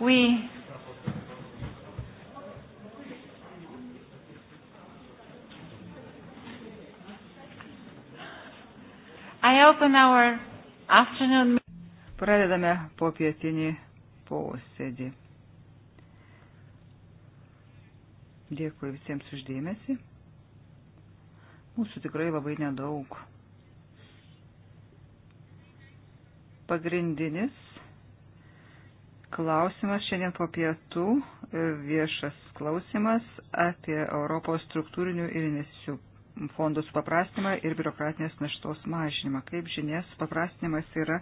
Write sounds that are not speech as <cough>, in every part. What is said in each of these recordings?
We I open our afternoon. Pradedame popietinį posėdį. Dėkui visiems uždėmesi. Mūsų tikrai labai nedaug. Pagrindinis klausimas šiandien po pietų, viešas klausimas apie Europos struktūrinių ir investicijų fondų supaprastinimą ir biurokratinės naštos mažinimą. Kaip žinias, paprastinimas yra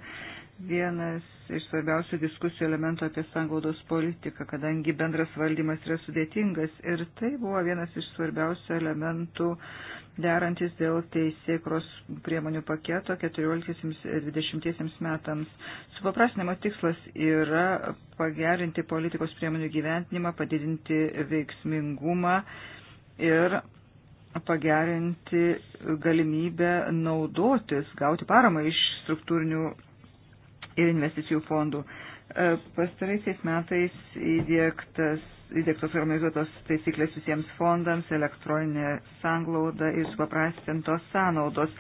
vienas iš svarbiausių diskusijų elementų apie sanglaudos politiką, kadangi bendras valdymas yra sudėtingas ir tai buvo vienas iš svarbiausių elementų derantis dėl teisėkros priemonių paketo 14-20 metams. Supaprastinimo tikslas yra pagerinti politikos priemonių gyventinimą, padidinti veiksmingumą ir pagerinti galimybę naudotis, gauti paramą iš struktūrinių ir investicijų fondų. E, pastaraisiais metais įdėktas, įdėktos harmonizuotos taisyklės visiems fondams, elektroninė sanglauda ir supaprastintos sąnaudos.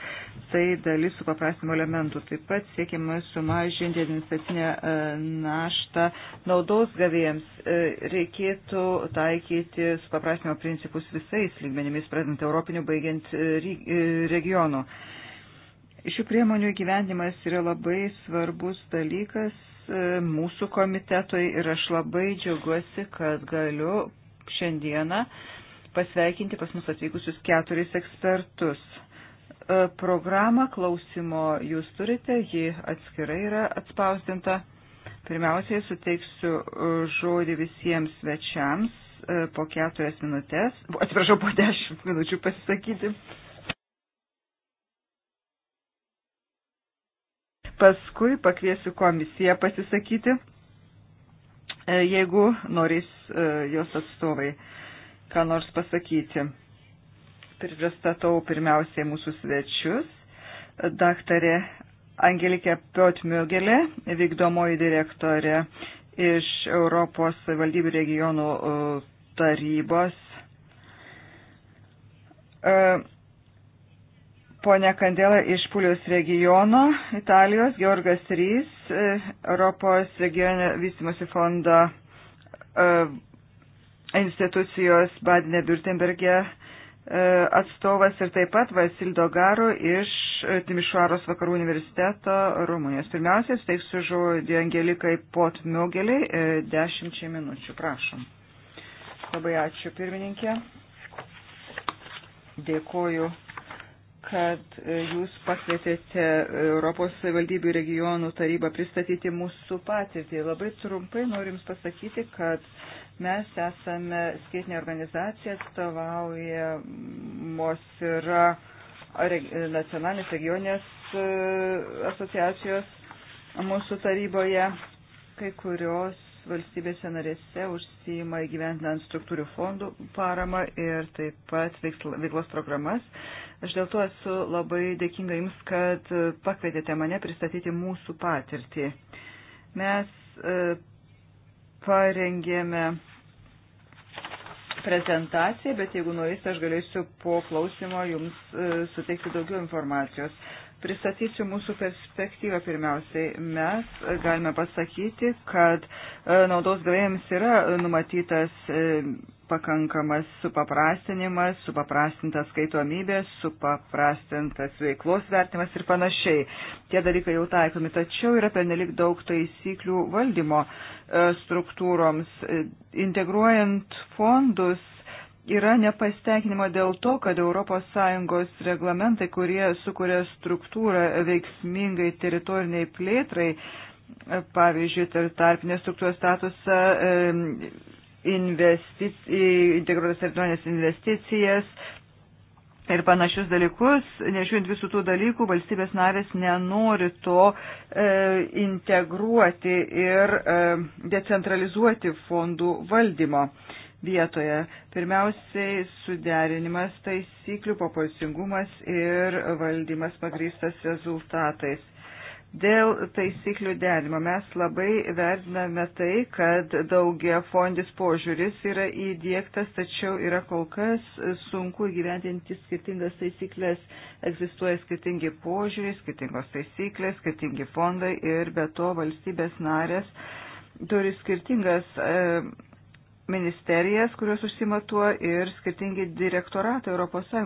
Tai dalis supaprastinimo elementų. Taip pat siekiama sumažinti administracinę e, naštą naudos gavėjams. E, reikėtų taikyti supaprastinimo principus visais lygmenimis, pradant europiniu, baigiant regionu. Šių priemonių gyvenimas yra labai svarbus dalykas E, mūsų komitetui ir aš labai džiaugiuosi, kad galiu šiandieną pasveikinti pas mus atvykusius keturis ekspertus. E, programą klausimo jūs turite, ji atskirai yra atspausdinta. Pirmiausiai suteiksiu e, žodį visiems svečiams po keturias minutės, atsiprašau, po dešimt minučių pasisakyti. Paskui pakviesiu komisiją pasisakyti, e, jeigu norės e, jos atstovai ką nors pasakyti. Pristatau pirmiausiai mūsų svečius. Daktarė Angelikė Piotmiugelė, vykdomoji direktorė iš Europos valdybių regionų e, tarybos ponė Kandela iš Puliaus regiono Italijos, Georgas Rys, e, Europos regionio vystimosi fondo e, institucijos Badinė Durtenbergė e, atstovas ir taip pat Vasildo Garo iš Timišuaros vakarų universiteto Rumunijos. Pirmiausia, steiksiu žodį Angelikai Potmiogeliai, dešimčiai minučių, prašom. Labai ačiū pirmininkė. Dėkoju kad e, jūs pakvietėte Europos savivaldybių regionų tarybą pristatyti mūsų patirtį. Labai trumpai noriu Jums pasakyti, kad mes esame skaitinė organizacija, atstovaujamos yra nacionalinės regionės e, asociacijos mūsų taryboje, kai kurios valstybėse narėse užsijima įgyvendinant struktūrių fondų paramą ir taip pat veiklos programas. Aš dėl to esu labai dėkinga Jums, kad e, pakvietėte mane pristatyti mūsų patirtį. Mes e, parengėme prezentaciją, bet jeigu norėsite, aš galėsiu po klausimo Jums e, suteikti daugiau informacijos. Pristatysiu mūsų perspektyvą pirmiausiai. Mes galime pasakyti, kad e, naudos gavėjams yra numatytas e, pakankamas supaprastinimas, supaprastinta skaitomybė, supaprastintas veiklos vertimas ir panašiai. Tie dalykai jau taikomi, tačiau yra pernelik daug taisyklių valdymo e, struktūroms. Integruojant fondus yra nepasteikinimo dėl to, kad ES reglamentai, kurie sukuria struktūrą veiksmingai teritoriniai plėtrai, pavyzdžiui, tarpinės struktūros statusą, integruotas teritorinės investicijas, ir panašius dalykus, nežiūrint visų tų dalykų, valstybės narės nenori to e, integruoti ir e, decentralizuoti fondų valdymo. E, vietoje. Pirmiausiai suderinimas taisyklių, proporcingumas ir valdymas pagrįstas rezultatais. Dėl taisyklių derimo mes labai vertiname tai, kad daugia fondis požiūris yra įdėktas, tačiau yra kol kas sunku gyventinti skirtingas taisyklės, egzistuoja skirtingi požiūriai, skirtingos taisyklės, skirtingi fondai ir be to valstybės narės turi skirtingas. E, ministerijas, kurios užsima tuo ir skirtingi direktoratai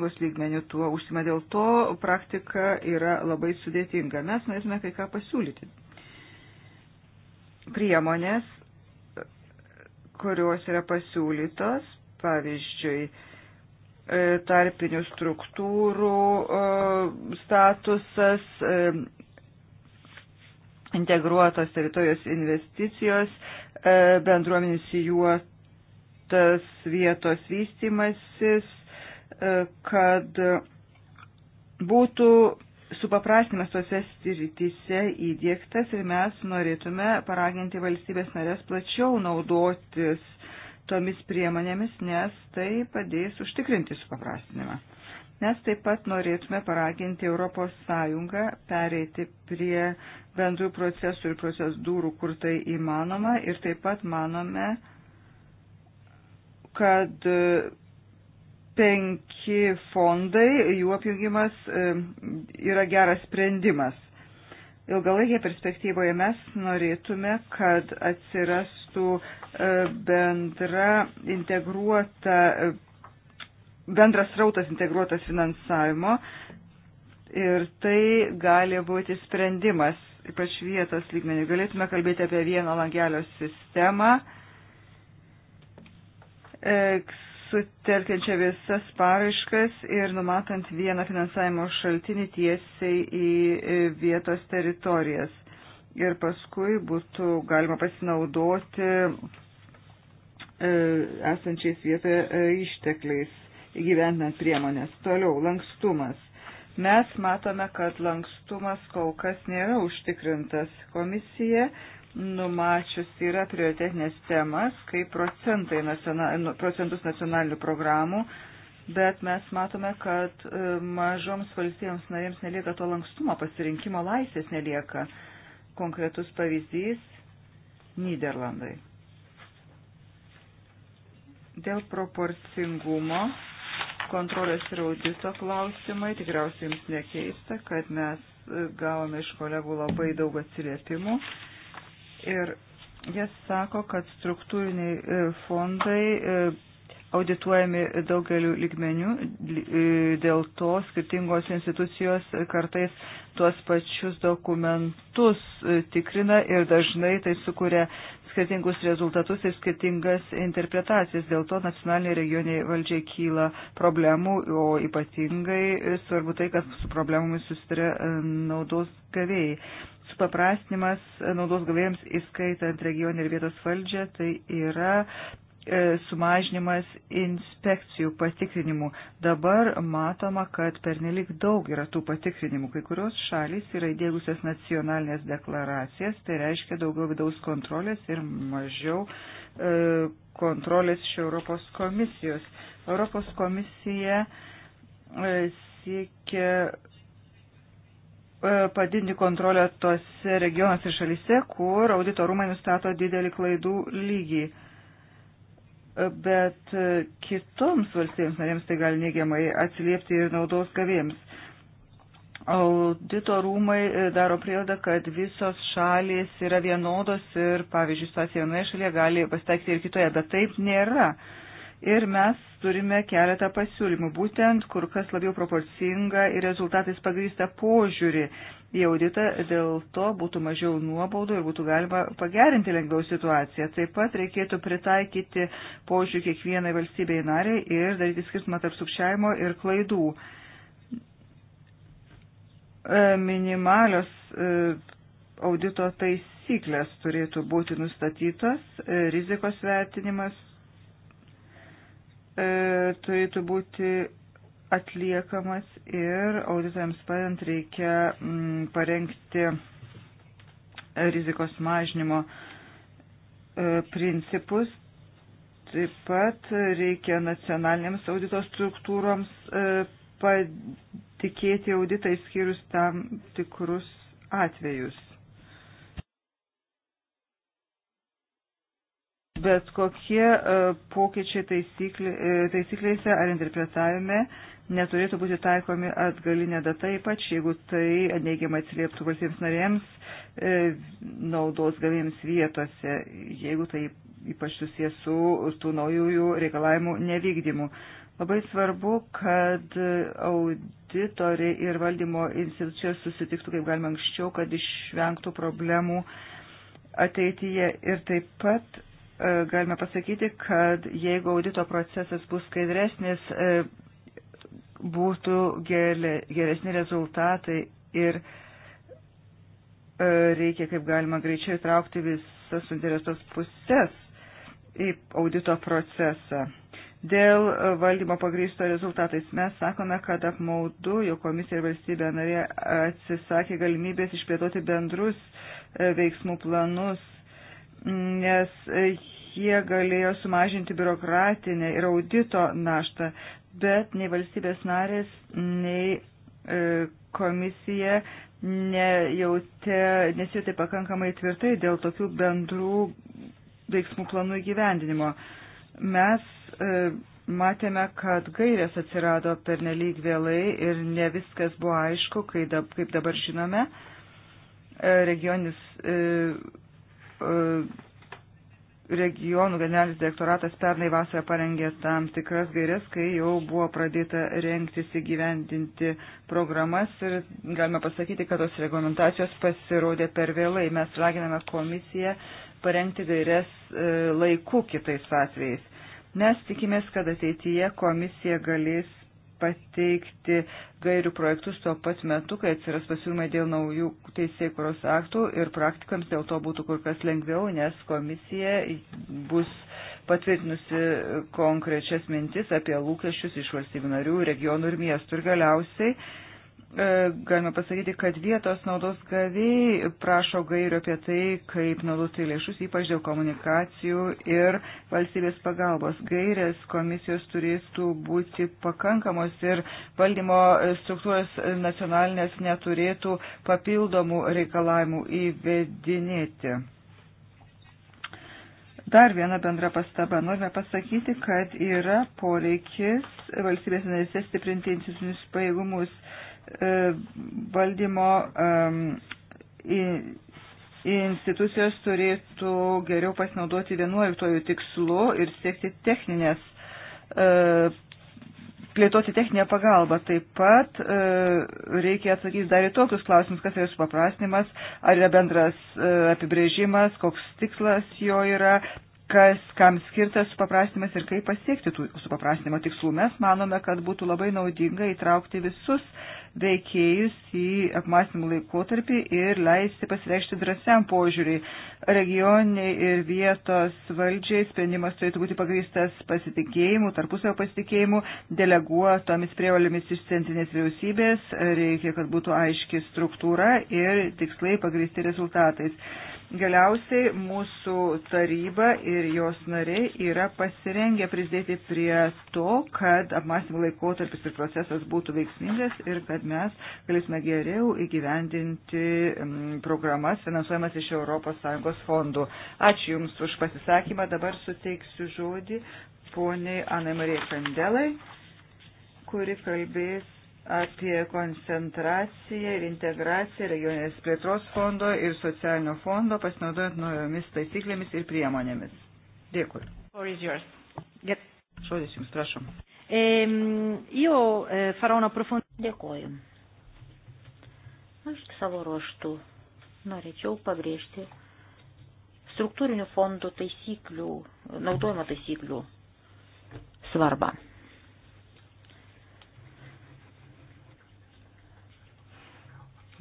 ES lygmenių tuo užsima. Dėl to praktika yra labai sudėtinga. Mes norėtume kai ką pasiūlyti. Priemonės, kurios yra pasiūlytos, pavyzdžiui, e, tarpinių struktūrų e, statusas, e, integruotos teritorijos investicijos, bendruomenės į juos skirtas vietos vystimasis, e, kad būtų supaprastimas tose srityse įdėktas ir mes norėtume paraginti valstybės narės plačiau naudotis tomis priemonėmis, nes tai padės užtikrinti supaprastinimą. Mes taip pat norėtume paraginti Europos Sąjungą pereiti prie bendrų procesų ir procedūrų, kur tai įmanoma ir taip pat manome, kad e, penki fondai, jų apjungimas e, yra geras sprendimas. Ilgalaikėje perspektyvoje mes norėtume, kad atsirastų e, bendra integruota, bendras rautas integruotas finansavimo ir tai gali būti sprendimas, ypač vietos lygmenį. Galėtume kalbėti apie vieno langelio sistemą E, sutelkiančią visas paraiškas ir numatant vieną finansavimo šaltinį tiesiai į e, vietos teritorijas. Ir paskui būtų galima pasinaudoti e, esančiais vietoje ištekliais įgyvendinant priemonės. Toliau, lankstumas. Mes matome, kad lankstumas kol kas nėra užtikrintas. Komisija numačius yra prioritetinės temas, kaip nacional, nu, procentus nacionalinių programų, bet mes matome, kad e, mažoms valstybėms narėms nelieka to lankstumo, pasirinkimo laisvės nelieka. Konkretus pavyzdys - Niderlandai. Dėl proporcingumo kontrolės ir audito klausimai tikriausiai jums nekeista, kad mes e, gavome iš kolegų labai daug atsiliepimų Ir jas sako, kad struktūriniai e, fondai e, audituojami daugeliu lygmenių, e, dėl to skirtingos institucijos kartais tuos pačius dokumentus tikrina ir dažnai tai sukuria skirtingus rezultatus ir skirtingas interpretacijas. Dėl to nacionaliniai regioniai valdžiai kyla problemų, o ypatingai svarbu tai, kad su problemomis susitarė naudos gavėjai supaprastinimas naudos gavėjams įskaitant regionį ir vietos valdžią, tai yra e, sumažinimas inspekcijų patikrinimų. Dabar matoma, kad pernelik daug yra tų patikrinimų. Kai kurios šalys yra įdėgusios nacionalinės deklaracijas, tai reiškia daugiau vidaus kontrolės ir mažiau e, kontrolės iš Europos komisijos. Europos komisija e, siekia padidinti kontrolę tose regionuose ir šalise, kur auditorumai nustato didelį klaidų lygį. Bet kitoms valstybėms narėms tai gali neigiamai atsiliepti ir naudos gavėjams. Auditorumai daro priedą, kad visos šalys yra vienodos ir, pavyzdžiui, situacija vienoje šalyje gali pasitaikyti ir kitoje, bet taip nėra. Uh, Ir mes turime keletą pasiūlymų, būtent kur kas labiau proporcingą ir rezultatais pagrįstą požiūrį į auditą, dėl to būtų mažiau nuobaudų ir būtų galima pagerinti lengviau situaciją. Taip pat reikėtų pritaikyti požiūrį kiekvienai valstybei nariai ir daryti skirtumą tarp sukčiavimo ir klaidų. E, minimalios e, audito taisyklės turėtų būti nustatytos, e, rizikos vertinimas E, turėtų būti atliekamas ir auditoriams padant reikia mm, parengti rizikos mažinimo e, principus. Taip pat reikia nacionalinėms audito struktūroms e, patikėti auditai skyrus tam tikrus atvejus. bet kokie e, pokyčiai taisyklė, e, taisyklėse ar interpretavime neturėtų būti taikomi atgalinė data, ypač jeigu tai neigiamai atsilieptų valstybėms narėms e, naudos gavėjams vietose, jeigu tai ypač susijęs su tų naujųjų reikalavimų nevykdymu. Labai svarbu, kad auditoriai ir valdymo institucijos susitiktų kaip galima anksčiau, kad išvengtų problemų ateityje ir taip pat E, galime pasakyti, kad jeigu audito procesas bus skaidresnis, e, būtų geresni rezultatai ir e, reikia kaip galima greičiau įtraukti visas suinteresos pusės į audito procesą. Dėl valdymo pagrįsto rezultatais mes sakome, kad apmaudu, jo komisija ir valstybė narė atsisakė galimybės išplėtoti bendrus veiksmų planus nes jie galėjo sumažinti biurokratinę ir audito naštą, bet nei valstybės narės, nei e, komisija nejautė, nesijautė pakankamai tvirtai dėl tokių bendrų veiksmų planų įgyvendinimo. Mes e, matėme, kad gairės atsirado pernelyg vėlai ir ne viskas buvo aišku, kaip dabar žinome. E, Regioninis E, regionų generalinis direktoratas pernai vasarą parengė tam tikras gairias, kai jau buvo pradėta rengtis įgyvendinti programas ir galime pasakyti, kad tos reglamentacijos pasirodė per vėlai. Mes raginame komisiją parengti gairias e, laiku kitais atvejais. Mes tikimės, kad ateityje komisija galės pateikti gairių projektus tuo pat metu, kai atsiras pasiūlymai dėl naujų teisėkuros aktų ir praktikams dėl to būtų kur kas lengviau, nes komisija bus patvirtinusi konkrečias mintis apie lūkesčius iš valstybių narių, regionų ir miestų. Ir galiausiai E, galime pasakyti, kad vietos naudos gavėjai prašo gairių apie tai, kaip naudoti lėšus, ypač dėl komunikacijų ir valstybės pagalbos. Gairės komisijos turėtų būti pakankamos ir valdymo struktūros nacionalinės neturėtų papildomų reikalavimų įvedinėti. Dar viena bendra pastaba. Norime pasakyti, kad yra poreikis valstybės narėse stiprinti institucinius pajėgumus E, valdymo e, institucijos turėtų geriau pasinaudoti 11 tikslu ir siekti techninės, e, plėtoti techninę pagalbą. Taip pat reikia atsakyti dar į tokius klausimus, kas yra supaprastinimas, ar yra bendras apibrėžimas, koks tikslas jo yra, kas kam skirtas supaprastinimas ir kaip pasiekti tų supaprastinimo tikslų. Mes manome, kad būtų labai naudinga įtraukti visus veikėjus į apmąstymų laikotarpį ir leisti pasireikšti drąsiam požiūriui. Regioniai ir vietos valdžiai sprendimas turėtų būti pagrįstas pasitikėjimu, tarpusavio pasitikėjimu, deleguotomis prievalėmis iš centrinės vyriausybės, reikia, kad būtų aiški struktūra ir tikslai pagrįsti rezultatais. Galiausiai mūsų taryba ir jos nariai yra pasirengę prisidėti prie to, kad apmąstymų laikotarpis ir procesas būtų veiksmingas ir kad mes galėsime geriau įgyvendinti programas finansuojamas iš ES fondų. Ačiū Jums už pasisakymą. Dabar suteiksiu žodį poniai Anai Marijai Kandelai, kuri kalbės apie koncentraciją ir integraciją regionės plėtros fondo ir socialinio fondo pasinaudojant naujomis taisyklėmis ir priemonėmis. Dėkui. Get... Žodis Jums, prašom. Ehm, io eh, farò una profonda. Dėkoju. Aš savo ruoštų norėčiau pabrėžti struktūrinių fondų taisyklių, naudojimo taisyklių svarbą.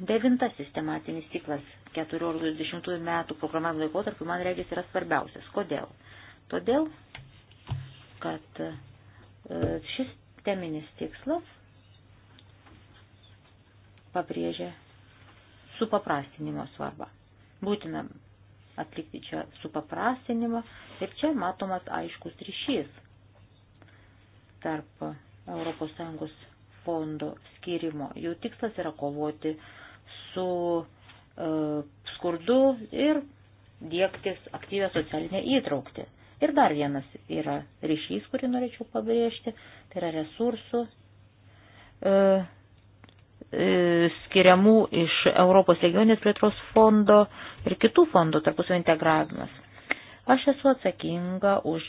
Devintasis tematinis ciklas 14-20 metų programavimo laikotarpiu, man regis, yra svarbiausias. Kodėl? Todėl, kad e, šis teminis tikslas pabrėžia supaprastinimo svarbą. Būtina atlikti čia supaprastinimą ir čia matomas aiškus ryšys tarp ES fondo skirimo. Jų tikslas yra kovoti su uh, skurdu ir dėktis aktyvę socialinę įtraukti. Ir dar vienas yra ryšys, kurį norėčiau pabrėžti, tai yra resursų uh, skiriamų iš Europos regionės plėtros fondo ir kitų fondų tarpusavio integravimas. Aš esu atsakinga už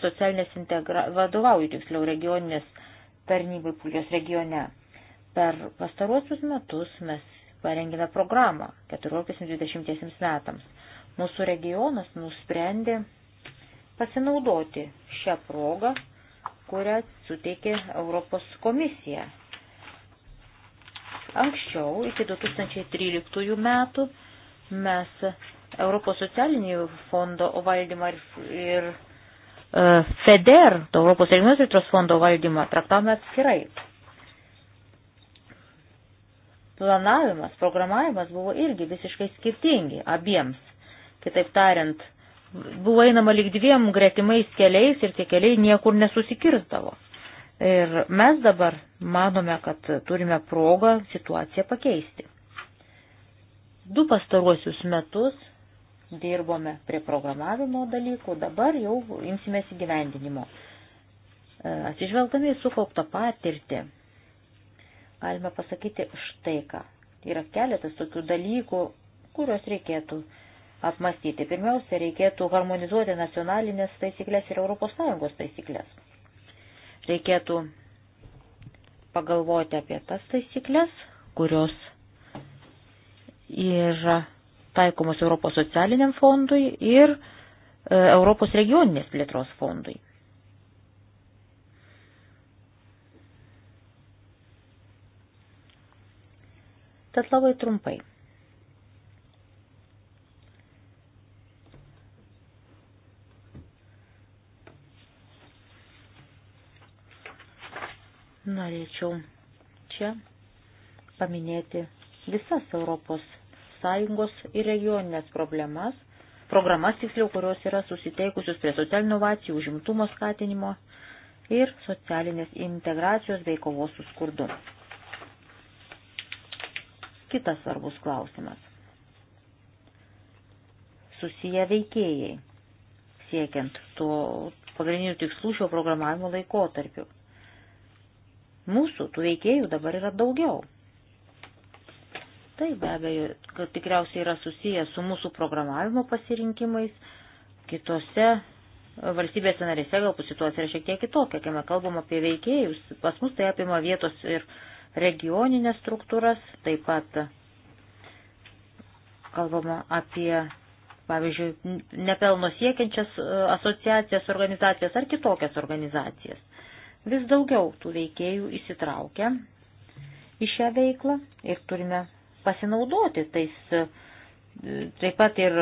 socialinės integra... vadovauju tiksliau regioninės tarnybai Pulijos regione. Per pastaruosius metus mes parengėme programą 14-20 metams. Mūsų regionas nusprendė pasinaudoti šią progą, kurią suteikė Europos komisija. Anksčiau, iki 2013 metų, mes Europos socialinių fondo valdymą ir e, FEDER, to Europos regionų plėtros fondo valdymą, traktavome atskirai planavimas, programavimas buvo irgi visiškai skirtingi abiems. Kitaip tariant, buvo einama lyg dviem gretimais keliais ir tie keliai niekur nesusikirstavo. Ir mes dabar manome, kad turime progą situaciją pakeisti. Du pastaruosius metus dirbome prie programavimo dalykų, dabar jau imsimės įgyvendinimo. E, atsižvelgdami į sukauptą patirtį, galime pasakyti štai ką. Yra keletas tokių dalykų, kuriuos reikėtų apmastyti. Pirmiausia, reikėtų harmonizuoti nacionalinės taisyklės ir ES taisyklės. Reikėtų pagalvoti apie tas taisyklės, kurios yra taikomos Europos socialiniam fondui ir e, Europos regioninės plėtros fondui. tad labai trumpai. Norėčiau čia paminėti visas Europos Sąjungos ir regioninės problemas, programas tiksliau, kurios yra susiteikusius prie socialinių inovacijų, užimtumo skatinimo ir socialinės integracijos bei kovos su skurdu. Kitas svarbus klausimas. Susiję veikėjai, siekiant to pagrindinių tikslų šio programavimo laikotarpiu. Mūsų tų veikėjų dabar yra daugiau. Tai be abejo, kad tikriausiai yra susiję su mūsų programavimo pasirinkimais, kitose valstybėse narėse galbūt situacija yra šiek tiek kitokia, kai mes kalbam apie veikėjus, pas mus tai apima vietos ir regioninės struktūras, taip pat kalbama apie, pavyzdžiui, nepelno siekiančias e, asociacijas, organizacijas ar kitokias organizacijas. Vis daugiau tų veikėjų įsitraukia į šią veiklą ir turime pasinaudoti tais e, taip pat ir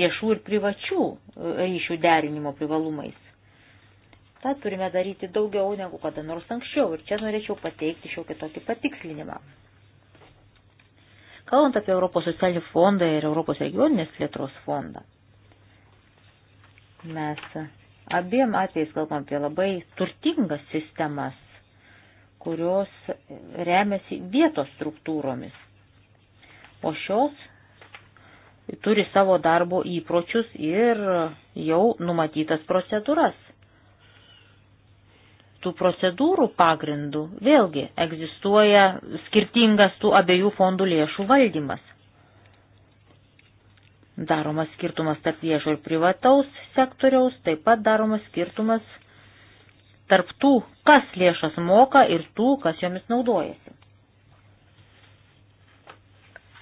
viešų ir privačių e, ryšių derinimo privalumais. Ta turime daryti daugiau negu kada nors anksčiau ir čia norėčiau pateikti šiokį tokį patikslinimą. Kalbant apie Europos socialinį fondą ir Europos regioninės plėtros fondą, mes abiem atvejais kalbam apie labai turtingas sistemas, kurios remiasi vietos struktūromis. O šios turi savo darbo įpročius ir jau numatytas procedūras tų procedūrų pagrindų vėlgi egzistuoja skirtingas tų abiejų fondų lėšų valdymas. Daromas skirtumas tarp viešo ir privataus sektoriaus, taip pat daromas skirtumas tarp tų, kas lėšas moka ir tų, kas jomis naudojasi.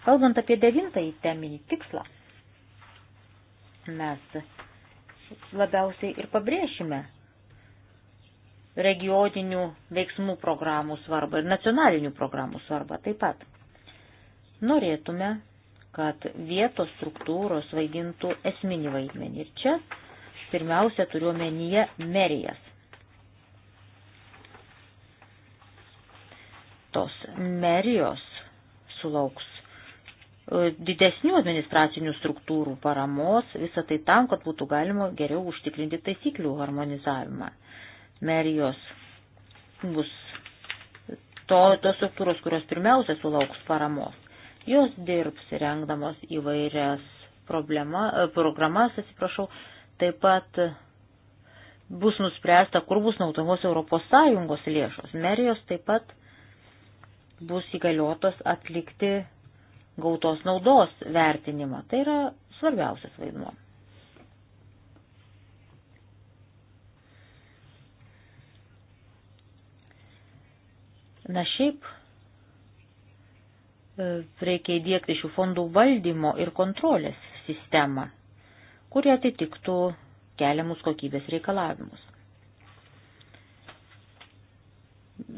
Kalbant apie devintąjį teminį tikslą, mes labiausiai ir pabrėšime regioninių veiksmų programų svarbą ir nacionalinių programų svarbą taip pat. Norėtume, kad vietos struktūros vaidintų esminį vaidmenį. Ir čia pirmiausia turiuomenyje merijas. Tos merijos sulauks e, didesnių administracinių struktūrų paramos, visą tai tam, kad būtų galima geriau užtikrinti taisyklių harmonizavimą merijos bus to, tos struktūros, kurios pirmiausia sulauks paramos. Jos dirbs rengdamos įvairias problema, programas, atsiprašau, taip pat bus nuspręsta, kur bus naudojamos ES lėšos. Merijos taip pat bus įgaliotos atlikti gautos naudos vertinimą. Tai yra svarbiausias vaidmuo. Na šiaip e, reikia įdėkti šių fondų valdymo ir kontrolės sistemą, kurie atitiktų keliamus kokybės reikalavimus.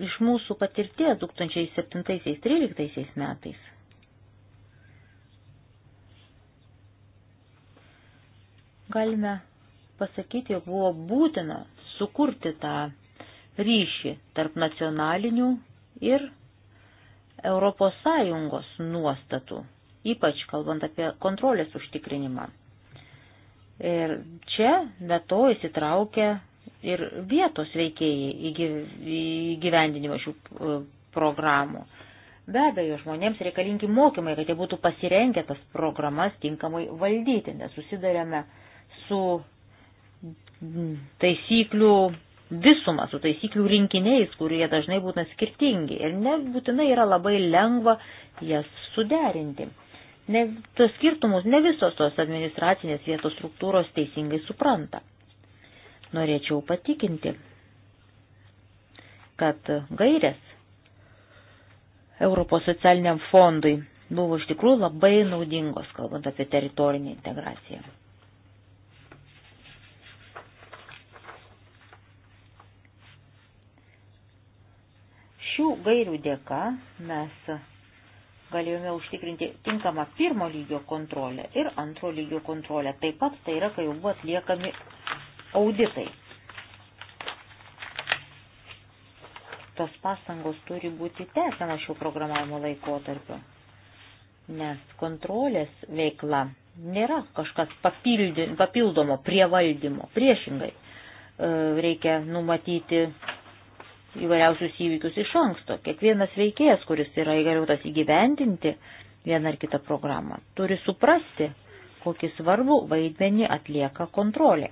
Iš mūsų patirties 2007-2013 metais galime pasakyti, jog buvo būtina sukurti tą ryšį tarp nacionalinių ir ES nuostatų, ypač kalbant apie kontrolės užtikrinimą. Ir čia be to įsitraukia ir vietos veikėjai įgyvendinimo šių e, programų. Be abejo, žmonėms reikalingi mokymai, kad jie būtų pasirengę tas programas tinkamai valdyti, nes susidarėme su taisyklių visumą, su taisyklių rinkiniais, kurie dažnai būna skirtingi ir nebūtinai yra labai lengva jas suderinti. Ne, tos skirtumus ne visos tos administracinės vietos struktūros teisingai supranta. Norėčiau patikinti, kad gairės Europos socialiniam fondui buvo iš tikrųjų labai naudingos, kalbant apie teritorinį integraciją. Šių gairių dėka mes galėjome užtikrinti tinkamą pirmo lygio kontrolę ir antro lygio kontrolę. Taip pat tai yra, kai jau buvo atliekami auditai. Tos pastangos turi būti tęsiama šių programavimo laikotarpiu, nes kontrolės veikla nėra kažkas papildomo prie valdymo. Priešingai e, reikia numatyti įvairiausius įvykius iš anksto. Kiekvienas veikėjas, kuris yra įgaliotas įgyvendinti vieną ar kitą programą, turi suprasti, kokį svarbų vaidmenį atlieka kontrolė.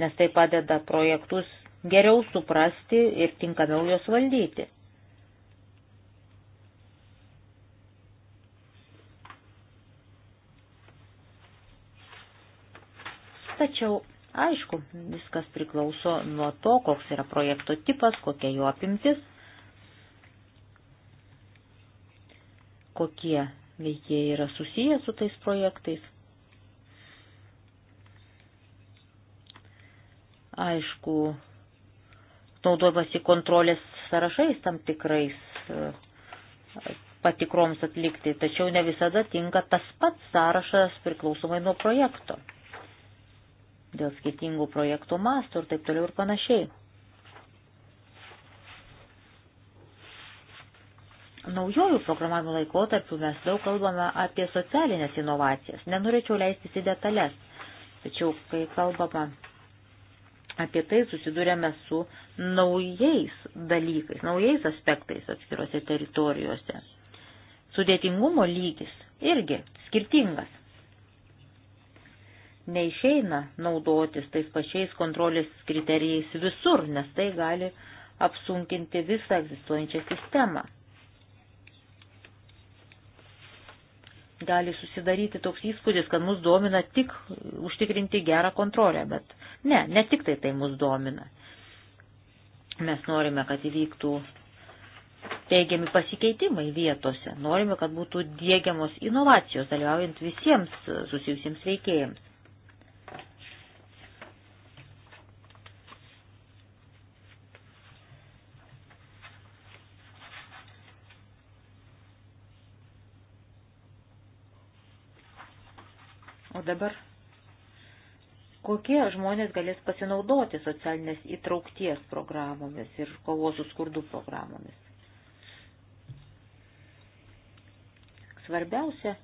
Nes tai padeda projektus geriau suprasti ir tinkamiau juos valdyti. Tačiau Aišku, viskas priklauso nuo to, koks yra projekto tipas, kokia jo apimtis, kokie veikėjai yra susiję su tais projektais. Aišku, naudojamasi kontrolės sąrašais tam tikrais e, patikroms atlikti, tačiau ne visada tinka tas pats sąrašas priklausomai nuo projekto dėl skirtingų projektų mastų ir taip toliau ir panašiai. Naujojų programavimo laikotarpių mes daug kalbame apie socialinės inovacijas. Nenorėčiau leistis į detalės, tačiau kai kalbame apie tai, susidurėme su naujais dalykais, naujais aspektais atskirose teritorijose. Sudėtingumo lygis irgi skirtingas neišeina naudotis tais pačiais kontrolės kriterijais visur, nes tai gali apsunkinti visą egzistuojančią sistemą. Gali susidaryti toks įspūdis, kad mus domina tik užtikrinti gerą kontrolę, bet ne, ne tik tai tai mus domina. Mes norime, kad įvyktų teigiami pasikeitimai vietose. Norime, kad būtų dėgiamos inovacijos, dalyvaujant visiems susijusiems veikėjams. dabar kokie žmonės galės pasinaudoti socialinės įtraukties programomis ir kovos su skurdu programomis. Svarbiausia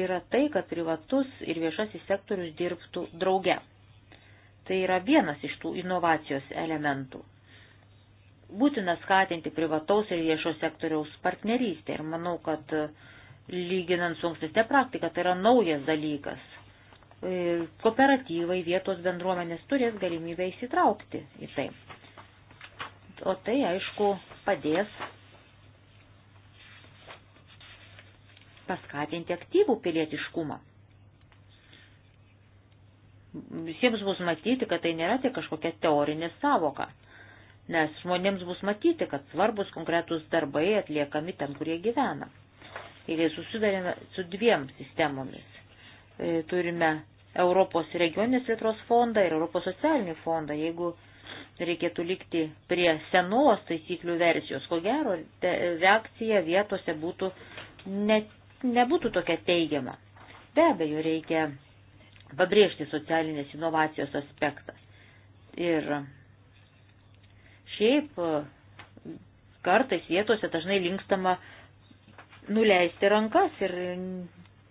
yra tai, kad privatus ir viešasis sektorius dirbtų drauge. Tai yra vienas iš tų inovacijos elementų. Būtina skatinti privataus ir viešo sektoriaus partnerystę ir manau, kad uh, lyginant su ankstesnė praktika, tai yra naujas dalykas. E, kooperatyvai vietos bendruomenės turės galimybę įsitraukti į tai. O tai, aišku, padės paskatinti aktyvų pilietiškumą. Visiems bus matyti, kad tai nėra tik kažkokia teorinė savoka, nes žmonėms bus matyti, kad svarbus konkretus darbai atliekami ten, kurie gyvena kai susidarėme su dviem sistemomis. E, turime Europos regioninės plėtros fondą ir Europos socialinį fondą. Jeigu reikėtų likti prie senos taisyklių versijos, ko gero reakcija vietose būtų ne, nebūtų tokia teigiama. Be abejo, reikia pabrėžti socialinės inovacijos aspektas. Ir šiaip kartais vietose dažnai linkstama uh, nuleisti rankas ir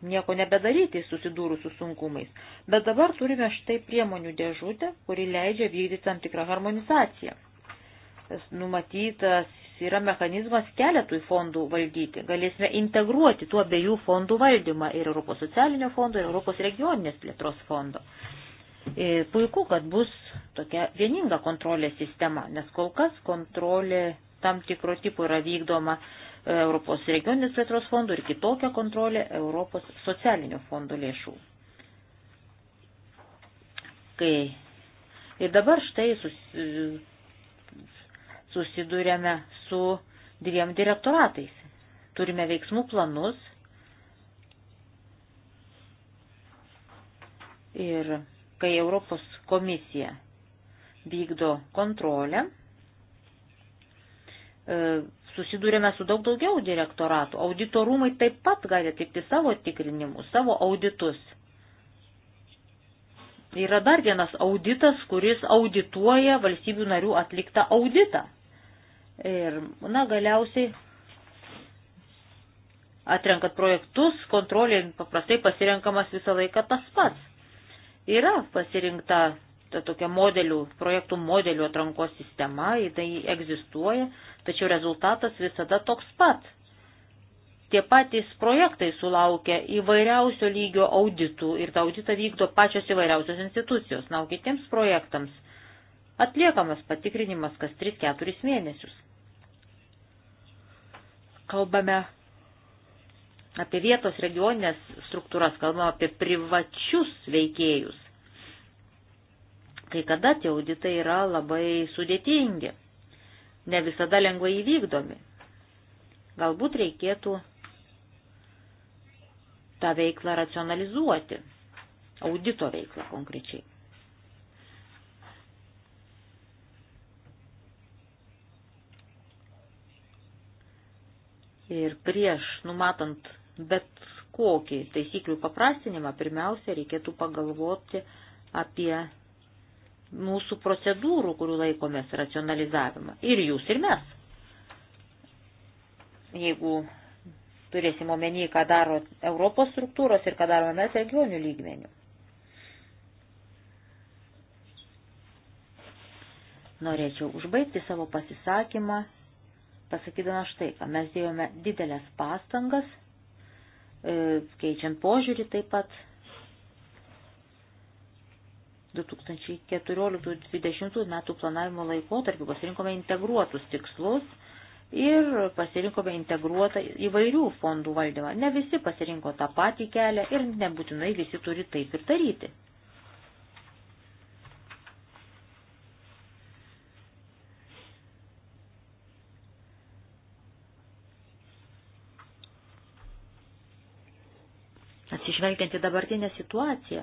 nieko nebedaryti susidūrus su sunkumais. Bet dabar turime štai priemonių dėžutę, kuri leidžia vykdyti tam tikrą harmonizaciją. Numatytas yra mechanizmas keletui fondų valdyti. Galėsime integruoti tuo abiejų fondų valdymą ir Europos socialinio fondo, ir Europos regioninės plėtros fondo. Ir e, puiku, kad bus tokia vieninga kontrolės sistema, nes kol kas kontrolė tam tikro tipo yra vykdoma E, Europos regioninės plėtros fondų ir kitokią kontrolę Europos socialinio fondo lėšų. Kai ir dabar štai e, susidūrėme su dviem direktoratais. Turime veiksmų planus ir kai Europos komisija vykdo kontrolę, e, susidūrėme su daug daugiau direktoratų. Auditorumai taip pat gali atlikti savo tikrinimus, savo auditus. Yra dar vienas auditas, kuris audituoja valstybių narių atliktą auditą. Ir, na, galiausiai atrenkant projektus, kontrolė paprastai pasirenkamas visą laiką tas pats. Yra pasirinkta ta tokia modelių, projektų modelių atrankos sistema, tai egzistuoja, tačiau rezultatas visada toks pat. Tie patys projektai sulaukia įvairiausio lygio auditų ir tą auditą vykdo pačios įvairiausios institucijos. Na, o kitiems projektams atliekamas patikrinimas kas 3-4 mėnesius. Kalbame apie vietos regioninės struktūras, kalbame apie privačius veikėjus Kai kada tie auditai yra labai sudėtingi, ne visada lengvai įvykdomi. Galbūt reikėtų tą veiklą racionalizuoti, audito veiklą konkrečiai. Ir prieš numatant bet kokį taisyklių paprastinimą, pirmiausia, reikėtų pagalvoti apie mūsų procedūrų, kurių laikomės racionalizavimą. Ir jūs, ir mes. Jeigu turėsim omeny, ką daro Europos struktūros ir ką darome mes regionių lygmenių. Norėčiau užbaigti savo pasisakymą, pasakydama štai, ką mes dėjome didelės pastangas, e, keičiant požiūrį taip pat 2014-2020 metų planavimo laikotarpį pasirinkome integruotus tikslus ir pasirinkome integruotą įvairių fondų valdymą. Ne visi pasirinko tą patį kelią ir nebūtinai visi turi taip ir daryti. Atsižvelgiant į dabartinę situaciją,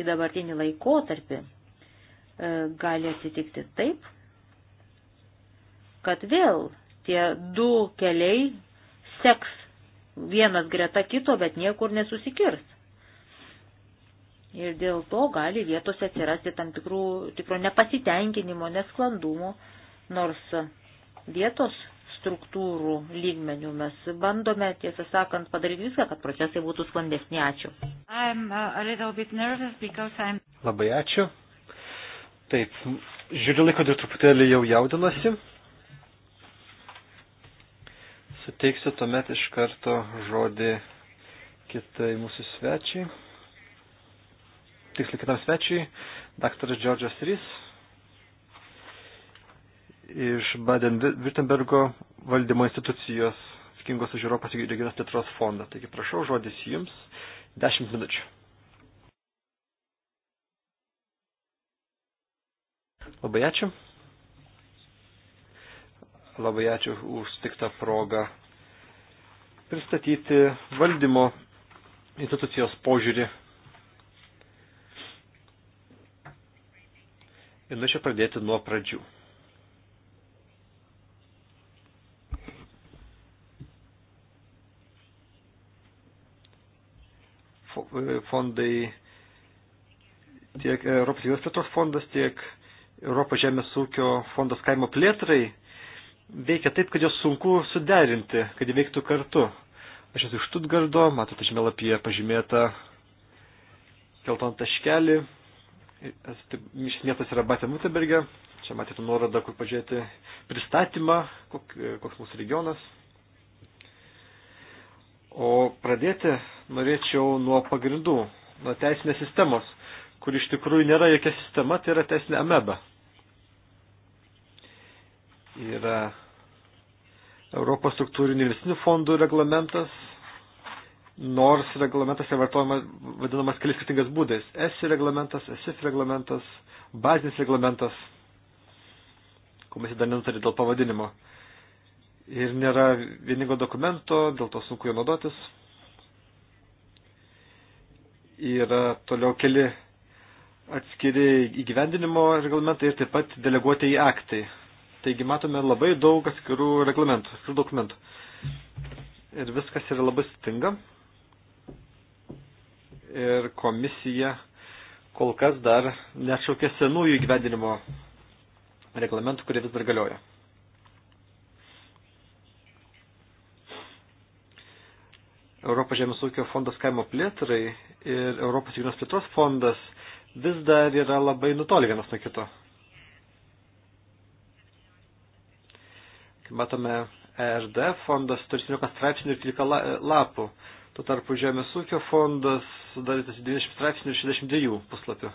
į dabartinį laikotarpį, e, gali atsitikti taip, kad vėl tie du keliai seks vienas greta kito, bet niekur nesusikirs. Ir dėl to gali vietose atsirasti tam tikrų, tikro nepasitenkinimo, nesklandumo, nors vietos struktūrų lygmenių mes bandome, tiesą sakant, padaryti viską, kad procesai būtų sklandesni. Ačiū. Uh, Labai ačiū. Taip, žiūriu laiko dar truputėlį jau jaudinasi. Suteiksiu tuomet iš karto žodį kitai mūsų svečiai. Tiksliai kitam svečiui, daktaras Džordžas Rys iš Baden-Württembergo valdymo institucijos skingos už Europos regionės plėtros fondą. Taigi prašau, žodis jums. Uh, Dešimt minučių. Labai ačiū. Labai ačiū už stiktą progą pristatyti valdymo institucijos požiūrį. Ir norėčiau pradėti nuo pradžių. E, fondai, tiek Europos jūros plėtros fondas, tiek Europos žemės ūkio fondas kaimo plėtrai veikia taip, kad jos sunku suderinti, kad jie veiktų kartu. Aš esu iš Tutgardo, matote žemėlapyje pažymėta kelton taškelį, šis miestas yra Batė Mutenberge, čia matėte nuorodą, kur pažiūrėti pristatymą, koks mūsų regionas. O pradėti norėčiau nuo pagrindų, nuo teisinės sistemos, kur iš tikrųjų nėra jokia sistema, tai yra teisinė ameba. Yra Europos struktūrinių investicinių fondų reglamentas, nors reglamentas yra vartojamas, vadinamas kelis skirtingas būdais. ESI reglamentas, ESIF reglamentas, bazinis reglamentas, komisija dar nenutarė dėl pavadinimo. Ir nėra vieningo dokumento, dėl to sunku jo naudotis yra toliau keli atskiri įgyvendinimo reglamentai ir taip pat deleguoti į aktai. Taigi matome labai daug atskirų reglamentų, atskirų dokumentų. Ir viskas yra labai stinga. Ir komisija kol kas dar neatšaukė senųjų įgyvendinimo reglamentų, kurie vis dar galioja. Europos žemės ūkio fondas kaimo plėtrai ir Europos jūros plėtros fondas vis dar yra labai nutolę vienas nuo kito. Kaip matome, ERD fondas turi 17 straipsnių ir 13 lapų. Tuo tarpu Žemės ūkio fondas sudarytas 20 straipsnių ir 62 puslapių.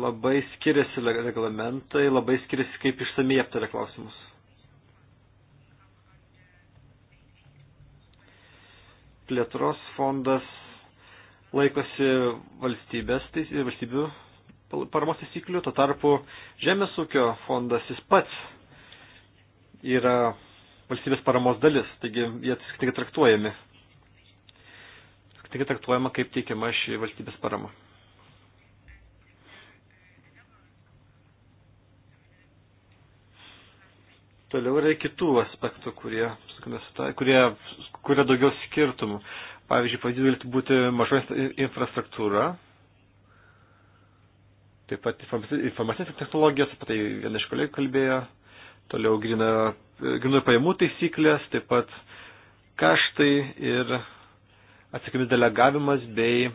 Labai skiriasi reglamentai, labai skiriasi kaip išsamei aptarė klausimus. plėtros fondas laikosi valstybės, tais, valstybių paramos taisyklių, to tarpu Žemės ūkio fondas jis pats yra valstybės paramos dalis, taigi jie skirtingai traktuojami. Skirtingai traktuojama, kaip teikiama ši valstybės parama. Toliau yra kitų aspektų, kurie, kurie kuria daugiau skirtumų. Pavyzdžiui, pavyzdžiui, galėtų būti maža infrastruktūra, taip pat informacinės technologijos, apie tai viena iš kolegų kalbėjo, toliau grinų pajamų taisyklės, taip pat kaštai ir atsakomybės delegavimas bei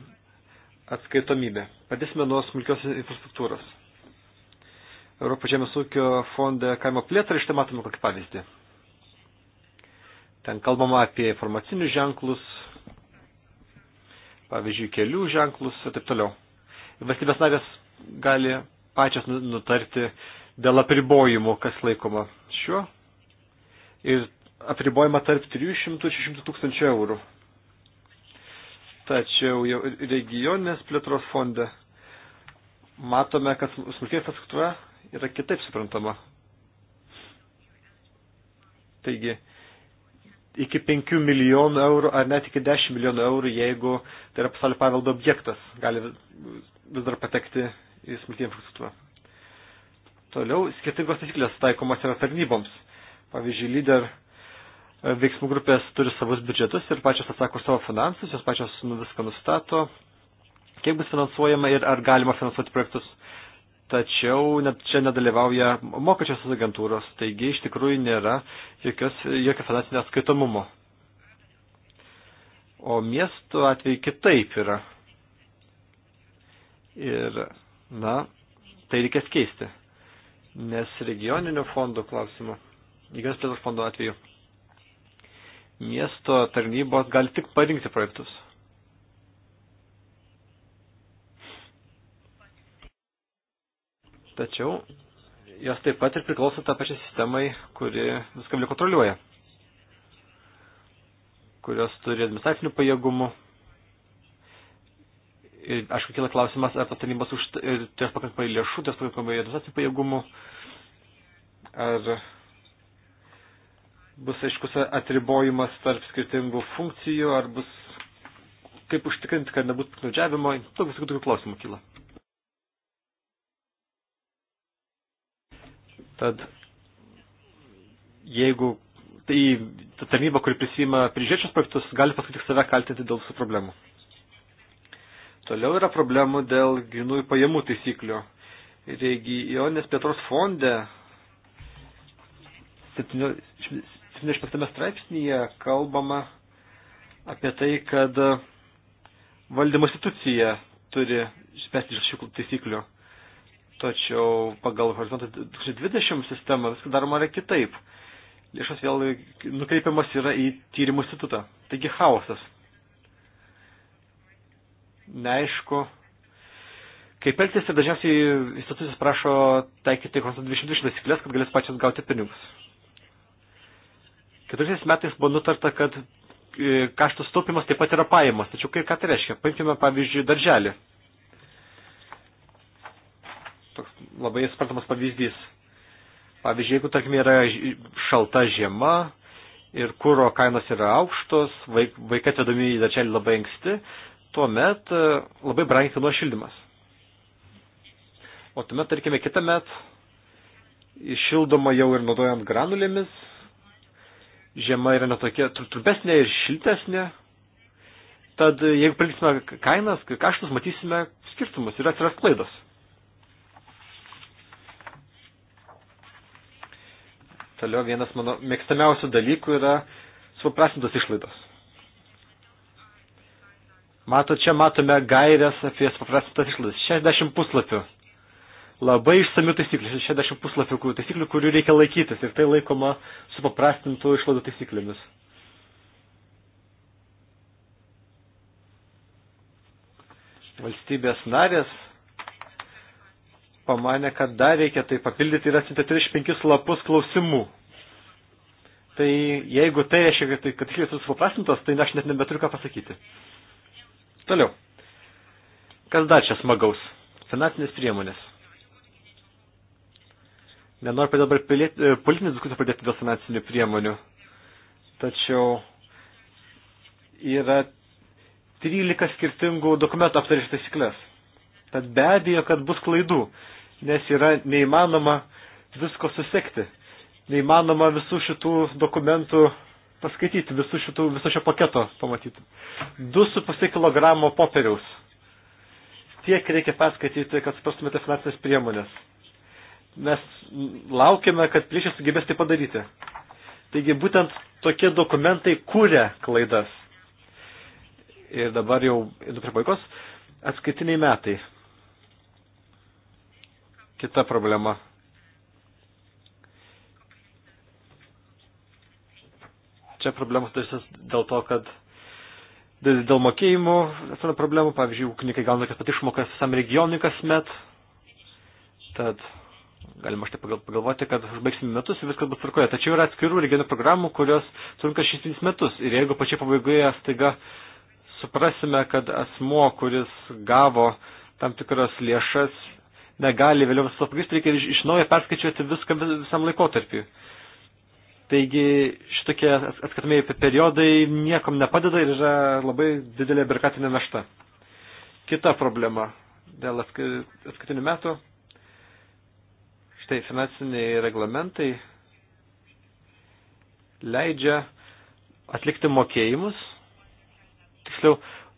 atskaitomybė. Pradėsime nuo smulkios infrastruktūros. Europos žemės ūkio fondą kaimo plėtrą, iš tai matome kokį pavyzdį. Ten kalbama apie informacinius ženklus, pavyzdžiui, kelių ženklus ir taip toliau. Ir valstybės narės gali pačias nu- nutarti dėl apribojimų, kas laikoma šiuo. Ir apribojama tarp 300-600 tūkstančių eurų. Tačiau jau regioninės plėtros fonde matome, kad smulkiai infrastruktūra yra kitaip suprantama. Taigi, iki 5 milijonų eurų ar net iki 10 milijonų eurų, jeigu tai yra pasaulio paveldo objektas, gali vis dar patekti į smulkinį infrastruktūrą. Toliau, skirtingos taisyklės taikomas yra tarnyboms. Pavyzdžiui, lyder e, veiksmų grupės turi savus biudžetus ir pačios atsako savo finansus, jos pačios nu viską nustato, kiek bus finansuojama ir ar galima finansuoti projektus tačiau net čia nedalyvauja mokesčios agentūros, taigi iš tikrųjų nėra jokios, jokio finansinio skaitomumo. O miestų atveju kitaip yra. Ir, na, tai reikės keisti. Nes regioninio fondo klausimo, įgas plėtos fondo atveju, miesto tarnybos gali tik parinkti projektus. Tačiau jos taip pat ir priklauso tą pačią sistemai, kuri viską vėl kontroliuoja, kurios turi administracinių pajėgumų. Ir aišku, kila klausimas, ar tos tarnybos už, ir turės pakankamai lėšų, turės pakankamai administracinių pajėgumų, ar bus aiškus atribojimas tarp skirtingų funkcijų, ar bus kaip užtikrinti, kad nebūtų piknaudžiavimo, daug visokių tokių klausimų kyla. Tad jeigu tai ta tarnyba, kuri prisima prižiūrėčios projektus, gali paskui tik save kaltinti dėl visų problemų. Toliau yra problemų dėl grinųjų pajamų taisyklių. Regioninės plėtros fonde 75 straipsnėje kalbama apie tai, kad valdymo institucija turi spręsti šių taisyklių. Tačiau pagal horizontą 2020 sistemą viską daroma yra kitaip. Lėšas vėl nukreipiamas yra į tyrimų institutą. Taigi chaosas. Neaišku. Kaip elgtis, tai dažniausiai institucijos prašo taikyti horizontą 2020 taisyklės, kad galės pačias gauti pinigus. 14 metais buvo nutarta, kad e, kaštų staupimas taip pat yra pajamos. Tačiau kai, ką tai reiškia? Paimkime, pavyzdžiui, darželį labai spartamas pavyzdys. Pavyzdžiui, jeigu, tarkim, yra šalta žiema ir kūro kainos yra aukštos, vaikai atvedami į dačelį labai anksti, tuomet e, labai brangiai kainuoja šildymas. O tuomet, tarkime, kitą met šildoma jau ir naudojant granulėmis, žiema yra netokia trumpesnė ir šiltesnė, Tad jeigu paliksime kainas, kaštus, matysime skirtumus ir atsiras klaidos. Toliau vienas mano mėgstamiausių dalykų yra supaprastintos išlaidos. Mato, čia matome gairias apie supaprastintas išlaidas. 60 puslapių. Labai išsamių taisyklių. 60 puslapių taisyklių, kurių reikia laikytis. Ir tai laikoma supaprastintų išlaidų taisyklėmis. Valstybės narės pamanė, kad dar reikia tai papildyti ir atsintė 35 lapus klausimų. Tai jeigu tai reiškia, kad, tai, kad tiksliai supaprastintas, tai aš net nebeturiu ką pasakyti. Toliau. Kas dar čia smagaus? Finansinės priemonės. Nenoriu dabar e, politinės diskusijos pradėti dėl finansinių priemonių. Tačiau yra 13 skirtingų dokumentų aptaryšų taisyklės. Tad be abejo, kad bus klaidų nes yra neįmanoma visko susekti. Neįmanoma visų šitų dokumentų paskaityti, visų šitų, viso šio paketo pamatyti. 2,5 kg popieriaus. Tiek reikia perskaityti, kad suprastumėte finansinės priemonės. Mes laukime, kad priešas sugebės tai padaryti. Taigi būtent tokie dokumentai kūrė klaidas. Ir dabar jau, du prie baigos, atskaitiniai metai. Kita problema. Čia problemas darysis dėl to, kad dėl mokėjimų atsiranda problemų, pavyzdžiui, ūkininkai gauna kas pat išmokas visam regionui kasmet, tad galima štai pagalvoti, kad užbaigsime metus ir viskas bus tvarkoje. Tačiau yra atskirų regionų programų, kurios trunka šis metus ir jeigu pačioje pabaigoje staiga suprasime, kad asmo, kuris gavo tam tikras lėšas, negali vėliau visos pagrįsti, reikia iš naujo perskaičiuoti viską visam laikotarpiu. Taigi šitokie atskatomieji periodai niekam nepadeda ir yra labai didelė birkatinė našta. Kita problema dėl atskatinių metų. Štai finansiniai reglamentai leidžia atlikti mokėjimus, tiksliau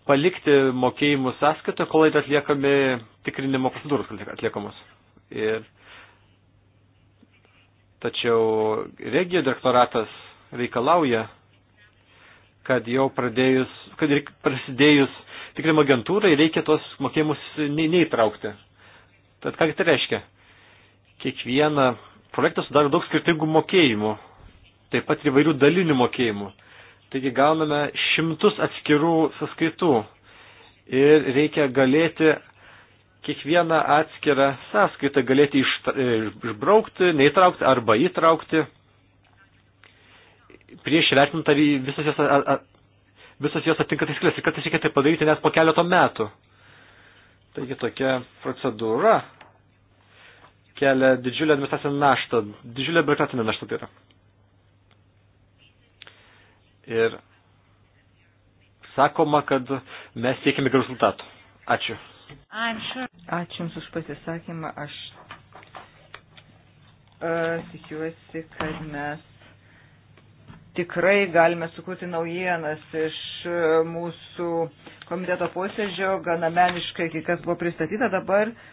palikti mokėjimų sąskaitą, kol yra atliekami tikrinimo procedūros atliekamos. Ir tačiau regijų direktoratas reikalauja, kad jau pradėjus, kad prasidėjus tikrinimo agentūrai reikia tos mokėjimus neįtraukti. Tad ką tai reiškia? Kiekvieną projektą sudaro daug skirtingų mokėjimų, taip pat įvairių dalinių mokėjimų. Taigi gauname šimtus atskirų sąskaitų ir reikia galėti kiekvieną atskirą sąskaitą galėti e, išbraukti, neįtraukti arba įtraukti prieš vertintą visas jos, a, a, visas jos atinka taisyklės ir kartais reikia tai padaryti net po keleto metų. Taigi tokia procedūra kelia didžiulę administracinę naštą, didžiulę biurokratinę naštą tai yra ir sakoma, kad mes siekime gerų rezultatų. Ačiū. Sure. Ačiū Jums už pasisakymą. Aš uh, tikiuosi, kad mes tikrai galime sukurti naujienas iš uh, mūsų komiteto posėdžio, gana meniškai, kai kas buvo pristatyta dabar. Uh,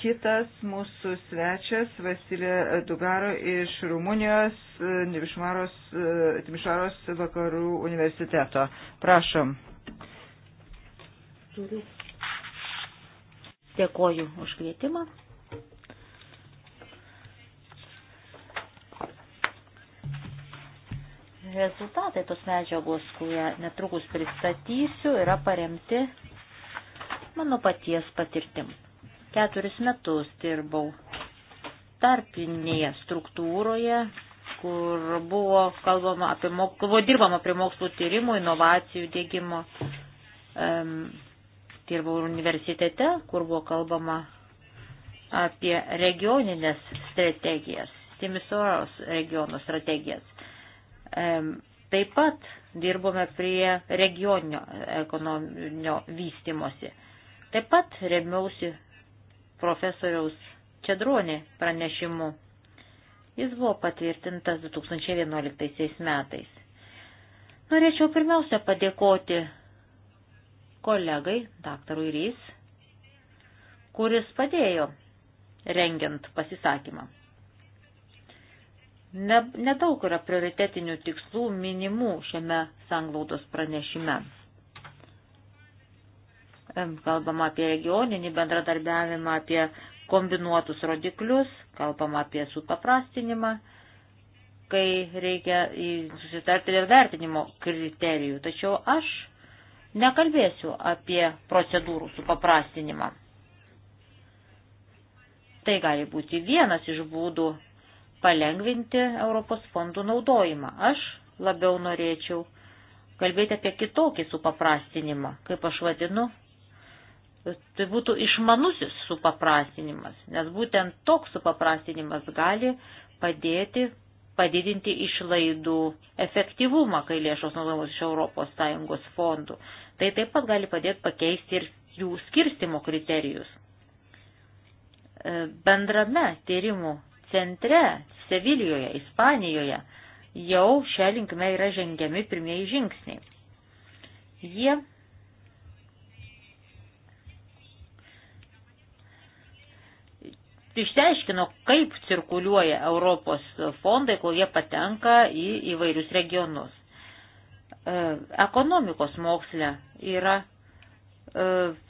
Kitas mūsų svečias Vasilė Dugaro iš Rumunijos e, e, Timišvaros vakarų universiteto. Prašom. Dėkoju už kvietimą. Rezultatai tos medžiagos, kurie netrukus pristatysiu, yra paremti mano paties patirtim. Keturis metus dirbau tarpinėje struktūroje, kur buvo, kalbama apie, buvo dirbama prie mokslo tyrimų, inovacijų dėgymo. Um, dirbau universitete, kur buvo kalbama apie regioninės strategijas, Timisoros regionų strategijas. Taip pat dirbome prie regioninio ekonominio vystimosi. Taip pat remiausi profesoriaus Čedronį pranešimu. Jis buvo patvirtintas 2011 metais. Norėčiau pirmiausia padėkoti kolegai, daktarui Rys, kuris padėjo rengiant pasisakymą. Nedaug yra prioritetinių tikslų minimų šiame sanglaudos pranešime kalbama apie regioninį bendradarbiavimą, apie kombinuotus rodiklius, kalbama apie supaprastinimą, kai reikia susitarti dėl vertinimo kriterijų. Tačiau aš nekalbėsiu apie procedūrų supaprastinimą. Tai gali būti vienas iš būdų palengvinti Europos fondų naudojimą. Aš labiau norėčiau kalbėti apie kitokį supaprastinimą, kaip aš vadinu, Tai būtų išmanusis supaprastinimas, nes būtent toks supaprastinimas gali padėti padidinti išlaidų efektyvumą, kai lėšos naudojamos iš ES fondų. Tai taip pat gali padėti pakeisti ir jų skirstimo kriterijus. E, bendrame tyrimų centre Sevilijoje, Ispanijoje jau šią linkme yra žengiami pirmieji žingsniai. Jie išteiškino, kaip cirkuliuoja Europos fondai, kol jie patenka į įvairius regionus. E, ekonomikos moksle yra e,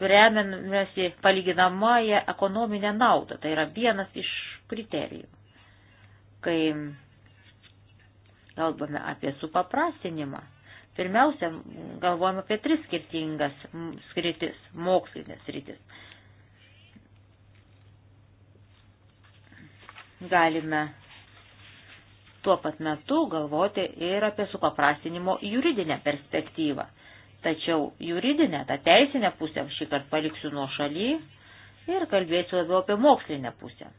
remiamasi palyginamąją ekonominę naudą. Tai yra vienas iš kriterijų. Kai kalbame apie supaprastinimą, pirmiausia, galvojame apie tris skirtingas sritis, mokslinės sritis. galime tuo pat metu galvoti ir apie supaprastinimo juridinę perspektyvą. Tačiau juridinę, tą teisinę pusę šį kartą paliksiu nuo šaly ir kalbėsiu labiau apie mokslinę pusę.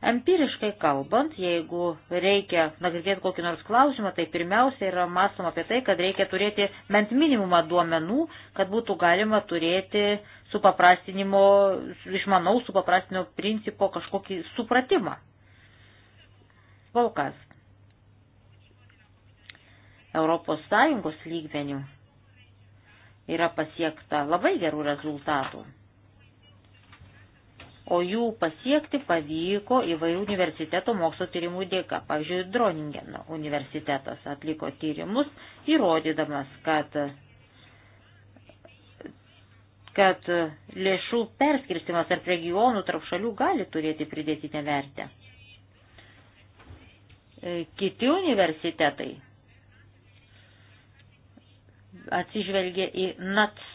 Empiriškai kalbant, jeigu reikia nagrinėti kokį nors klausimą, tai pirmiausia yra mąstoma apie tai, kad reikia turėti bent minimumą duomenų, kad būtų galima turėti supaprastinimo, išmanaus supaprastinimo principo kažkokį supratimą. Kol kas. Europos Sąjungos lygmenių yra pasiekta labai gerų rezultatų o jų pasiekti pavyko įvairių universiteto mokslo tyrimų dėka. Pavyzdžiui, Droningeno universitetas atliko tyrimus, įrodydamas, kad, kad lėšų perskirstimas tarp regionų, tarp šalių gali turėti pridėtinę vertę. E, kiti universitetai atsižvelgia į NATS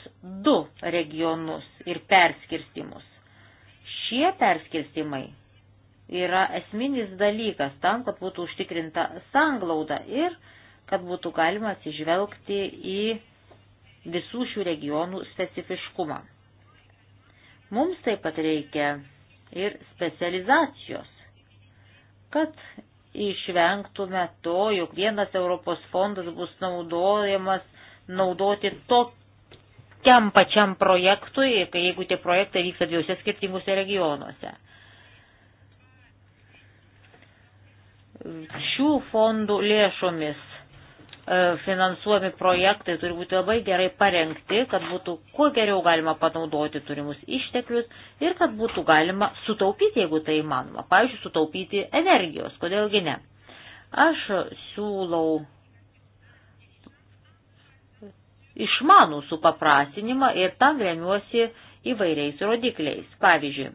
2 regionus ir perskirstimus Šie perskirstimai yra esminis dalykas tam, kad būtų užtikrinta sanglauda ir kad būtų galima atsižvelgti į visų šių regionų specifiškumą. Mums taip pat reikia ir specializacijos, kad išvengtume to, jog vienas Europos fondas bus naudojamas naudoti to, tokiam pačiam projektui, kai jeigu tie projektai vyksta dviejose skirtingose regionuose. Šių fondų lėšomis e, finansuojami projektai turi būti labai gerai parengti, kad būtų kuo geriau galima panaudoti turimus išteklius ir kad būtų galima sutaupyti, jeigu tai įmanoma. Pavyzdžiui, sutaupyti energijos, kodėlgi ne. Aš siūlau išmanų supaprastinimą ir tam remiuosi įvairiais rodikliais. Pavyzdžiui,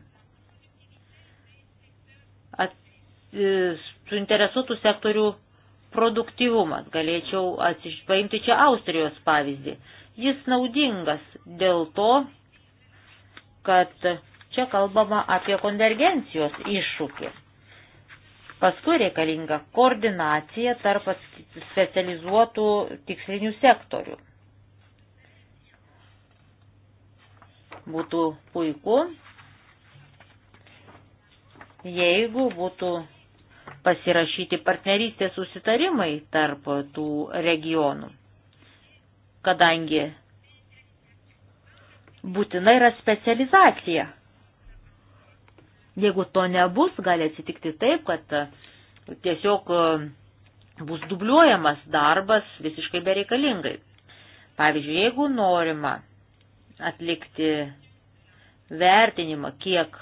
at, e, suinteresuotų sektorių produktyvumas. Galėčiau paimti čia Austrijos pavyzdį. Jis naudingas dėl to, kad čia kalbama apie konvergencijos iššūkį. Paskui reikalinga koordinacija tarp specializuotų tikslinių sektorių. Būtų puiku, jeigu būtų pasirašyti partnerystės susitarimai tarp tų regionų, kadangi būtina yra specializacija. Jeigu to nebus, gali atsitikti taip, kad e, tiesiog e, bus dubliuojamas darbas visiškai bereikalingai. Pavyzdžiui, jeigu norima atlikti vertinimą, kiek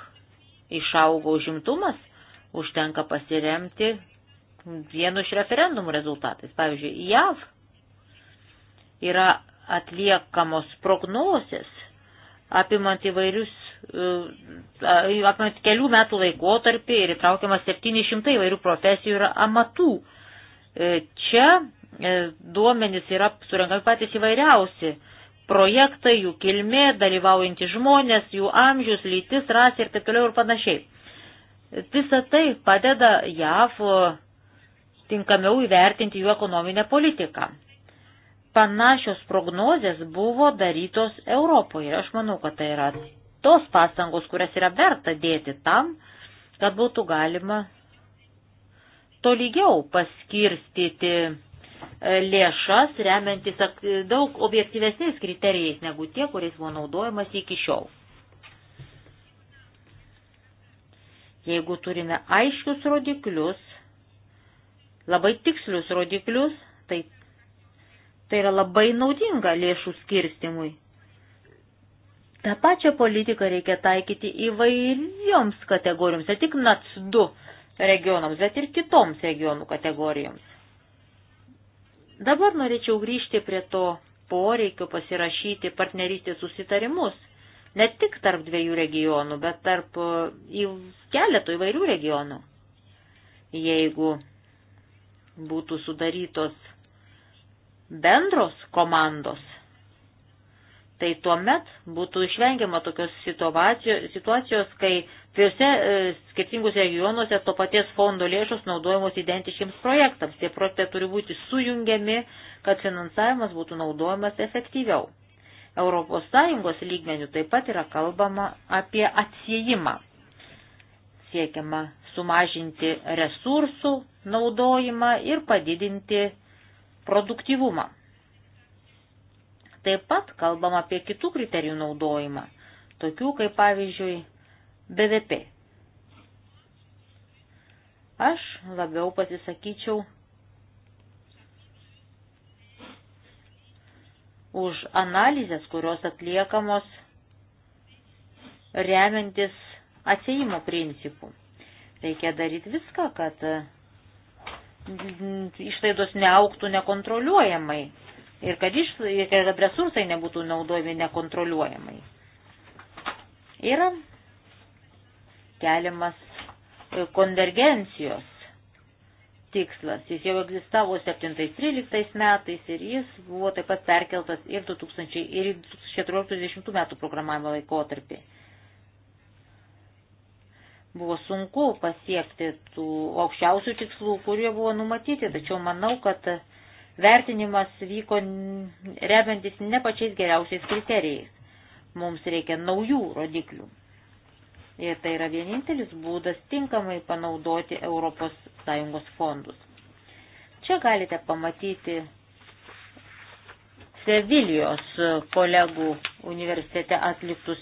išaugo užimtumas, užtenka pasiremti vienu iš referendumų rezultatais. Pavyzdžiui, JAV yra atliekamos prognozės apimant įvairius, e, apimant kelių metų laikotarpį ir įtraukiamas 700 įvairių profesijų ir amatų. E, čia e, duomenys yra surinkami patys įvairiausi projektai, jų kilmė, dalyvaujantys žmonės, jų amžius, lytis, rasė ir taip toliau ir panašiai. Visa tai padeda JAV tinkamiau įvertinti jų ekonominę politiką. Panašios prognozės buvo darytos Europoje ir aš manau, kad tai yra tos pastangos, kurias yra verta dėti tam, kad būtų galima tolygiau paskirstyti E, lėšas remiantis daug objektyvesniais kriterijais negu tie, kuriais buvo naudojamas iki šiol. Jeigu turime aiškius rodiklius, labai tikslius rodiklius, tai, tai yra labai naudinga lėšų skirstimui. Ta pačia politika reikia taikyti įvairioms kategorijoms, ne tik NAC2 regionams, bet ir kitoms regionų kategorijoms. Dabar norėčiau grįžti prie to poreikio pasirašyti partnerystės susitarimus, ne tik tarp dviejų regionų, bet tarp e, į keletų įvairių regionų. Jeigu būtų sudarytos bendros komandos, tai tuomet būtų išvengiama tokios situacijos, situacijos kai Visose skirtingus regionuose to paties fondo lėšos naudojamos identiškiams projektams. Tie projektai turi būti sujungiami, kad finansavimas būtų naudojamas efektyviau. ES lygmenių taip pat yra kalbama apie atsijimą. Siekiama sumažinti resursų naudojimą ir padidinti produktyvumą. Taip pat kalbam apie kitų kriterijų naudojimą, tokių kaip pavyzdžiui BVP. Aš labiau pasisakyčiau už analizės, kurios atliekamos remiantis atsėjimo principų. Reikia daryti viską, kad išlaidos neauktų nekontroliuojamai ir kad, iš, kad resursai nebūtų naudojami nekontroliuojamai. Yra keliamas e, konvergencijos tikslas. Jis jau egzistavo 17-13 metais ir jis buvo taip pat perkeltas ir 2014-2020 metų programavimo laikotarpį. Buvo sunku pasiekti tų aukščiausių tikslų, kurie buvo numatyti, tačiau manau, kad vertinimas vyko remiantis ne pačiais geriausiais kriterijais. Mums reikia naujų rodiklių. Ir tai yra vienintelis būdas tinkamai panaudoti ES fondus. Čia galite pamatyti Sevilijos kolegų universitete atliktus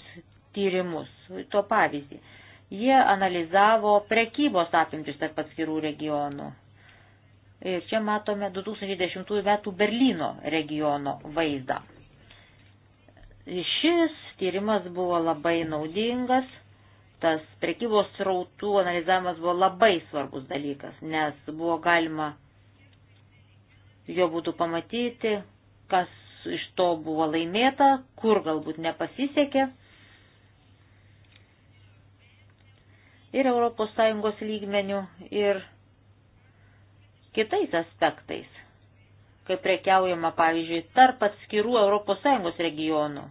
tyrimus, to pavyzdį. Jie analizavo prekybos apimtis tarp atskirų regionų. Ir čia matome 2010 metų Berlyno regiono vaizdą. Šis tyrimas buvo labai naudingas tas prekybos srautų analizavimas buvo labai svarbus dalykas, nes buvo galima jo būtų pamatyti, kas iš to buvo laimėta, kur galbūt nepasisekė. Ir ES lygmenių, ir kitais aspektais, kaip prekiaujama, pavyzdžiui, tarp atskirų ES regionų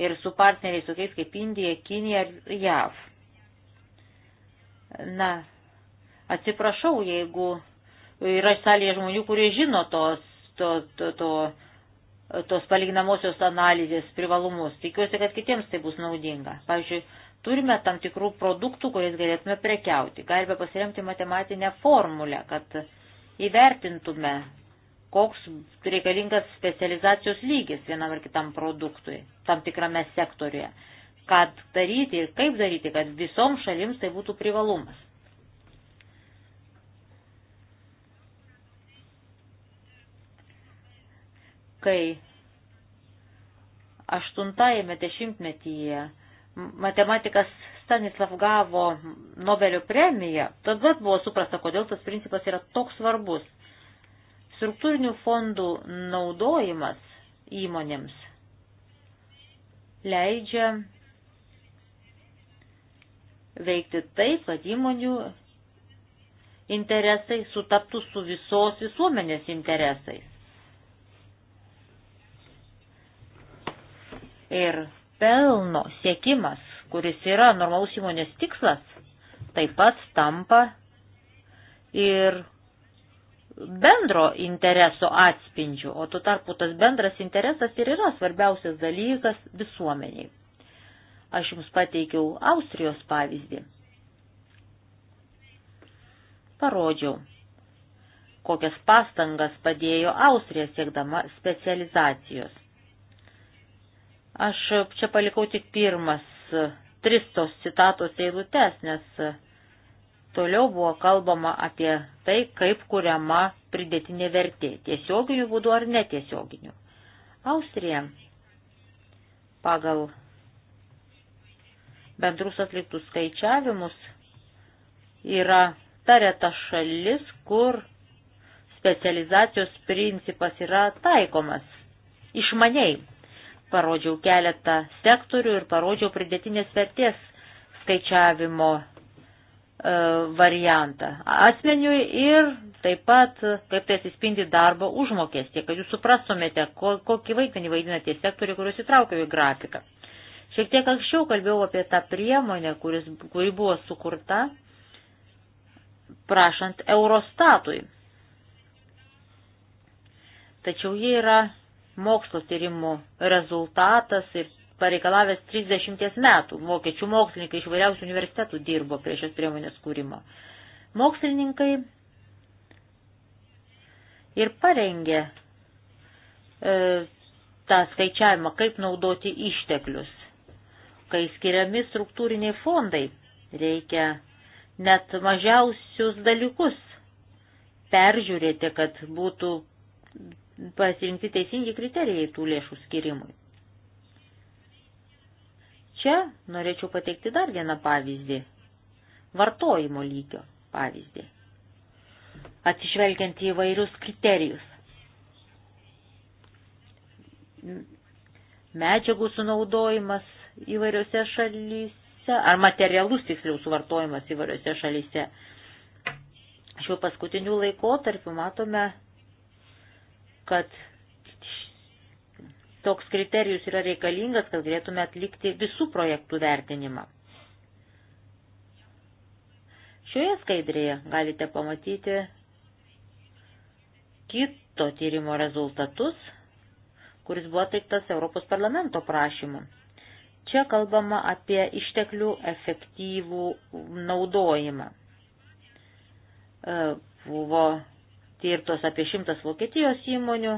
ir su partneriais tokiais kaip Indija, Kinija ir JAV. Na, atsiprašau, jeigu yra salėje žmonių, kurie žino tos, to, to, to, tos palyginamosios analizės privalumus. Tikiuosi, kad kitiems tai bus naudinga. Pavyzdžiui, turime tam tikrų produktų, kuriais galėtume prekiauti. Galime pasiremti matematinę formulę, kad įvertintume, koks reikalingas specializacijos lygis vienam ar kitam produktui, tam tikrame sektoriuje kad daryti ir kaip daryti, kad visoms šalims tai būtų privalumas. Kai aštuntajame dešimtmetyje matematikas Stanislav gavo Nobelio premiją, tada buvo suprasta, kodėl tas principas yra toks svarbus. Struktūrinių fondų naudojimas įmonėms leidžia veikti taip, kad įmonių interesai sutaptų su visos visuomenės interesais. Ir pelno siekimas, kuris yra normalus įmonės tikslas, taip pat tampa ir bendro intereso atspindžių, o tuo tarpu tas bendras interesas ir yra svarbiausias dalykas visuomeniai. Aš jums pateikiau Austrijos pavyzdį. Parodžiau, kokias pastangas padėjo Austrija siekdama specializacijos. Aš čia palikau tik pirmas tris tos citatos eilutes, nes toliau buvo kalbama apie tai, kaip kuriama pridėtinė vertė - tiesioginių būdų ar netiesioginių. Austrija pagal bendrus atliktus skaičiavimus, yra ta reta šalis, kur specializacijos principas yra taikomas išmaniai. Parodžiau keletą sektorių ir parodžiau pridėtinės vertės skaičiavimo e, variantą asmeniui ir taip pat, kaip tai atsispindi darbo užmokestį, kad jūs suprastumėte, kokį vaidmenį vaidina tie sektoriai, kuriuos įtraukiau į grafiką. Šiek tiek anksčiau kalbėjau apie tą priemonę, kuris, kuri buvo sukurta prašant Eurostatui. Tačiau jie yra mokslo tyrimų rezultatas ir pareikalavęs 30 metų. Vokiečių mokslininkai iš vairiausių universitetų dirbo prie šios priemonės kūrimo. Mokslininkai ir parengė e, tą skaičiavimą, kaip naudoti išteklius kai skiriami struktūriniai fondai, reikia net mažiausius dalykus peržiūrėti, kad būtų pasirinkti teisingi kriterijai tų lėšų skirimui. Čia norėčiau pateikti dar vieną pavyzdį - vartojimo lygio pavyzdį, atsižvelgiant į vairius kriterijus. Medžiagų sunaudojimas, įvairiose šalyse, ar materialus tiksliau suvartojimas įvairiose šalyse. Šiuo paskutiniu laikotarpiu matome, kad toks kriterijus yra reikalingas, kad galėtume atlikti visų projektų vertinimą. Šioje skaidrėje galite pamatyti kito tyrimo rezultatus, kuris buvo atliktas Europos parlamento prašymu. Čia kalbama apie išteklių efektyvų naudojimą. E, buvo tirtos apie šimtas Vokietijos įmonių,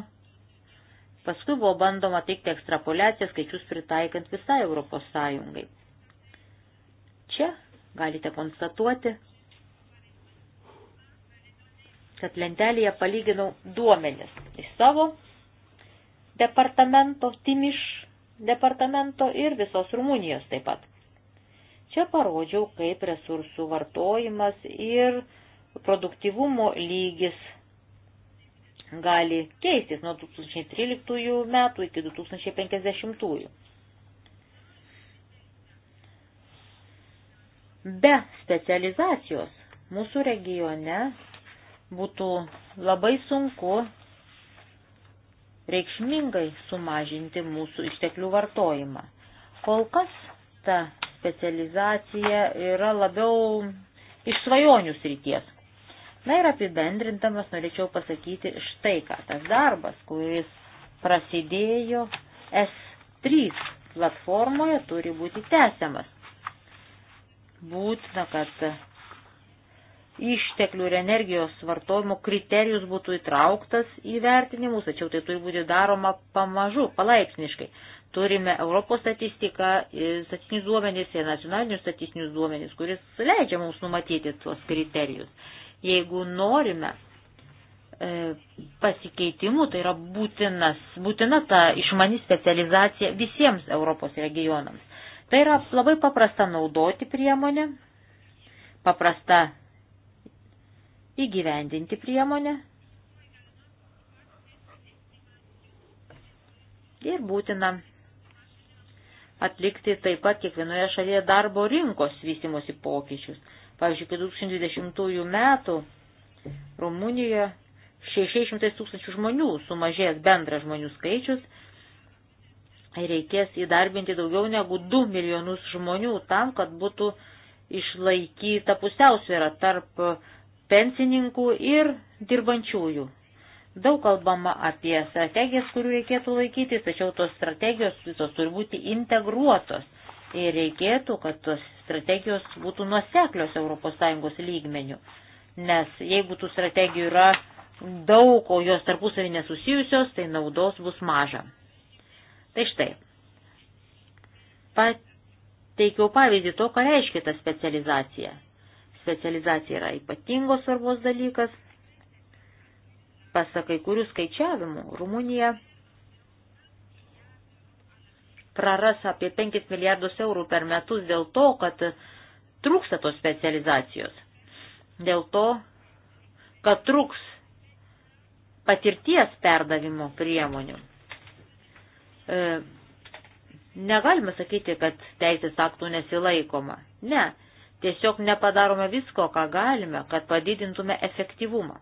paskui buvo bandoma teikti ekstrapoliaciją skaičius pritaikant visai Europos Sąjungai. Čia galite konstatuoti, kad lentelėje palyginau duomenis iš savo departamento Timiš departamento ir visos Rumunijos taip pat. Čia parodžiau, kaip resursų vartojimas ir produktivumo lygis gali keistis nuo 2013 metų iki 2050. -ųjų. Be specializacijos mūsų regione būtų labai sunku reikšmingai sumažinti mūsų išteklių vartojimą. Kol kas ta specializacija yra labiau iš svajonių srities. Na ir apibendrintamas norėčiau pasakyti štai ką. Tas darbas, kuris prasidėjo S3 platformoje, turi būti tęsiamas. Būtina, kad išteklių ir energijos vartojimo kriterijus būtų įtrauktas į vertinimus, tačiau tai turi būti daroma pamažu, palaipsniškai. Turime Europos statistiką, e, statistinius duomenys ir nacionalinius statistinius duomenys, kuris leidžia mums numatyti tuos kriterijus. Jeigu norime e, pasikeitimų, tai yra būtinas, būtina ta išmani specializacija visiems Europos regionams. Tai yra labai paprasta naudoti priemonė, paprasta įgyvendinti priemonę ir būtina atlikti taip pat kiekvienoje šalyje darbo rinkos vystimosi pokyčius. Pavyzdžiui, iki 2020 metų Rumunijoje 600 tūkstančių žmonių sumažės bendras žmonių skaičius ir reikės įdarbinti daugiau negu 2 milijonus žmonių tam, kad būtų išlaikyta pusiausvėra tarp pensininkų ir dirbančiųjų. Daug kalbama apie strategijas, kurių reikėtų laikytis, tačiau tos strategijos visos turi būti integruotos ir reikėtų, kad tos strategijos būtų nuoseklios ES lygmenių, nes jeigu tų strategijų yra daug, o jos tarpusavį nesusijusios, tai naudos bus maža. Tai štai, pateikiau pavyzdį to, ką reiškia ta specializacija specializacija yra ypatingos svarbos dalykas. Pasakai, kurių skaičiavimų Rumunija praras apie 5 milijardus eurų per metus dėl to, kad trūksta tos specializacijos. Dėl to, kad trūks patirties perdavimo priemonių. E, negalime sakyti, kad teisės aktų nesilaikoma. Ne, tiesiog nepadarome visko, ką galime, kad padidintume efektyvumą.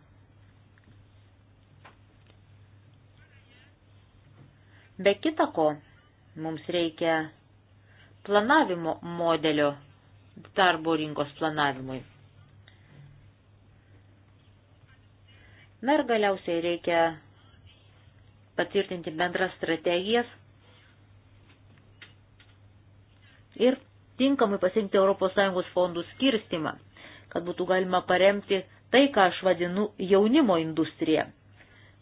Be kita ko, mums reikia planavimo modelio darbo rinkos planavimui. Na ir galiausiai reikia patvirtinti bendras strategijas ir tinkamai pasirinkti ES fondų skirstimą, kad būtų galima paremti tai, ką aš vadinu jaunimo industrija.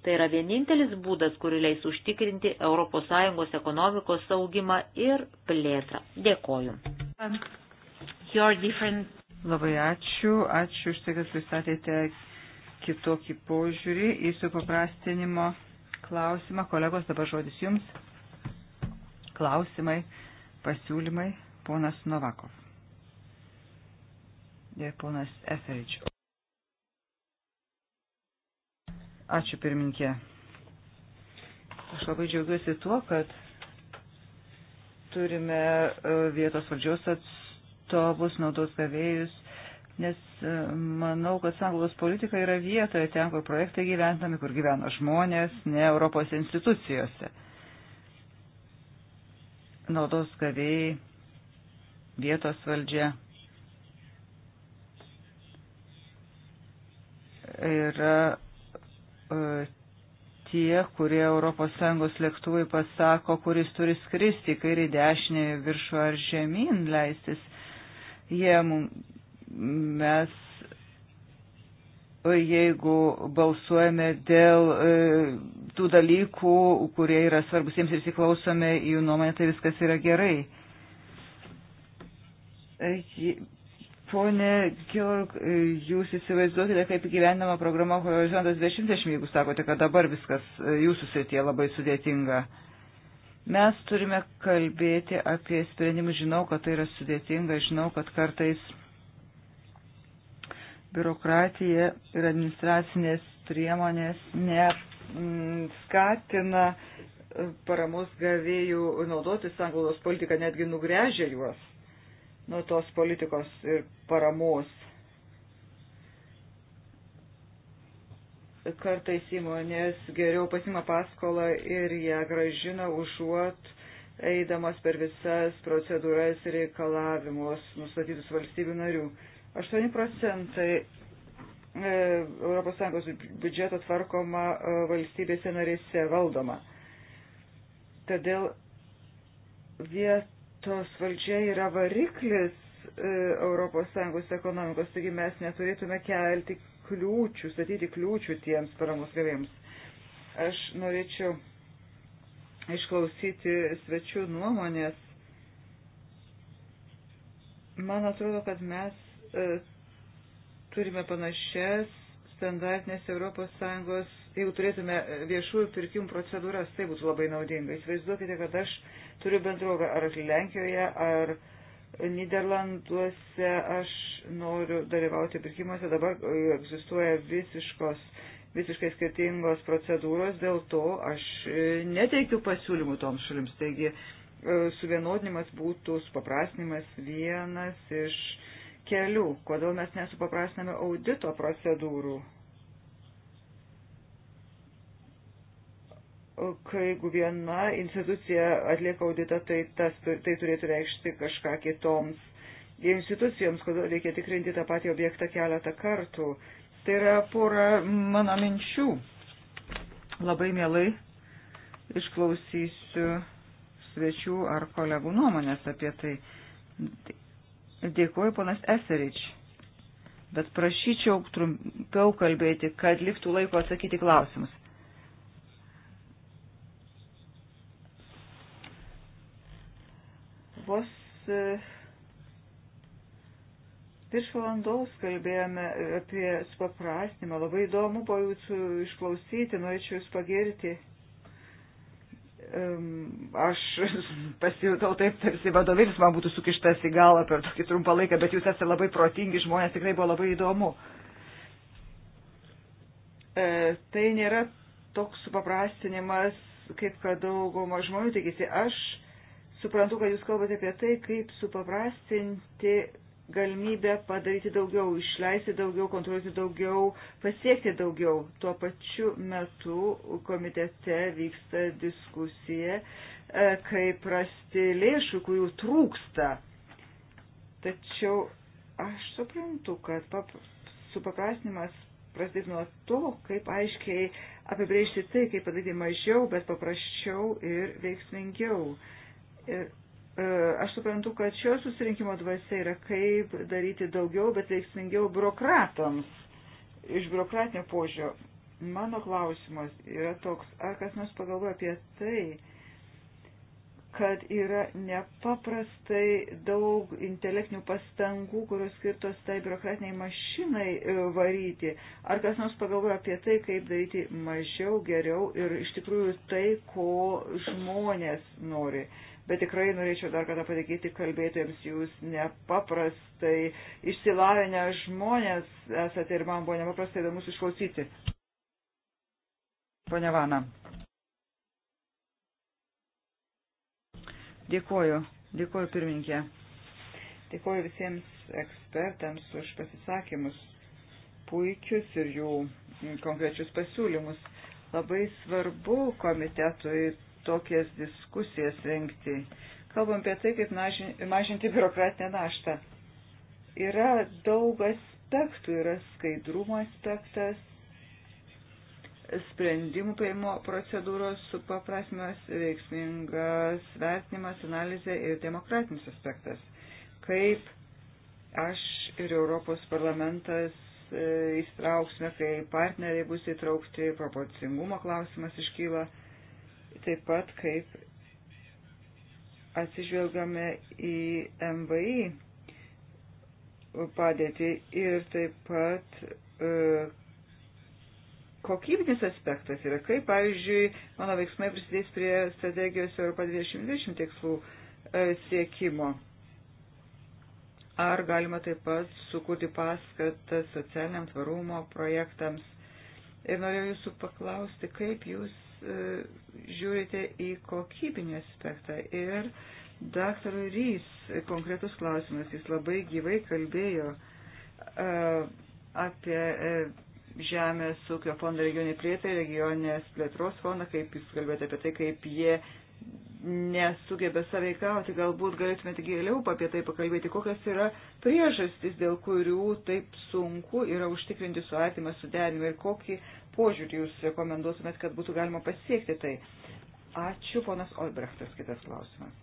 Tai yra vienintelis būdas, kuri leis užtikrinti ES ekonomikos saugimą ir plėtrą. Dėkoju. Different... Labai ačiū. Ačiū už tai, kad pristatėte kitokį požiūrį į supaprastinimo klausimą. Kolegos, dabar žodis jums. Klausimai, pasiūlymai ponas Novakov ir ponas Eferič. Ačiū pirminkė. Aš labai džiaugiuosi tuo, kad turime e, vietos valdžios atstovus, naudos gavėjus, nes e, manau, kad sanglos politika yra vietoje ten, kur projektai gyventami, kur gyvena žmonės, ne Europos institucijose. Naudos gavėjai vietos valdžia. Yra e, tie, kurie ES lėktuvai pasako, kuris turi skristi kairį dešinį viršų ar žemyn leistis. Jie mes jeigu balsuojame dėl e, tų dalykų, kurie yra svarbus jiems ir įsiklausome į jų nuomonę, tai viskas yra gerai. E, pone Georg, e, jūs įsivaizduokite, kaip gyvenama programa Horizontas 2020, jeigu sakote, kad dabar viskas e, jūsų srityje labai sudėtinga. Mes turime kalbėti apie sprendimus. Žinau, kad tai yra sudėtinga, žinau, kad kartais biurokratija ir administracinės priemonės neskatina mm, paramos gavėjų naudotis anglos politiką, netgi nugrėžia juos nuo tos politikos ir paramos. Kartais įmonės geriau pasima paskolą ir ją gražina užuot eidamas per visas procedūras ir reikalavimus nustatytus valstybių narių. 8 procentai e, ES biudžeto tvarkoma e, valstybėse narėse valdoma. Todėl viet vietos valdžia yra variklis ES ekonomikos, taigi mes neturėtume kelti kliūčių, statyti kliūčių tiems paramos gavėjams. Aš norėčiau išklausyti svečių nuomonės. Man atrodo, kad mes e, turime panašias standartinės ES, jeigu turėtume viešųjų pirkimų procedūras, tai būtų labai naudinga. Įsivaizduokite, kad aš e, turiu bendrovę ar Lenkijoje, ar Niderlanduose, aš noriu dalyvauti pirkimuose, dabar e, egzistuoja visiškos, visiškai skirtingos procedūros, dėl to aš e, neteikiu pasiūlymų toms šalims. Taigi, e, suvienodinimas būtų supaprastinimas vienas iš kelių, kodėl mes nesupaprastiname audito procedūrų kai jeigu viena institucija atlieka auditą, tai, tas, tai turėtų reikšti kažką kitoms institucijoms, kodėl reikia tikrinti tą patį objektą keletą kartų. Tai yra pora mano minčių. Labai mielai išklausysiu svečių ar kolegų nuomonės apie tai. Dėkuoju, ponas Eserič. Bet prašyčiau trumpiau kalbėti, kad liktų laiko atsakyti klausimus. vos e, virš valandos kalbėjome apie supaprastinimą. Labai įdomu buvo jūsų išklausyti, norėčiau jūs pagirti. Aš <laughs> pasijutau taip, tarsi vadovėlis man būtų sukištas į galą per tokį trumpą laiką, bet jūs esate labai protingi žmonės, tikrai buvo labai įdomu. E, tai nėra toks supaprastinimas, kaip kad dauguma žmonių tikisi. Aš Suprantu, kad jūs kalbate apie tai, kaip supaprastinti galimybę padaryti daugiau, išleisti daugiau, kontroliuoti daugiau, pasiekti daugiau. Tuo pačiu metu komitete vyksta diskusija, e, kaip rasti lėšų, kurių trūksta. Tačiau aš suprantu, kad supaprastinimas prasidės nuo to, kaip aiškiai apibrėžti tai, kaip padaryti mažiau, bet paprasčiau ir veiksmingiau. Uh, Ir e, e, aš suprantu, kad šio susirinkimo dvasia yra kaip daryti daugiau, bet veiksmingiau biurokratams iš biurokratinio požiūrio. Mano klausimas yra toks, ar kas nors pagalvoja apie tai, kad yra nepaprastai daug intelektinių pastangų, kurios skirtos tai biurokratiniai mašinai e, varyti. Ar kas nors pagalvoja apie tai, kaip daryti mažiau, geriau ir iš tikrųjų tai, ko žmonės nori. Bet tikrai norėčiau dar kartą padėkyti kalbėtojams, jūs nepaprastai išsilavinę žmonės esate ir man buvo nepaprastai įdomus išklausyti. Pane Vana. Dėkoju, dėkoju pirmininkė. Dėkoju visiems ekspertams už pasisakymus puikius ir jų konkrečius pasiūlymus. Labai svarbu komitetui tokias diskusijas rengti. Kalbam apie tai, kaip mažinti biurokratinę naštą. Yra daug aspektų, yra skaidrumo aspektas, sprendimų prieimo procedūros supaprasmimas, veiksmingas vertinimas, analizė ir demokratinis aspektas. Kaip aš ir Europos parlamentas e, įstrauksime, kai partneriai bus įtraukti, proporcingumo klausimas iškyla, taip pat kaip atsižvelgame į MVI padėtį ir taip pat e, kokybinis aspektas yra, kaip, pavyzdžiui, mano veiksmai prisidės prie strategijos Europa 2020 tikslų e, siekimo. Ar galima taip pat sukurti paskatas socialiniam tvarumo projektams. Ir norėjau jūsų paklausti, kaip jūs e, žiūrite į kokybinį aspektą. Ir daktarui Rys konkretus klausimas, jis labai gyvai kalbėjo e, apie e, Žemės ūkio fondą regioniai plėtrai, regionės plėtros fondą, kaip jūs kalbėjote apie tai, kaip jie nesugebė saveikauti, galbūt galėtumėte gėliau apie tai pakalbėti, kokias yra priežastis, dėl kurių taip sunku yra užtikrinti su atimą suderinimą ir kokį požiūrį jūs rekomenduotumėt, kad būtų galima pasiekti tai. Ačiū, ponas Olbrechtas, kitas klausimas.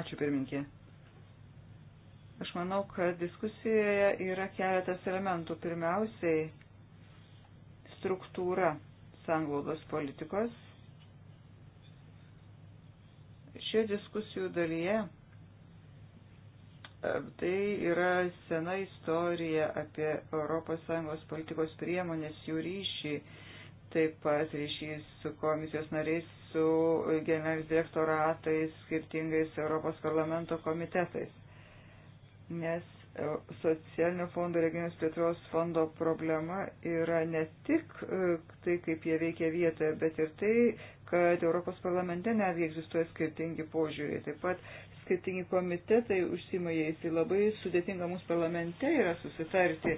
Ačiū, pirminkė. Aš manau, kad diskusijoje yra keletas elementų. Pirmiausiai struktūra sanglaudos politikos. Šioje diskusijų dalyje e, tai yra sena istorija apie ES politikos priemonės, jų ryšį, taip pat ryšys su komisijos nariais, su generalinis direktoratais, skirtingais Europos parlamento komitetais nes e, socialinio fondo regionės plėtros fondo problema yra ne tik e, tai, kaip jie veikia vietoje, bet ir tai, kad Europos parlamente netgi egzistuoja skirtingi požiūriai. Taip pat skirtingi komitetai užsima jais ir tai labai sudėtinga mūsų parlamente yra susitarti,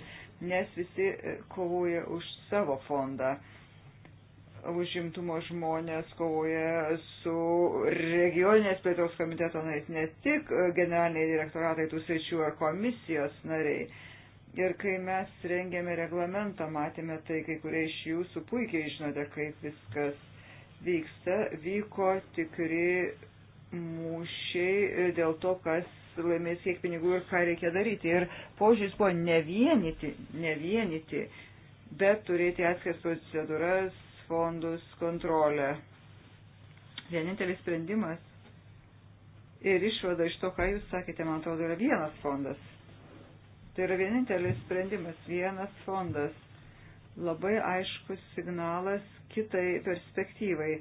nes visi e, kovoja už savo fondą. Uh, užimtumo žmonės kovoja su regioninės plėtros komiteto nariais, ne tik generaliniai direktoratai tų sričių ar komisijos nariai. Ir kai mes rengėme reglamentą, matėme tai, kai kurie iš jūsų puikiai žinote, kaip viskas vyksta, vyko tikri mūšiai dėl to, kas laimės kiek pinigų ir ką reikia daryti. Ir požiūris buvo ne vienyti, ne vienyti, bet turėti atskiras procedūras, fondus, kontrolę. Vienintelis sprendimas ir išvada iš to, ką jūs sakėte, man atrodo, yra vienas fondas. Tai yra vienintelis sprendimas, vienas fondas. Labai aiškus signalas kitai perspektyvai.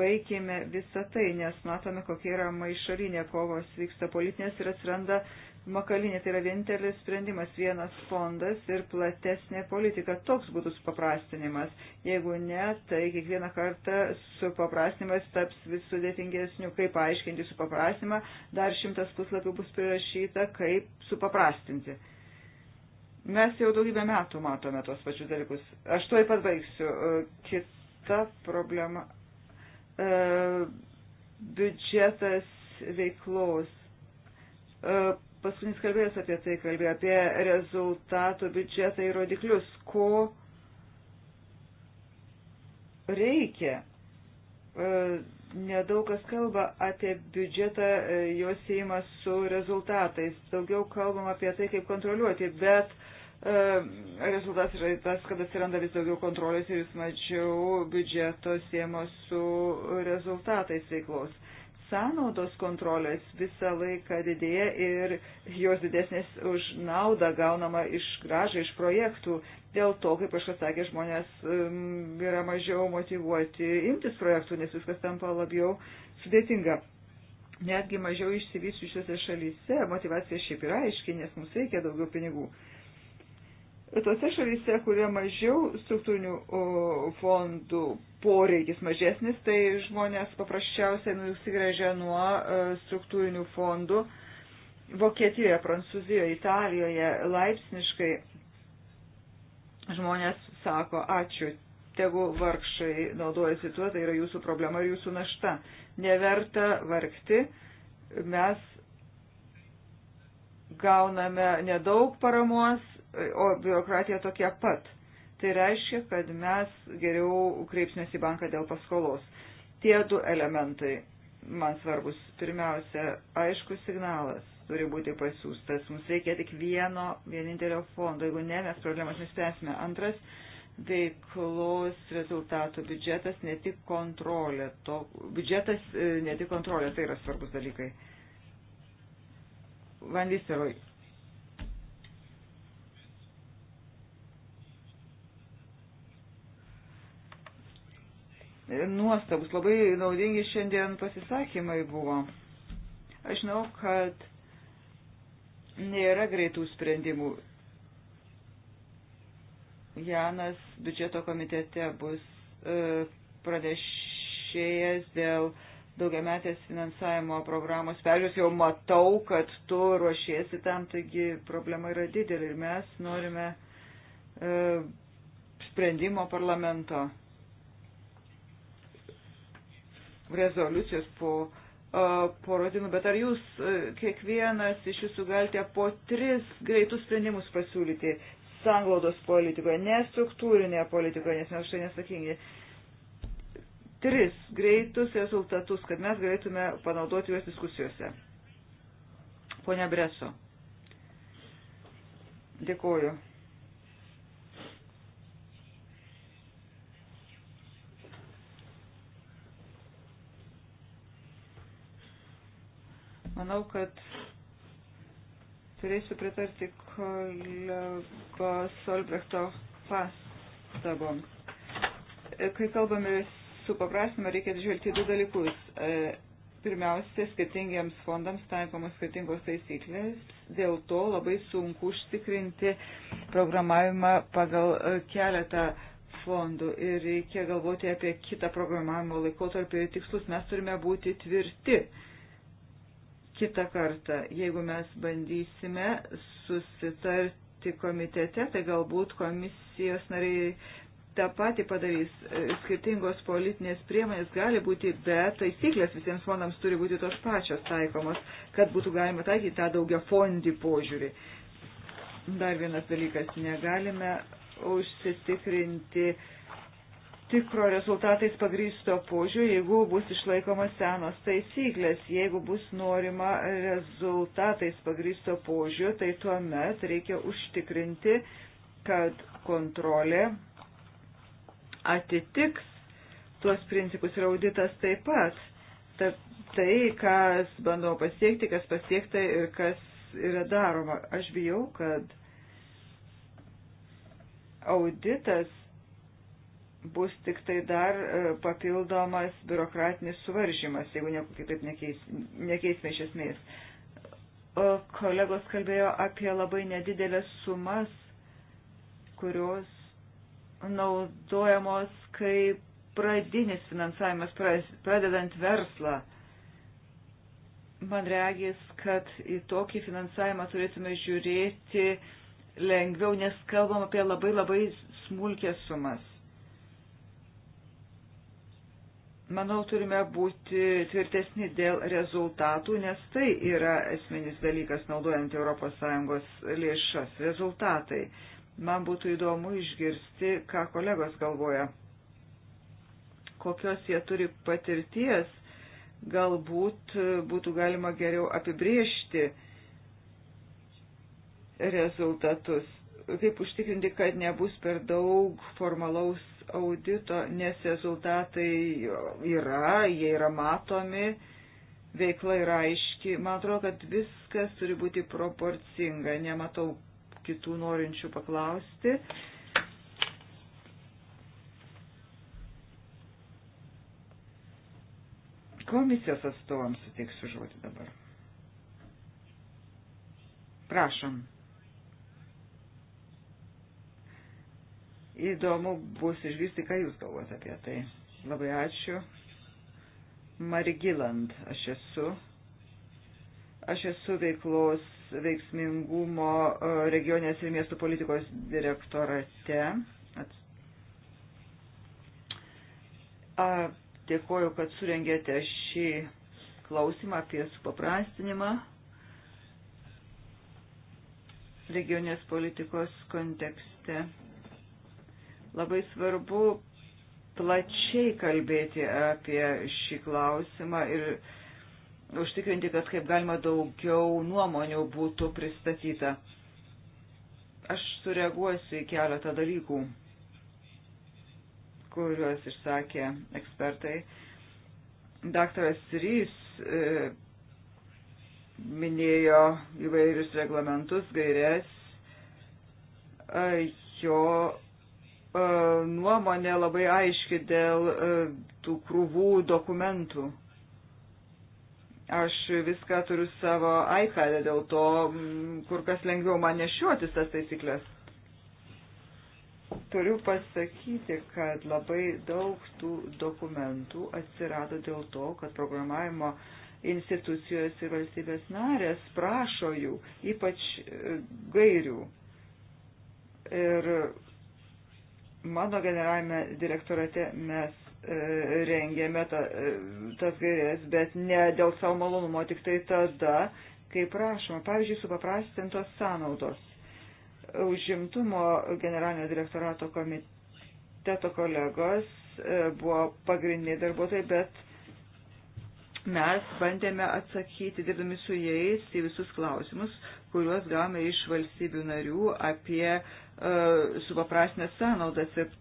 Baikime visą tai, nes matome, kokia yra maišalinė kovos vyksta politinės ir atsiranda makalinė, tai yra vienintelis sprendimas, vienas fondas ir platesnė politika. Toks būtų supaprastinimas. Jeigu ne, tai kiekvieną kartą supaprastinimas taps vis sudėtingesniu. Kaip aiškinti supaprastinimą, dar šimtas puslapių bus prirašyta, kaip supaprastinti. Mes jau daugybę metų matome tos pačius dalykus. Aš tuoj pat baigsiu. E, kita problema. E, biudžetas veiklos e, paskutinis kalbėjas apie tai kalbėjo, apie rezultato biudžetą ir rodiklius, ko reikia. E, nedaug kas kalba apie biudžetą, e, jos įimas su rezultatais. Daugiau kalbam apie tai, kaip kontroliuoti, bet e, rezultatas yra tas, kad atsiranda vis daugiau kontrolės ir vis mažiau biudžeto siemo su rezultatais veiklos sąnaudos kontrolės visą laiką didėja ir jos didesnės už naudą gaunama iš gražą, iš projektų. Dėl to, kaip aš sakė, žmonės um, yra mažiau motivuoti imtis projektų, nes viskas tampa labiau sudėtinga. Netgi mažiau išsivysiusiuose šalyse motivacija šiaip yra aiški, nes mums reikia daugiau pinigų. Uh, Tose šalyse, kurie mažiau struktūrinių fondų poreikis mažesnis, tai žmonės paprasčiausiai nusigrėžia nuo e, struktūrinių fondų. Vokietijoje, Prancūzijoje, Italijoje laipsniškai žmonės sako ačiū, tegu vargšai naudojasi tuo, tai yra jūsų problema ir jūsų našta. Neverta vargti, mes gauname nedaug paramos o biurokratija tokia pat. Tai reiškia, kad mes geriau kreipsimės į banką dėl paskolos. Tie du elementai man svarbus. Pirmiausia, aiškus signalas turi būti pasiūstas. Mums reikia tik vieno, vienintelio fondo. Jeigu ne, mes problemas nespręsime. Antras, veiklos rezultatų biudžetas, ne tik kontrolė. To, biudžetas, e, ne tik kontrolė, tai yra svarbus dalykai. Van Listeroj, nuostabus, labai naudingi šiandien pasisakymai buvo. Aš žinau, kad nėra greitų sprendimų. Janas biudžeto komitete bus e, pranešėjas dėl daugiametės finansavimo programos peržiūros. Jau matau, kad tu ruošiesi tam, taigi problema yra didelė ir mes norime e, sprendimo parlamento rezoliucijos po poros dienų, bet ar jūs kiekvienas iš jūsų galite po tris greitus sprendimus pasiūlyti sanglaudos politikoje, ne struktūrinėje politikoje, nes mes štai nesakingi. Tris greitus rezultatus, kad mes galėtume panaudoti juos diskusijose. Pone Breso. Dėkuoju. Manau, kad turėsiu pritarti kolegos Olbrechto pastabom. E, kai kalbame su paprastinimą, reikia žvelgti du dalykus. E, pirmiausia, skirtingiems fondams taikomos skirtingos taisyklės, dėl to labai sunku užtikrinti programavimą pagal e, keletą fondų ir reikia galvoti apie kitą programavimo laikotarpį ir tikslus. Mes turime būti tvirti. Uh, kitą kartą, jeigu mes bandysime susitarti komitete, tai galbūt komisijos nariai tą patį padarys. E, skirtingos politinės priemonės gali būti, bet taisyklės visiems fondams turi būti tos pačios taikomos, kad būtų galima taikyti tą daugia fondį požiūrį. Dar vienas dalykas, negalime užsitikrinti uh, tikro rezultatais pagrysto požiūrį, jeigu bus išlaikomas senos taisyklės. Jeigu bus norima rezultatais pagrysto požiūrį, tai tuomet reikia užtikrinti, kad kontrolė atitiks tuos principus ir auditas taip pat. Ta, tai, kas bandau pasiekti, kas pasiekta ir kas yra daroma. Aš bijau, kad auditas bus tik tai dar e, papildomas biurokratinis suvaržymas, jeigu nieko kitaip nekeis, nekeisime iš esmės. Kolegos kalbėjo apie labai nedidelės sumas, kurios naudojamos kaip pradinis finansavimas, pradedant verslą. Man reagis, kad į tokį finansavimą turėtume žiūrėti lengviau, nes kalbam apie labai labai smulkės sumas Manau, turime būti tvirtesni dėl rezultatų, nes tai yra esminis dalykas naudojant ES lėšas - rezultatai. Man būtų įdomu išgirsti, ką kolegos galvoja, kokios jie turi patirties, galbūt būtų galima geriau apibriežti rezultatus, kaip užtikrinti, kad nebus per daug formalaus audito, nes rezultatai yra, jie yra matomi, veikla yra aiški. Man atrodo, kad viskas turi būti proporcinga. Nematau kitų norinčių paklausti. Komisijos atstovams suteiksiu žodį dabar. Prašom. Įdomu bus išgirsti, ką Jūs galvojate apie tai. Labai ačiū. Marigiland aš esu. Aš esu veiklos veiksmingumo e, regionės ir miestų politikos direktorate. A, dėkoju, kad surengėte šį klausimą apie supaprastinimą regionės politikos kontekste. Labai svarbu plačiai kalbėti apie šį klausimą ir užtikrinti, kad kaip galima daugiau nuomonių būtų pristatyta. Aš sureaguosiu į keletą dalykų, kuriuos išsakė ekspertai. Daktaras Rys e, minėjo įvairius reglamentus, gairias. E, jo E, nuomonė labai aiški dėl e, tų krūvų dokumentų. Aš viską turiu savo iPad'e, dėl to kur kas lengviau man nešiotis tas taisyklės. Turiu pasakyti, kad labai daug tų dokumentų atsirado dėl to, kad programavimo institucijos ir valstybės narės prašo jų, ypač e, gairių. Ir mano generalinėme direktorate mes e, rengėme ta, e, tas gairės, bet ne dėl savo malonumo, tik tai tada, kai prašoma. Pavyzdžiui, supaprastintos sąnaudos. Užimtumo generalinio direktorato komiteto kolegos e, buvo pagrindiniai darbuotojai, bet mes bandėme atsakyti, dirbdami su jais, į visus klausimus, kuriuos gavome iš valstybių narių apie uh, e, supaprastinę sąnaudas ir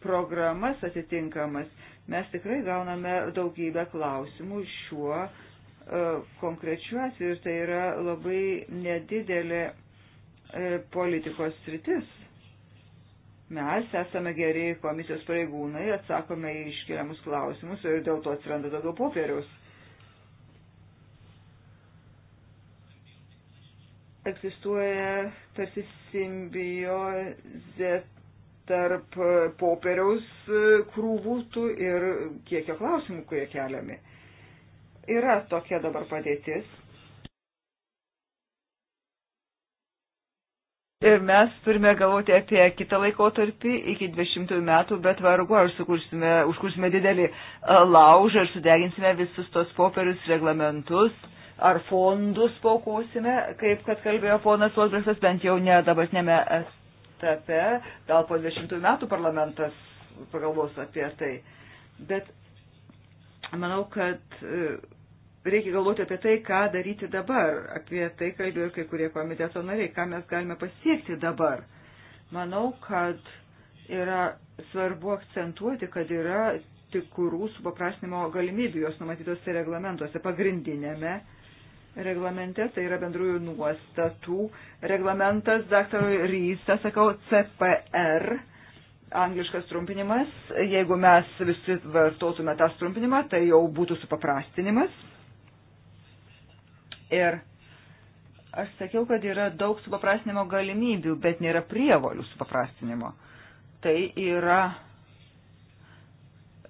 programas atitinkamas, mes tikrai gauname daugybę klausimų šiuo uh, konkrečiu atveju ir tai yra labai nedidelė uh, politikos sritis. Mes esame geri komisijos pareigūnai, atsakome į iškeliamus klausimus ir dėl to atsiranda daugiau popieriaus egzistuoja tarsi simbiozė tarp popieriaus krūvų tų ir kiekio klausimų, kurie keliami. Yra tokia dabar padėtis. Ir mes turime galvoti apie kitą laikotarpį iki 20 metų, bet vargu ar sukursime, užkursime didelį e, laužą ir sudeginsime visus tos popierius reglamentus ar fondus paukosime, kaip kad kalbėjo ponas Olbrechtas, bent jau ne dabartinėme etape, gal po 20 metų parlamentas pagalvos apie tai. Bet manau, kad e, reikia galvoti apie tai, ką daryti dabar. Apie tai kalbėjo ir kai kurie komiteto nariai, ką mes galime pasiekti dabar. Manau, kad yra svarbu akcentuoti, kad yra tikrų supaprastinimo galimybių jos numatytose reglamentuose pagrindinėme reglamente, tai yra bendrųjų nuostatų reglamentas, daktarui Rysta, sakau, CPR, angliškas trumpinimas. Jeigu mes visi vartotume tą trumpinimą, tai jau būtų supaprastinimas. Ir aš sakiau, kad yra daug supaprastinimo galimybių, bet nėra prievolių supaprastinimo. Tai yra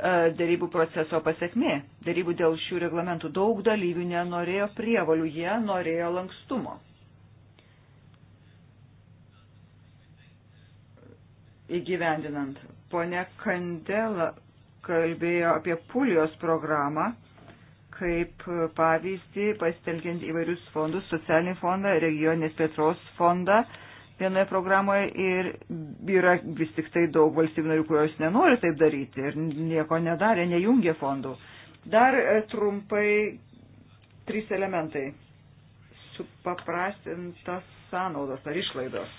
E, dėrybų proceso pasiekmė, dėrybų dėl šių reglamentų. Daug dalyvių nenorėjo prievalių, jie norėjo lankstumo. Įgyvendinant, ponia Kandela kalbėjo apie Pulijos programą kaip pavyzdį, pasitelkiant įvairius fondus, socialinį fondą, regioninės plėtros fondą, uh, vienoje programoje ir yra vis tik tai daug valstybių narių, kurios nenori taip daryti ir nieko nedarė, nejungė fondų. Dar e, trumpai trys elementai. Supaprastintas sąnaudos ar išlaidos.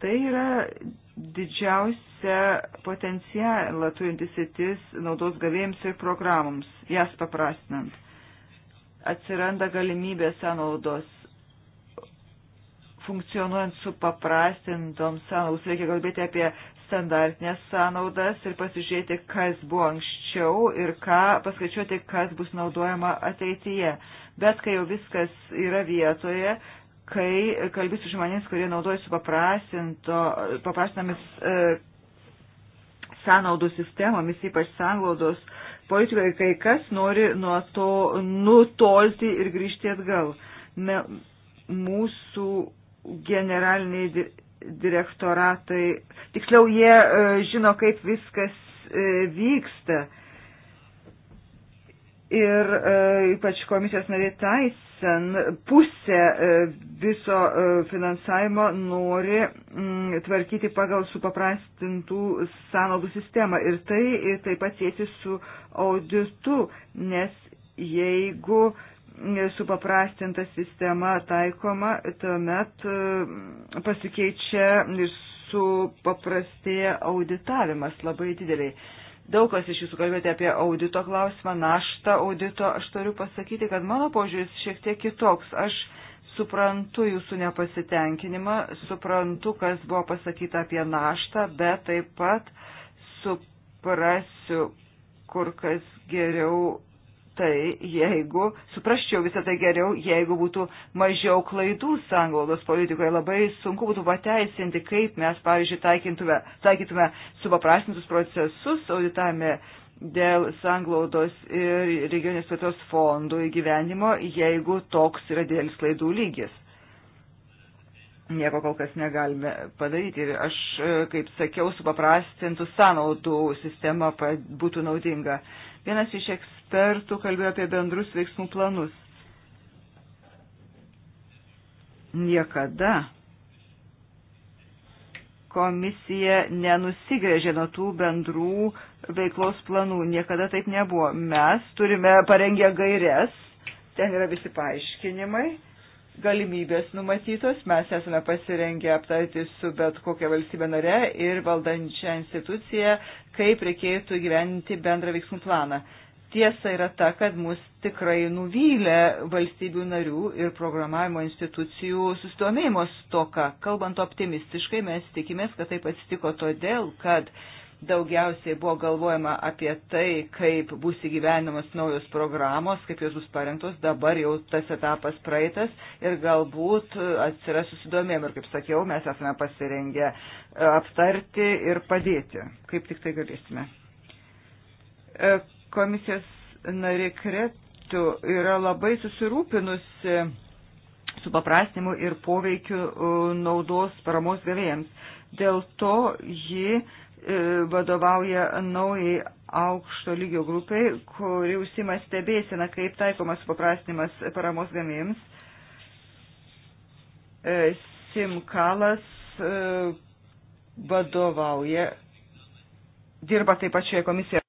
Tai yra didžiausia potencialą turintis sėtis naudos gavėjams ir programoms, jas paprastinant atsiranda galimybė sąnaudos funkcionuojant su paprastintoms sąnaudoms. Reikia kalbėti apie standartinės sąnaudas ir pasižiūrėti, kas buvo anksčiau ir ką paskaičiuoti, kas bus naudojama ateityje. Bet kai jau viskas yra vietoje, kai kalbėsiu žmonės, kurie naudojasi paprastinamis e, sąnaudų sistemomis, ypač sąnaudos politikai, kai kas nori nuo to nutolti ir grįžti atgal. Me, mūsų generaliniai direktoratai, tiksliau jie e, žino, kaip viskas e, vyksta. Ir e, ypač komisijos narė Taisen pusę viso finansavimo nori mm, tvarkyti pagal supaprastintų sąnaudų sistemą. Ir tai taip pat sėti su auditu, nes jeigu uh, supaprastinta sistema taikoma, tuomet e, pasikeičia ir supaprastėja auditavimas labai dideliai. Daug kas iš jūsų kalbėjote apie audito klausimą, naštą audito. Aš turiu pasakyti, kad mano požiūris šiek tiek kitoks. Aš suprantu jūsų nepasitenkinimą, suprantu, kas buvo pasakyta apie naštą, bet taip pat suprasiu kur kas geriau tai, jeigu, suprasčiau visą tai geriau, jeigu būtų mažiau klaidų sanglaudos politikoje, labai sunku būtų pateisinti, kaip mes, pavyzdžiui, taikintume, taikytume supaprastintus procesus auditame dėl sanglaudos ir regionės plėtos fondų įgyvenimo, jeigu toks yra didelis klaidų lygis. Nieko kol kas negalime padaryti ir aš, e, kaip sakiau, supaprastintų sąnaudų sistema būtų naudinga. Vienas iš ekspertų ekspertų kalbėjo apie bendrus veiksmų planus. Niekada komisija nenusigrėžė nuo tų bendrų veiklos planų. Niekada taip nebuvo. Mes turime parengę gairias, ten yra visi paaiškinimai galimybės numatytos, mes esame pasirengę aptarti su bet kokia valstybė nare ir valdančia institucija, kaip reikėtų gyventi bendrą veiksmų planą tiesa yra ta, kad mus tikrai nuvylė valstybių narių ir programavimo institucijų sustomėjimo stoka. Kalbant optimistiškai, mes tikimės, kad taip atsitiko todėl, kad daugiausiai buvo galvojama apie tai, kaip bus įgyvenimas naujos programos, kaip jos bus parengtos, dabar jau tas etapas praeitas ir galbūt atsiras susidomėjimai. Ir kaip sakiau, mes esame pasirengę aptarti ir padėti, kaip tik tai galėsime e, Komisijos narė Kretų yra labai susirūpinusi su paprastinimu ir poveikiu e, naudos paramos gavėjams. Dėl to ji e, vadovauja naujai aukšto lygio grupiai, kuri užsima stebėsina, kaip taikomas supaprastinimas paramos gamėjams. E, Simkalas vadovauja, dirba taip pat šioje komisijoje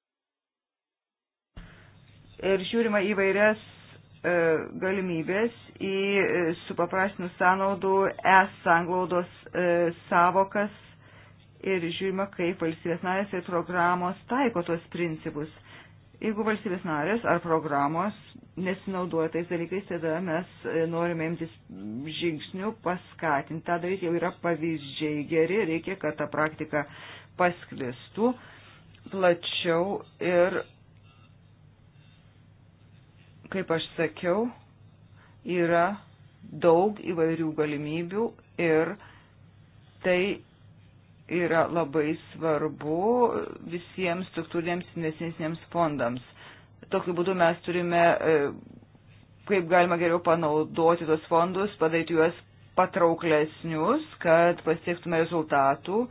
ir žiūrima įvairias e, galimybės į e, supaprastinų sąnaudų es sanglaudos e, savokas ir žiūrima, kaip valstybės narės ir programos taiko tos principus. Jeigu valstybės narės ar programos nesinaudoja tais dalykais, tada mes norime imtis žingsnių paskatinti. Ta daryti jau yra pavyzdžiai geri, reikia, kad ta praktika pasklistų plačiau ir kaip aš sakiau, yra daug įvairių galimybių ir tai yra labai svarbu visiems struktūriniams investiciniams fondams. Tokiu būdu mes turime, e, kaip galima geriau panaudoti tos fondus, padaryti juos patrauklesnius, kad pasiektume rezultatų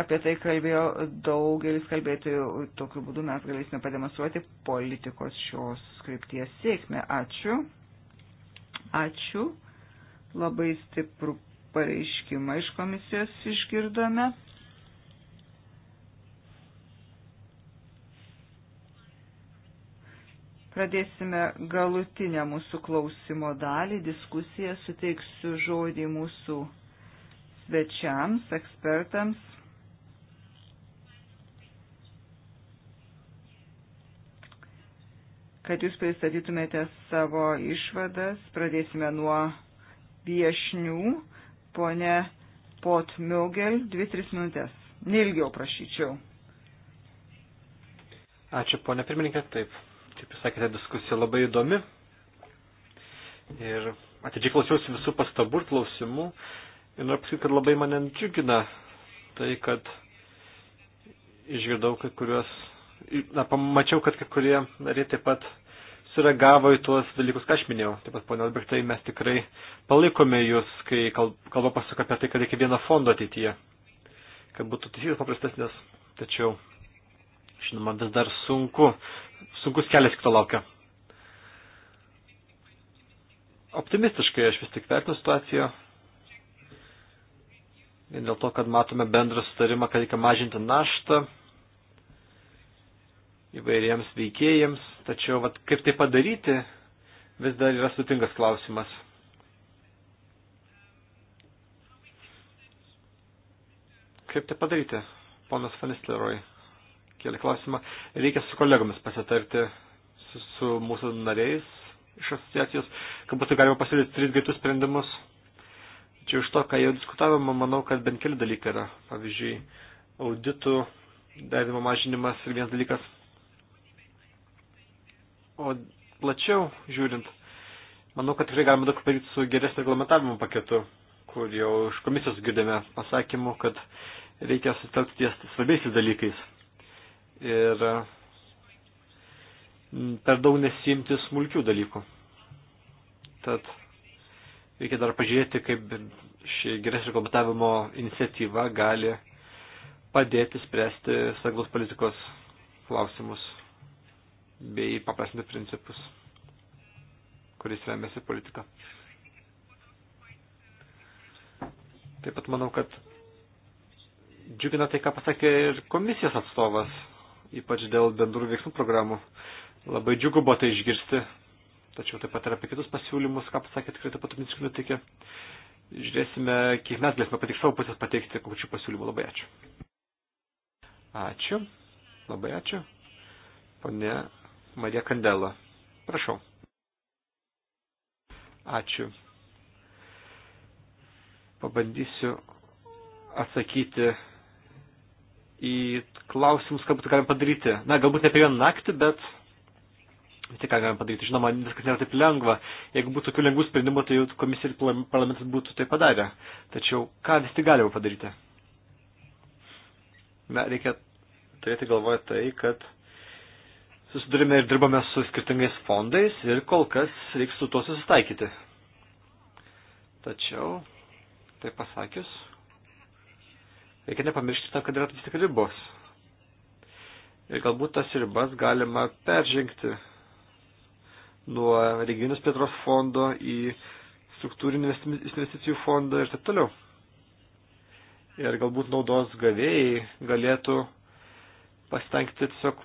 Apie tai kalbėjo daugelis kalbėtojų. Tokiu būdu mes galėsime pademonstruoti politikos šios skripties sėkmę. Ačiū. Ačiū. Labai stiprų pareiškimą iš komisijos išgirdome. Pradėsime galutinę mūsų klausimo dalį. Diskusiją suteiksiu žodį mūsų svečiams, ekspertams. kad jūs pristatytumėte savo išvadas. Pradėsime nuo viešnių. Pone Potmiugel, 2-3 minutės. Neilgiau prašyčiau. Ačiū, ponė pirmininkė. Taip, kaip jūs sakėte, diskusija labai įdomi. Ir atidžiai klausiausi visų pastabų ir klausimų. Ir noriu pasakyti, kad labai mane džiugina tai, kad išgirdau kai kuriuos, na, pamačiau, kad kai kurie nariai taip pat sureagavo į tuos dalykus, ką aš minėjau. Taip pat, ponia Albertai, mes tikrai palaikome jūs, kai kalba pasako apie tai, kad reikia vieną fondą ateityje, kad būtų taisyklės paprastesnės. Tačiau, žinoma, vis dar sunku, sunkus kelias kito laukia. Optimistiškai aš vis tik vertinu situaciją. Vien dėl to, kad matome bendrą sutarimą, kad reikia mažinti naštą įvairiems veikėjams, tačiau vat, kaip tai padaryti vis dar yra sutingas klausimas. Kaip tai padaryti, ponas Fanistleroj? Kėlė klausimą. Reikia su kolegomis pasitarti, su, su mūsų nariais iš asociacijos, kad būtų galima pasiūlyti tris greitus sprendimus. Čia iš to, ką jau diskutavome, manau, kad bent keli dalykai yra. Pavyzdžiui, auditų davimo mažinimas ir vienas dalykas O plačiau žiūrint, manau, kad tikrai galima daug padaryti su geresnio reglamentavimo paketu, kur jau iš komisijos girdėme pasakymų, kad reikia sutelkti ties svarbiaisiais dalykais. Ir mm, per daug nesimti smulkių dalykų. Tad reikia dar pažiūrėti, kaip ši geresnio reglamentavimo iniciatyva gali padėti spręsti saglos politikos klausimus bei paprastinti principus, kuris remiasi politika. Taip pat manau, kad džiugina tai, ką pasakė ir komisijos atstovas, ypač dėl bendrų veiksmų programų. Labai džiugu buvo tai išgirsti, tačiau taip pat ir apie kitus pasiūlymus, ką pasakė tikrai taip pat mintis nutikė. Žiūrėsime, kiek mes galėsime patik savo pusės pateikti kokių pasiūlymų. Labai ačiū. Ačiū. Labai ačiū. Pane Marija Kandela. Prašau. Ačiū. Pabandysiu atsakyti į klausimus, ką būtų galima padaryti. Na, galbūt ne per vieną naktį, bet vis tiek ką galima padaryti. Žinoma, viskas nėra taip lengva. Jeigu būtų tokių lengvų sprendimų, tai jau komisija ir parlamentas būtų tai padarę. Tačiau ką vis tik galima padaryti? Na, reikia turėti galvoje tai, kad susidurime ir dirbame su skirtingais fondais ir kol kas reiks su tuo susitaikyti. Tačiau, tai pasakius, reikia nepamiršti tam, kad yra vis tik ribos. Ir galbūt tas ribas galima peržengti nuo regionės plėtros fondo į struktūrinį investicijų fondą ir taip toliau. Ir galbūt naudos gavėjai galėtų pasitengti tiesiog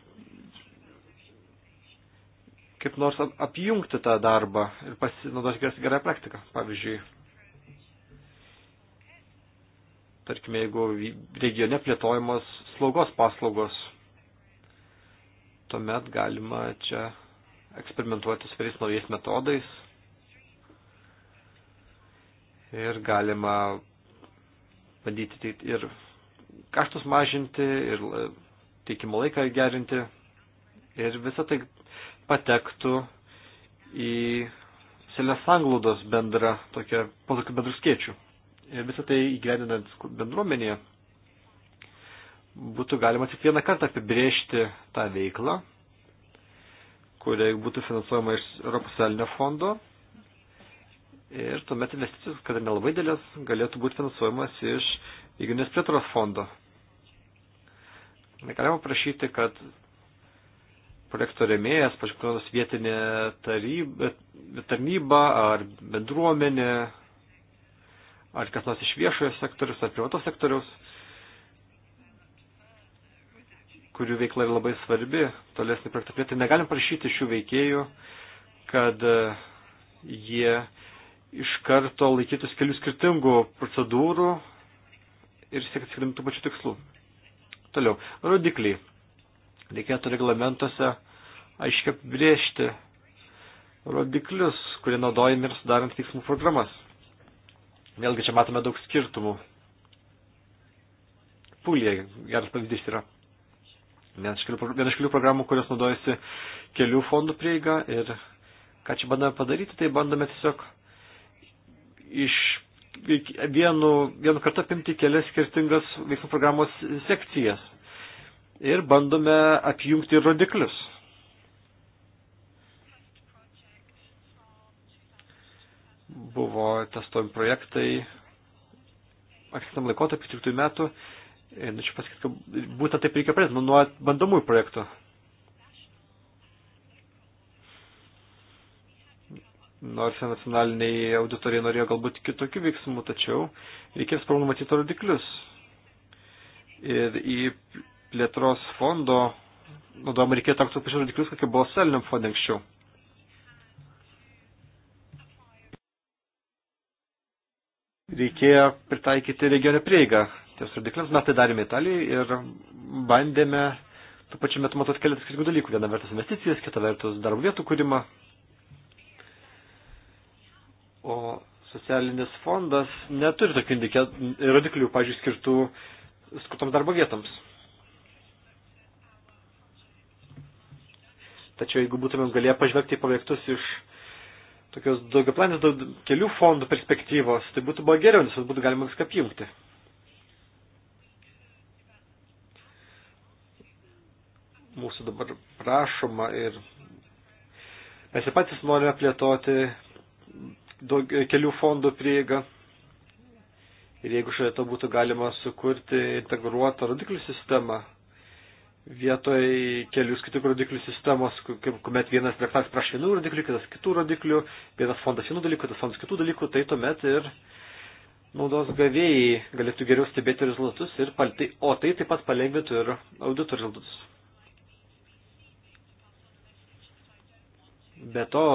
kaip nors apjungti tą darbą ir pasinaudoti gerą praktiką. Pavyzdžiui, tarkime, jeigu regione plėtojamos slaugos paslaugos, tuomet galima čia eksperimentuoti su vairiais naujais metodais ir galima bandyti tai ir kaštus mažinti, ir e, teikimo laiką gerinti ir visą tai patektų į selės sanglaudos bendrą, tokią, po tokių bendrų skiečių. Ir visą tai įgyvendinant bendruomenėje būtų galima tik vieną kartą apibrėžti tą veiklą, kuriai būtų finansuojama iš Europos Sąjungo fondo. Ir tuomet investicijos, kada nelabai dėlės, galėtų būti finansuojamas iš įgyvinės plėtros fondo. Negalima prašyti, kad projekto remėjas, pažiūrėtos vietinė taryba, tarnyba ar bendruomenė, ar kas nors iš viešojo sektoriaus, ar privatos sektoriaus, kurių veikla yra labai svarbi, tolesnį projektą plėtai. Negalim prašyti šių veikėjų, kad e, jie iš karto laikytus kelių skirtingų procedūrų ir siekti skirtingų tų pačių tikslų. Toliau, rodikliai reikėtų reglamentuose aiškiai apibriežti rodiklius, kurie naudojami ir sudarant veiksmų programas. Vėlgi čia matome daug skirtumų. Pūlė geras pavyzdys yra. Viena iš kelių programų, kurios naudojasi kelių fondų prieiga ir ką čia bandome padaryti, tai bandome tiesiog iš vienu, vienu kartu apimti kelias skirtingas veiksmų programos sekcijas ir bandome apjungti rodiklius. buvo testuojami projektai ankstesniam laikotarpiu, 13 metų. Ir norėčiau pasakyti, kad būtent taip reikia pradėti nuo bandomųjų projektų. Nors nacionaliniai auditoriai norėjo galbūt kitokių veiksmų, tačiau reikės numatyti rodiklius. Ir į plėtros fondo naudojama reikėtų aktų pačių rodiklius, kokie buvo seliniam fondai anksčiau. reikėjo pritaikyti regionę prieigą. Ties rodikliams mes tai darėme Italijoje ir bandėme tuo pačiu metu matuoti keletą skirtingų dalykų. Viena vertus investicijas, kita vertus darbo vietų kūrimą. O socialinis fondas neturi tokių indikė... rodiklių, pažiūrėjau, skirtų skirtoms darbo vietoms. Tačiau jeigu būtumėm galėję pažvelgti į projektus iš tokios daugiaplanės daug, kelių fondų perspektyvos, tai būtų buvo geriau, nes būtų galima viską apjungti. Mūsų dabar prašoma ir mes ir patys norime plėtoti daug, kelių fondų prieigą. Ir jeigu šalia to būtų galima sukurti integruotą rodiklių sistemą, vietoj kelių skirtingų rodiklių sistemos, kuomet vienas direktoras prašo vienų rodiklių, kitas kitų rodiklių, vienas fondas vienų dalykų, kitas fondas kitų dalykų, tai tuomet ir naudos gavėjai galėtų geriau stebėti rezultatus, ir, tai- o tai taip pat palengvintų ir audito rezultatus. Be to,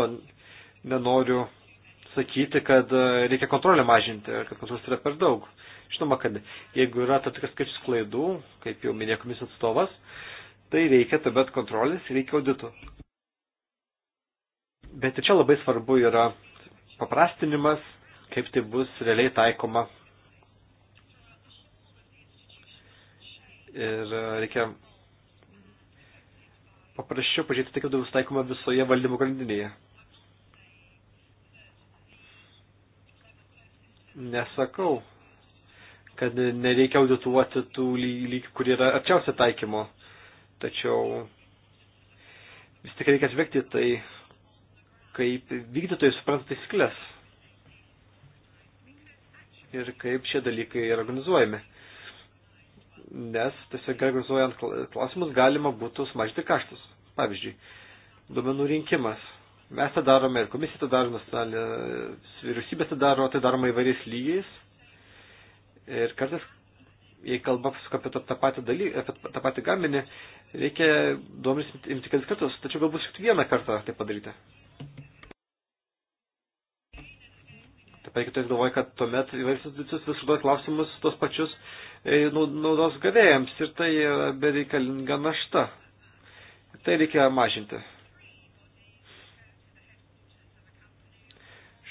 nenoriu sakyti, kad e, reikia kontrolę mažinti, kad kontrolės yra per daug. Žinoma, kad jeigu yra tam tikras skaičius klaidų, kaip jau minėjo komisijos atstovas, tai reikia tuomet kontrolės, reikia auditų. Bet ir čia labai svarbu yra paprastinimas, kaip tai bus realiai taikoma. Ir reikia paprasčiau pažiūrėti, tai kaip tai bus taikoma visoje valdymo grandinėje. Nesakau, kad nereikia audituoti tų lygių, kur yra arčiausia taikymo. Tačiau vis tik reikia atsvegti tai, kaip vykdytojai supranta taisyklės ir kaip šie dalykai yra organizuojami. Nes tiesiog organizuojant klausimus galima būtų sumažinti kaštus. Pavyzdžiui, duomenų rinkimas. Mes tą darome ir komisija tą daro, vyriausybė tą daro, tai daroma įvairiais lygiais Ir kartais, jei kalba pasuka apie tą patį, daly, apie tą patį gaminį, reikia duomenis imti kelis kartus, tačiau galbūt tik vieną kartą tai padaryti. Taip pat kitais galvoja, kad tuomet įvairius institucijos vis užduoja klausimus tos pačius e, naudos gavėjams ir tai yra bereikalinga našta. Tai reikia mažinti.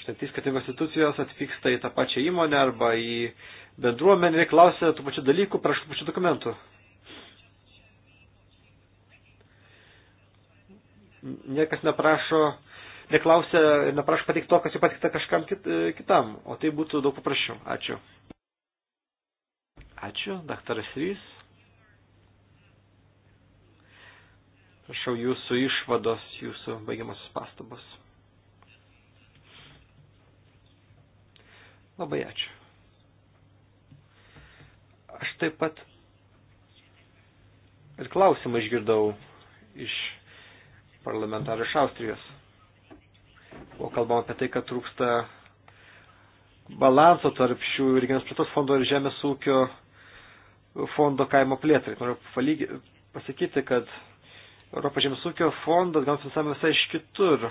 Štai tai skirtingos institucijos atvyksta į tą pačią įmonę arba į uh, bendruomenė klausia tų pačių dalykų, prašau tų pačių dokumentų. Niekas neprašo, neklausia ir neprašo pateikti to, kas jau pateikta kažkam kit, kitam, o tai būtų daug paprasčiau. Ačiū. Ačiū, daktaras Rys. Prašau jūsų išvados, jūsų baigiamasis pastabos. Labai ačiū. Aš taip pat ir klausimą išgirdau iš parlamentarų iš Austrijos. O kalbam apie tai, kad trūksta balanso tarp šių regionės plėtos fondo ir žemės ūkio fondo kaimo plėtrai. Noriu pasakyti, kad Europos žemės ūkio fondas gauna finansavimą visai iš kitur.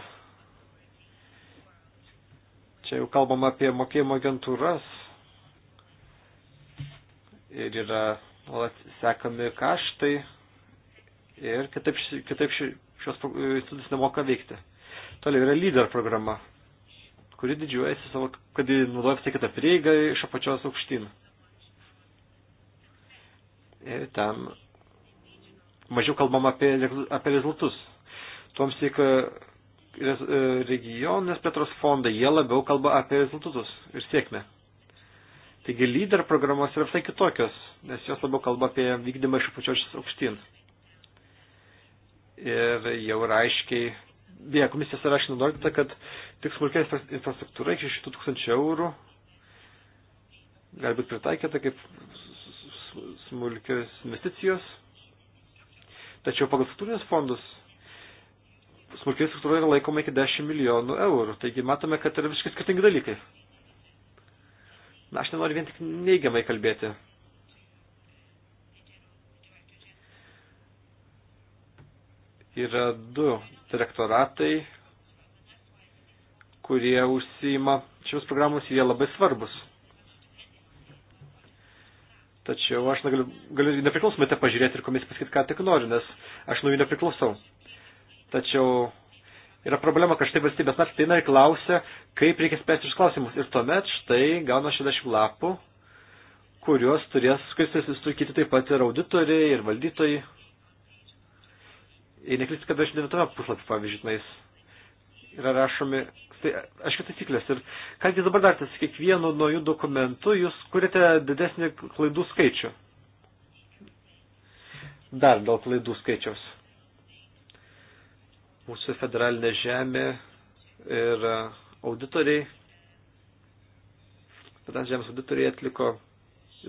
Čia jau kalbam apie mokėjimo agentūras, ir yra nuolat sekami kaštai ir kitaip, kitaip šios studijos nemoka veikti. Toliau yra lyder programa, kuri didžiuojasi savo, kad naudoja visai kitą prieigą iš apačios aukštyn. Ir ten mažiau kalbam apie, apie rezultus. Toms tik e, e, regioninės plėtros fondai, jie labiau kalba apie rezultatus ir sėkmę. Taigi lyder programos yra visai kitokios, nes jos labiau kalba apie vykdymą iš apačios aukštyn. Ir jau yra aiškiai, beje, komisijos yra aiškiai nurodyta, kad tik smulkia infrastruktūra iki 6 tūkstančių eurų gali būti pritaikyta kaip smulkios investicijos. Tačiau pagal struktūrinės fondus smulkiai struktūra yra laikoma iki 10 milijonų eurų. Taigi matome, kad yra visiškai skirtingi dalykai. Na, aš nenoriu vien tik neigiamai kalbėti. Yra du direktoratai, kurie užsima šios programos, jie labai svarbus. Tačiau aš na, galiu, galiu nepriklausomai te pažiūrėti ir komisijai pasakyti, ką tik noriu, nes aš nuo jų nepriklausau. Tačiau yra problema, kad štai valstybės narės tai ir klausia, kaip reikia spręsti iš klausimus. Ir tuomet štai gauna 60 lapų, kuriuos turės skaistis įstukyti taip pat ir auditoriai, ir valdytojai. Jei neklysti, kad 29 puslapį, pavyzdžiui, tenais yra rašomi, tai aišku, taisyklės. Ir kągi dabar dar tas kiekvienu naujų dokumentų jūs kuriate didesnį klaidų skaičių. Dar dėl klaidų skaičiaus mūsų federalinė žemė ir auditoriai, federalinės žemės auditoriai atliko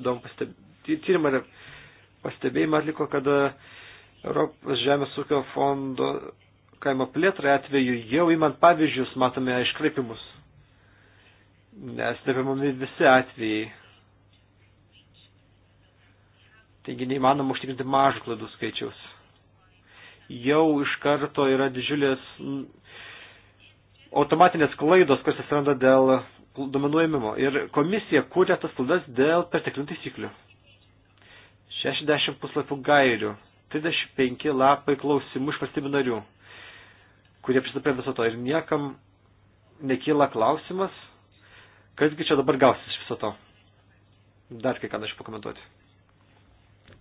įdomų pasteb... tyrimą ir pastebėjimą atliko, kad e, Europos žemės ūkio fondo kaimo plėtrai atveju jau įmant pavyzdžius matome iškraipimus, nes nebemami visi atvejai. Taigi neįmanoma užtikrinti mažų klaidų skaičiaus jau iš karto yra didžiulės automatinės klaidos, kurios atsiranda dėl duomenų ėmimo. Ir komisija kūrė tas klaidas dėl perteklinių taisyklių. 60 puslapių gairių, 35 lapai klausimų iš valstybių narių, kurie pristatė viso to. Ir niekam nekyla klausimas, kasgi čia dabar gausis iš viso to. Dar kai ką aš pakomentuoti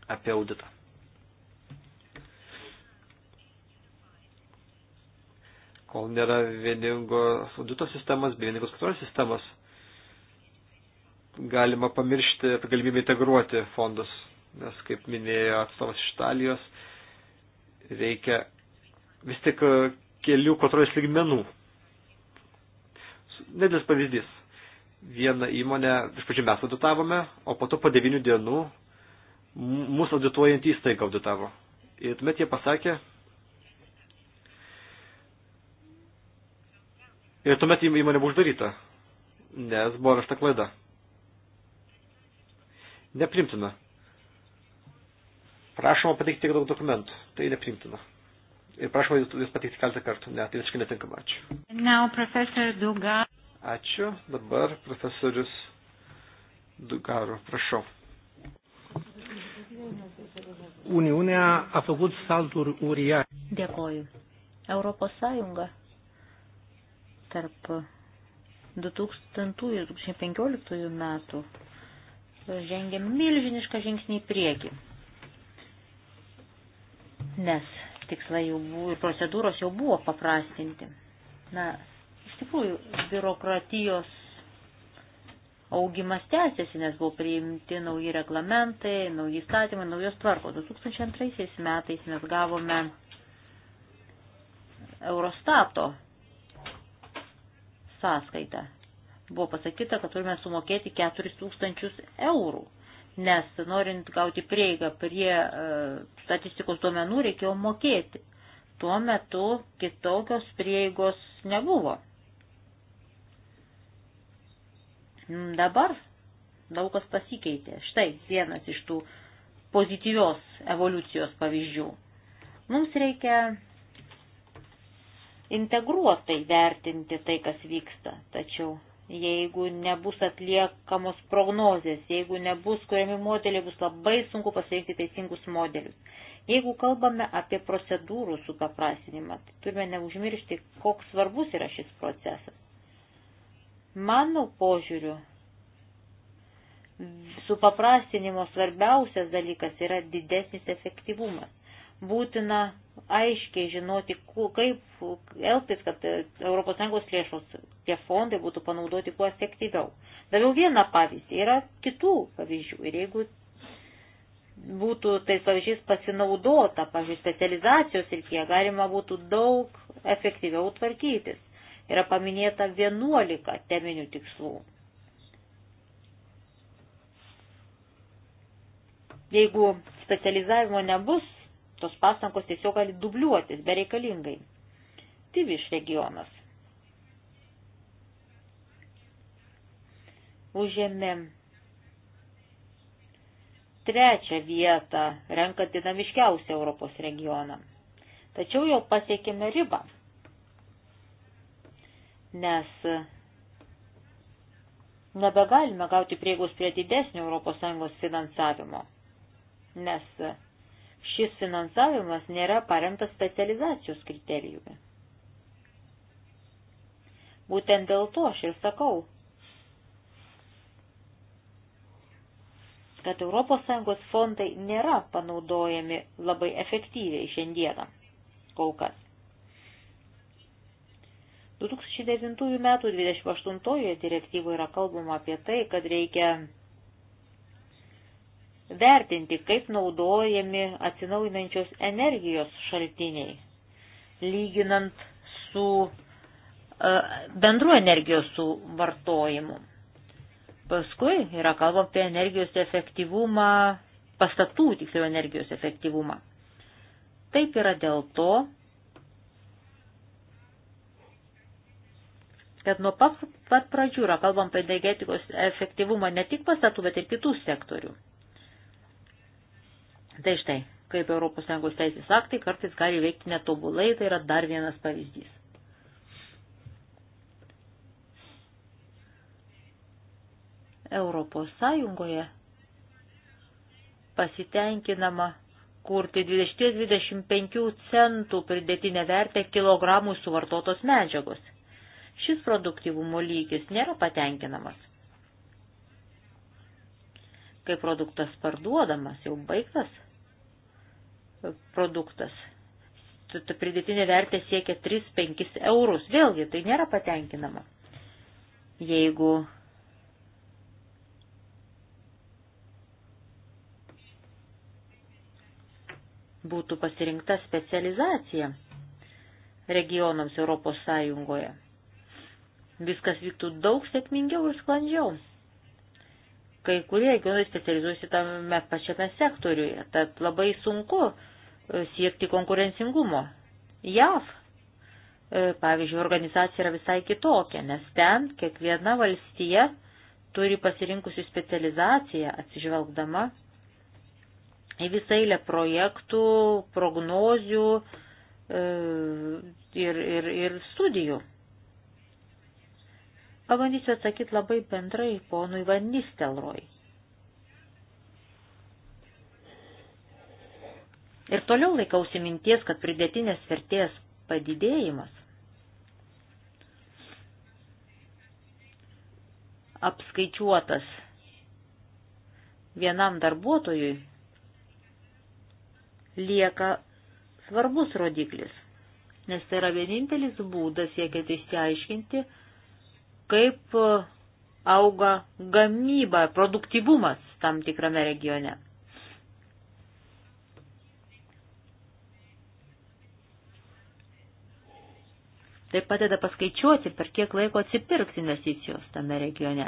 apie auditą. kol nėra vieningos audito sistemos bei vieningos kontrolės sistemos, galima pamiršti apie galimybę integruoti fondus, nes, kaip minėjo atstovas iš Italijos, reikia vis tik e, kelių kontrolės lygmenų. Nedėlis pavyzdys. Vieną įmonę iš pačių mes auditavome, o po to po devinių dienų mūsų audituojant įstaiga auditavo. Ir tuomet jie pasakė, Ir tuomet įmonė buvo uždaryta, nes buvo rašta klaida. Neprimtina. Prašoma pateikti tiek daug dokumentų. Tai neprimtina. Ir prašoma jūs pateikti keletą kartų. Ne, tai visiškai netinkama. Ačiū. Now, professor Duga. Ačiū. Dabar profesorius Dugaro. Prašau. Uniunea a făcut salturi uriașe. Dėkoju. Europos Sąjunga tarp 2000 ir 2015 metų žengėm milžinišką žingsnį į priekį. Nes tikslai jau buvo ir procedūros jau buvo paprastinti. Na, iš tikrųjų, biurokratijos augimas tęsiasi, nes buvo priimti nauji reglamentai, nauji statymai, naujos tvarkos. 2002 metais mes gavome Eurostato sąskaitą. Buvo pasakyta, kad turime sumokėti 4000 eurų, nes norint gauti prieigą prie e, statistikos duomenų reikėjo mokėti. Tuo metu kitokios prieigos nebuvo. Mm, dabar daug kas pasikeitė. Štai vienas iš tų pozityvios evoliucijos pavyzdžių. Mums reikia integruotai vertinti tai, kas vyksta. Tačiau jeigu nebus atliekamos prognozės, jeigu nebus kuriami modeliai, bus labai sunku pasirinkti teisingus modelius. Jeigu kalbame apie procedūrų supaprastinimą, tai turime neužmiršti, koks svarbus yra šis procesas. Mano požiūriu, supaprastinimo svarbiausias dalykas yra didesnis efektyvumas būtina aiškiai žinoti, kaip elgtis, kad ES lėšos tie fondai būtų panaudoti kuo efektyviau. Daviau vieną pavyzdį, yra kitų pavyzdžių ir jeigu būtų tais pavyzdžiais pasinaudota, pavyzdžiui, specializacijos rytyje galima būtų daug efektyviau tvarkytis. Yra paminėta 11 teminių tikslų. Jeigu specializavimo nebus, tos pastangos tiesiog gali dubliuotis bereikalingai. Tiviš regionas. Užėmė trečią vietą, renkant dinamiškiausią Europos regioną. Tačiau jau pasiekėme ribą, nes nebegalime gauti prieigos prie didesnio ES finansavimo, nes šis finansavimas nėra paremtas specializacijos kriterijumi. Būtent dėl to aš ir sakau, kad ES fondai nėra panaudojami labai efektyviai šiandieną kol kas. 2009 m. 28 direktyvoje yra kalbama apie tai, kad reikia vertinti, kaip naudojami atsinaujinančios energijos šaltiniai, lyginant su e, bendru energijos suvartojimu. Paskui yra kalba apie energijos efektyvumą, pastatų tiksliau energijos efektyvumą. Taip yra dėl to, kad nuo pat pradžių yra kalbam apie energetikos efektyvumą ne tik pastatų, bet ir kitų sektorių. Tai štai, kaip ES teisės aktai kartais gali veikti netobulai, tai yra dar vienas pavyzdys. Europos Sąjungoje pasitenkinama kurti 20-25 centų pridėtinę vertę kilogramų suvartotos medžiagos. Šis produktyvumo lygis nėra patenkinamas. Kai produktas parduodamas, jau baigtas produktas. Ta pridėtinė vertė siekia 3-5 eurus. Vėlgi, tai nėra patenkinama. Jeigu būtų pasirinkta specializacija regionams Europos Sąjungoje, viskas vyktų daug sėkmingiau ir sklandžiau kai kurie regionai specializuojasi tame pačiame sektoriuje. Tad labai sunku siekti konkurencingumo. JAV, e, pavyzdžiui, organizacija yra visai kitokia, nes ten kiekviena valstija turi pasirinkusi specializaciją atsižvelgdama į visą eilę projektų, prognozių e, ir, ir, ir studijų. Pabandysiu atsakyti labai bendrai ponui Van Nistelroj. Ir toliau laikausi minties, kad pridėtinės vertės padidėjimas apskaičiuotas vienam darbuotojui lieka svarbus rodiklis, nes tai yra vienintelis būdas siekiant išsiaiškinti, kaip auga gamyba, produktyvumas tam tikrame regione. Tai padeda paskaičiuoti, per kiek laiko atsipirks investicijos tame regione.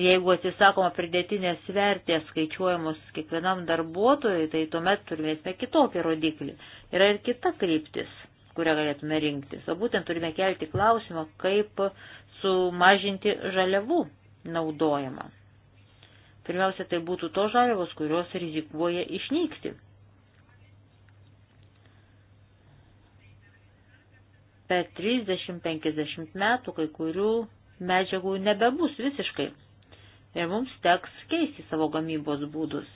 Jeigu atsisakoma pridėtinės vertės skaičiuojamos kiekvienam darbuotojui, tai tuomet turėsime kitokį rodiklį. Yra ir kita kryptis, kurią galėtume rinktis. O būtent turime kelti klausimą, kaip sumažinti žaliavų naudojimą. Pirmiausia, tai būtų to žaliavos, kurios rizikuoja išnykti. per 30-50 metų kai kurių medžiagų nebebus visiškai. Ir mums teks keisti savo gamybos būdus.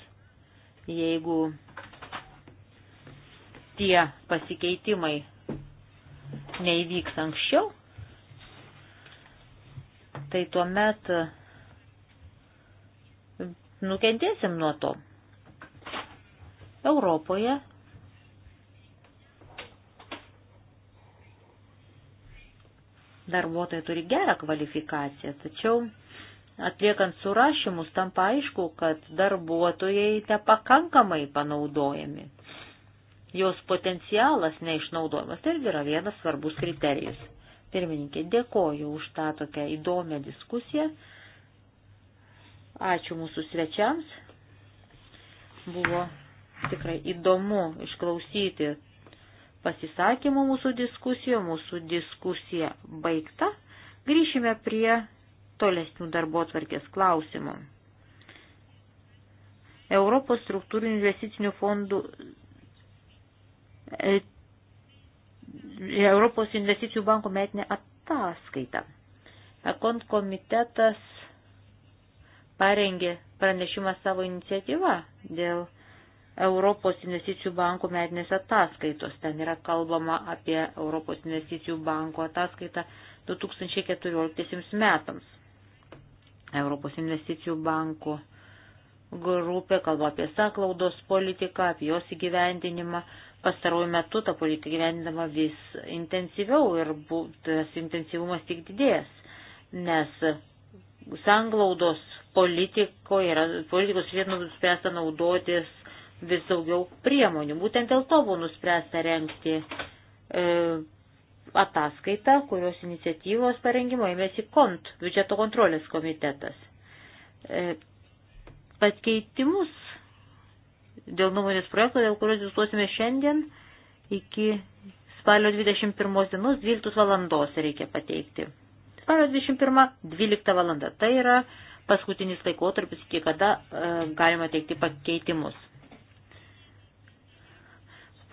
Jeigu tie pasikeitimai neįvyks anksčiau, tai tuomet nukentėsim nuo to. Europoje darbuotojai turi gerą kvalifikaciją, tačiau atliekant surašymus tampa aišku, kad darbuotojai nepakankamai panaudojami. Jos potencialas neišnaudojamas tai yra vienas svarbus kriterijus. Pirmininkė, dėkoju už tą tokią įdomią diskusiją. Ačiū mūsų svečiams. Buvo tikrai įdomu išklausyti pasisakymų mūsų diskusijų. Mūsų diskusija baigta. Grįšime prie tolesnių darbo tvarkės klausimų. Europos struktūrinių investicinių fondų e, Europos investicijų banko metinė ataskaita. Ekon komitetas parengė pranešimą savo iniciatyvą dėl Europos investicijų banko metinės ataskaitos. Ten yra kalbama apie Europos investicijų banko ataskaitą 2014 metams. Europos investicijų banko grupė kalba apie saklaudos politiką, apie jos įgyvendinimą. Pastaruoju metu ta politika gyvendinama vis intensyviau ir tas intensyvumas tik didės, nes sanglaudos politikoje yra politikos vietų nuspręsta naudotis vis daugiau priemonių. Būtent dėl to buvo nuspręsta renkti e, ataskaitą, kurios iniciatyvos parengimo ėmėsi KONT, biudžeto kontrolės komitetas. E, pakeitimus dėl nuomonės projekto, dėl kurios diskutuosime šiandien iki spalio 21 dienos 12 valandos reikia pateikti. Spalio 21 12 valanda. Tai yra paskutinis laikotarpis, iki kada e, galima teikti pakeitimus.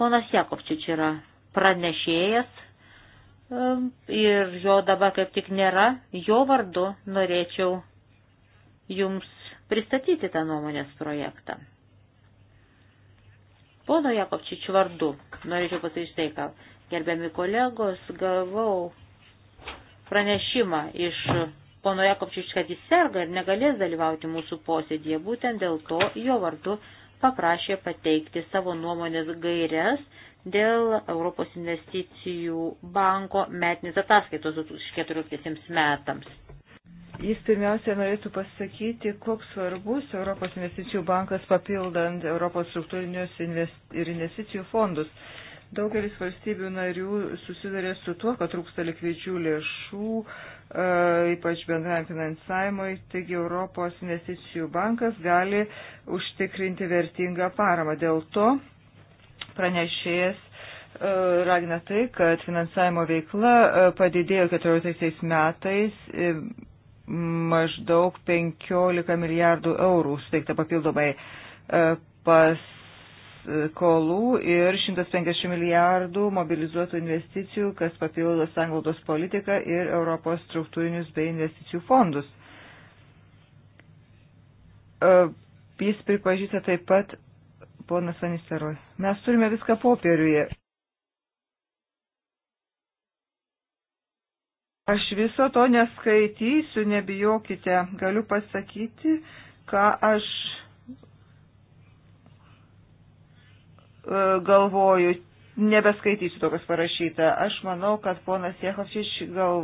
Ponas Jakovčič yra pranešėjas ir jo dabar kaip tik nėra. Jo vardu norėčiau jums pristatyti tą nuomonės projektą. Pono Jakovčičių vardu norėčiau pasakyti štai ką. Gerbiami kolegos, gavau pranešimą iš pono Jakovčičių, kad jis serga ir negalės dalyvauti mūsų posėdėje. Būtent dėl to jo vardu paprašė pateikti savo nuomonės gairias dėl Europos investicijų banko metinės ataskaitos 2014 metams. Jis pirmiausia norėtų pasakyti, koks svarbus Europos investicijų bankas papildant Europos struktūrinius ir investicijų fondus. Daugelis valstybių narių susidarė su tuo, kad trūksta likvidžių lėšų, E, ypač bendram finansavimui, taigi Europos investicijų bankas gali užtikrinti vertingą paramą. Dėl to pranešėjas e, ragina tai, kad finansavimo veikla e, padidėjo 14 metais maždaug 15 milijardų eurų suteikta papildomai pas skolų ir 150 milijardų mobilizuotų investicijų, kas papildo sanglaudos politiką ir Europos struktūrinius bei investicijų fondus. E, jis pripažįsta taip pat, ponas Vanisteroj, mes turime viską popieriuje. Aš viso to neskaitysiu, nebijokite, galiu pasakyti, ką aš E, galvoju, nebeskaitysiu to, kas parašyta. Aš manau, kad ponas Jehovčič gal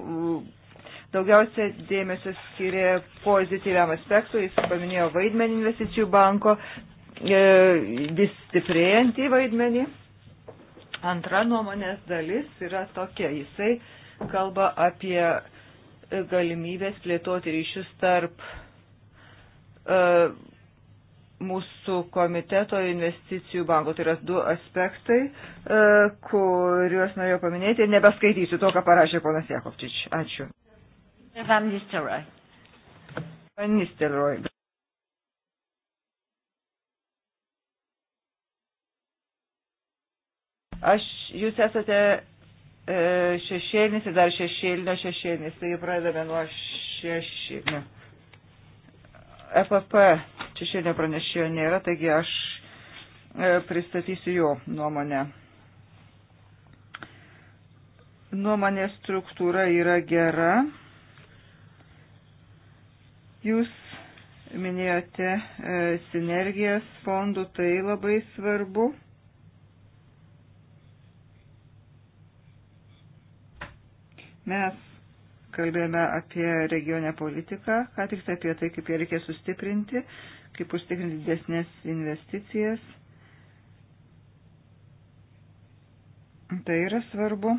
daugiausia dėmesio skiria pozityviam aspektui, jis paminėjo vaidmenį investicijų banko, vis e, stiprėjantį vaidmenį. Antra nuomonės dalis yra tokia, jisai kalba apie galimybės plėtoti ryšius tarp e, mūsų komiteto investicijų banko. Tai yra du aspektai, e, kuriuos norėjau paminėti ir nebeskaitysiu to, ką parašė ponas Jakovčič. Ačiū. Van Nistelrooy. Van Nistelrooy. Aš, jūs esate e, šešėlinis ir dar šešėlinio šešėlinis, tai pradedame nuo šešėlinio. EPP šešėlinio pranešėjo nėra, taigi aš e, pristatysiu jo nuomonę. Nuomonės struktūra yra gera. Jūs minėjote e, sinergijas fondų, tai labai svarbu. Mes kalbėjome apie regionę politiką, ką tik tai apie tai, kaip ją reikia sustiprinti, kaip užtikrinti didesnės investicijas. Tai yra svarbu.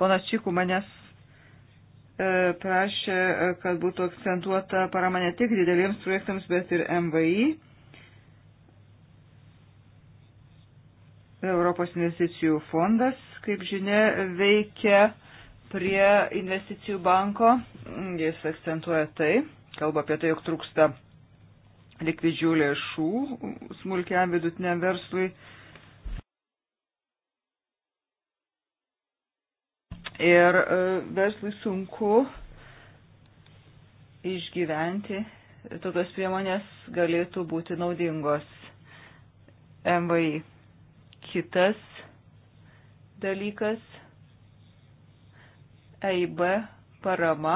Ponas Čikų manęs e, prašė, e, kad būtų akcentuota parama ne tik dideliems projektams, bet ir MVI Europos investicijų fondas, kaip žinia, veikia prie investicijų banko. Jis akcentuoja tai, kalba apie tai, jog trūksta likvidžių lėšų smulkiam vidutiniam verslui. Ir e, verslui sunku išgyventi, tokios priemonės galėtų būti naudingos MVI. Kitas dalykas - EIB parama,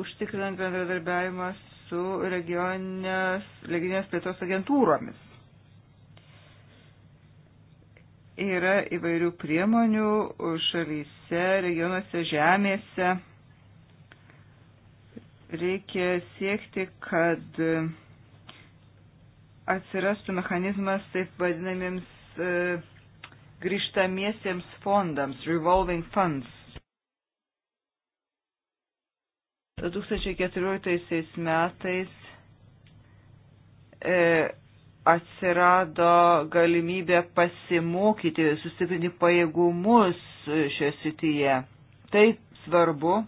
užtikrinant bendradarbiavimą su regioninės, regioninės plėtos agentūromis. Yra įvairių priemonių šalyse, regionuose, žemėse. Reikia siekti, kad atsirastų mechanizmas taip vadinamiems e, grįžtamiesiems fondams, revolving funds. 2014 metais e, atsirado galimybė pasimokyti, sustiprinti pajėgumus e, šioje srityje. Tai svarbu.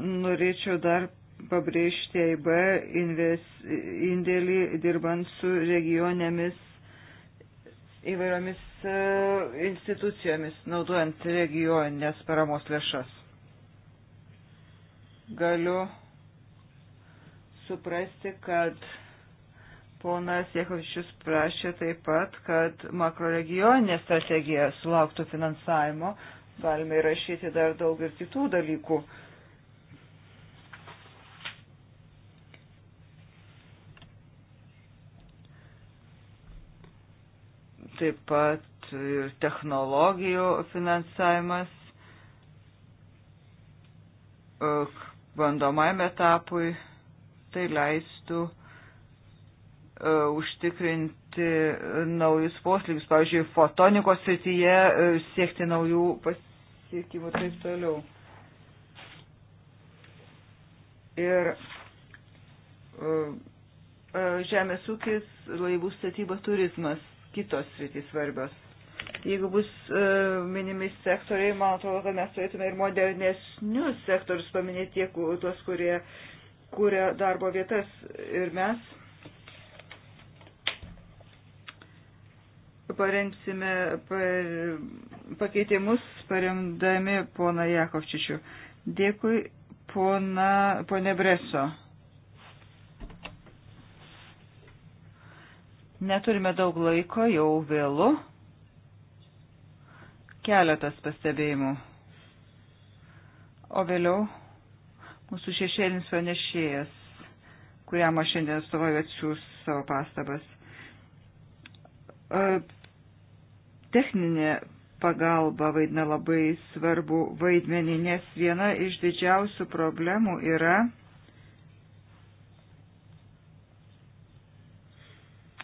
Norėčiau dar pabrėžti EIB indėlį dirbant su regionėmis įvairiomis e, institucijomis, naudojant regioninės paramos lėšas. Galiu suprasti, kad ponas Jekovičius prašė taip pat, kad makroregioninė strategija sulauktų finansavimo. Galime įrašyti dar daug ir kitų dalykų. Uh, taip pat ir technologijų finansavimas e, bandomajam etapui tai leistų e, užtikrinti naujus poslinkius, pavyzdžiui, fotonikos srityje e, siekti naujų pasiekimų taip toliau. Ir žemės ūkis, laivų statyba, turizmas kitos rytys svarbios. Jeigu bus e, minimi sektoriai, man atrodo, kad mes turėtume ir modernesnius sektorius paminėti tiek tuos, kurie kūrė darbo vietas ir mes paremsime par, pakeitimus paremdami poną Jakovčičių. Dėkui, pona, pone Breso. Neturime daug laiko, jau vėlu. Keletas pastebėjimų. O vėliau mūsų šešėlinis pranešėjas, kuriam aš šiandien atstovauju atsiūs savo pastabas. E, techninė pagalba vaidina labai svarbu vaidmenį, nes viena iš didžiausių problemų yra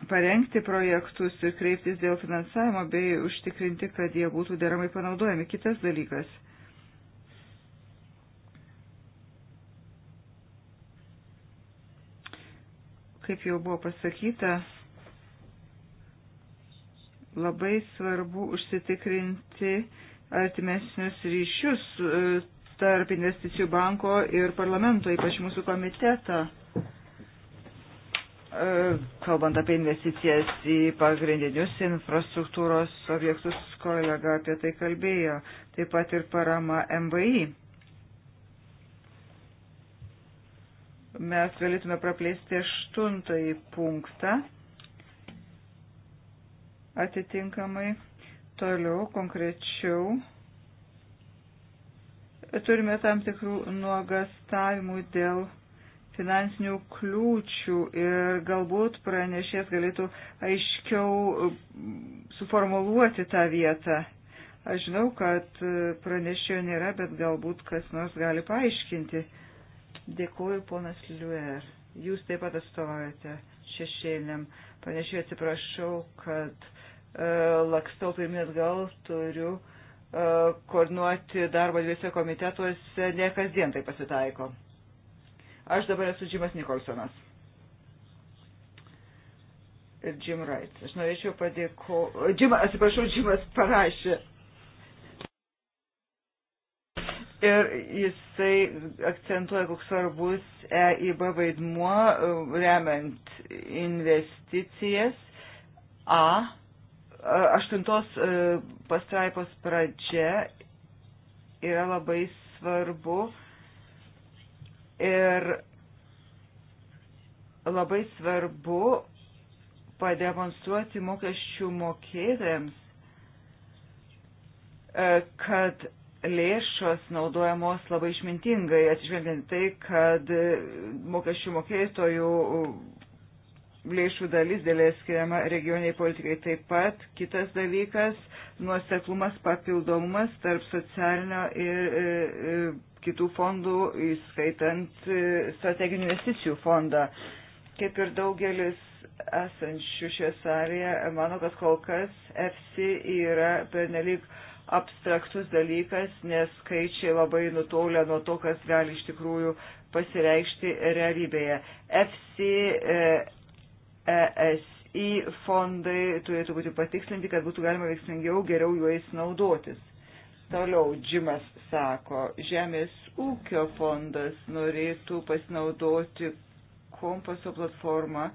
parengti projektus ir kreiptis dėl finansavimo bei užtikrinti, kad jie būtų deramai panaudojami. Kitas dalykas. Kaip jau buvo pasakyta, labai svarbu užsitikrinti artimesnius ryšius e, tarp investicijų banko ir parlamento, ypač mūsų komiteto. Kalbant apie investicijas į pagrindinius infrastruktūros objektus, kolega apie tai kalbėjo, taip pat ir parama MVI. Mes galėtume praplėsti aštuntąjį punktą atitinkamai toliau konkrečiau. Turime tam tikrų nuogastavimų dėl finansinių kliūčių ir galbūt pranešės galėtų aiškiau mm, suformuluoti tą vietą. Aš žinau, kad e, pranešėjo nėra, bet galbūt kas nors gali paaiškinti. Dėkuoju, ponas Liuer. Jūs taip pat atstovaujate šešėliniam. Pranešėjau, atsiprašau, kad e, lakstau pirmės gal turiu e, koordinuoti darbą dviese komitetuose. Ne kasdien tai pasitaiko. Aš dabar esu Džimas Nikolsonas. Ir Jim Wright. Aš norėčiau padėko... Jim, atsiprašau, Jimas parašė. Ir jisai akcentuoja, koks svarbus EIB vaidmuo e, remiant investicijas. A. E, aštuntos e, pastraipos pradžia yra labai svarbu uh, Ir labai svarbu pademonstruoti mokesčių mokėtojams, e, kad lėšos naudojamos labai išmintingai, atsižvelgiant tai, kad mokesčių mokėtojų lėšų dalis dėlė skiriama regioniai politikai. Taip pat kitas dalykas - nuoseklumas, papildomumas tarp socialinio ir e, e, kitų fondų, įskaitant e, strateginių investicijų fondą. Kaip ir daugelis esančių šioje salėje, manau, kad kol kas FC yra pernelyg abstraktus dalykas, nes skaičiai labai nutolę nuo to, kas gali iš tikrųjų pasireikšti realybėje. FC, ESI e fondai turėtų būti patikslinti, kad būtų galima veiksmingiau, geriau juos naudotis. Toliau Džimas sako, Žemės ūkio fondas norėtų pasinaudoti kompaso platformą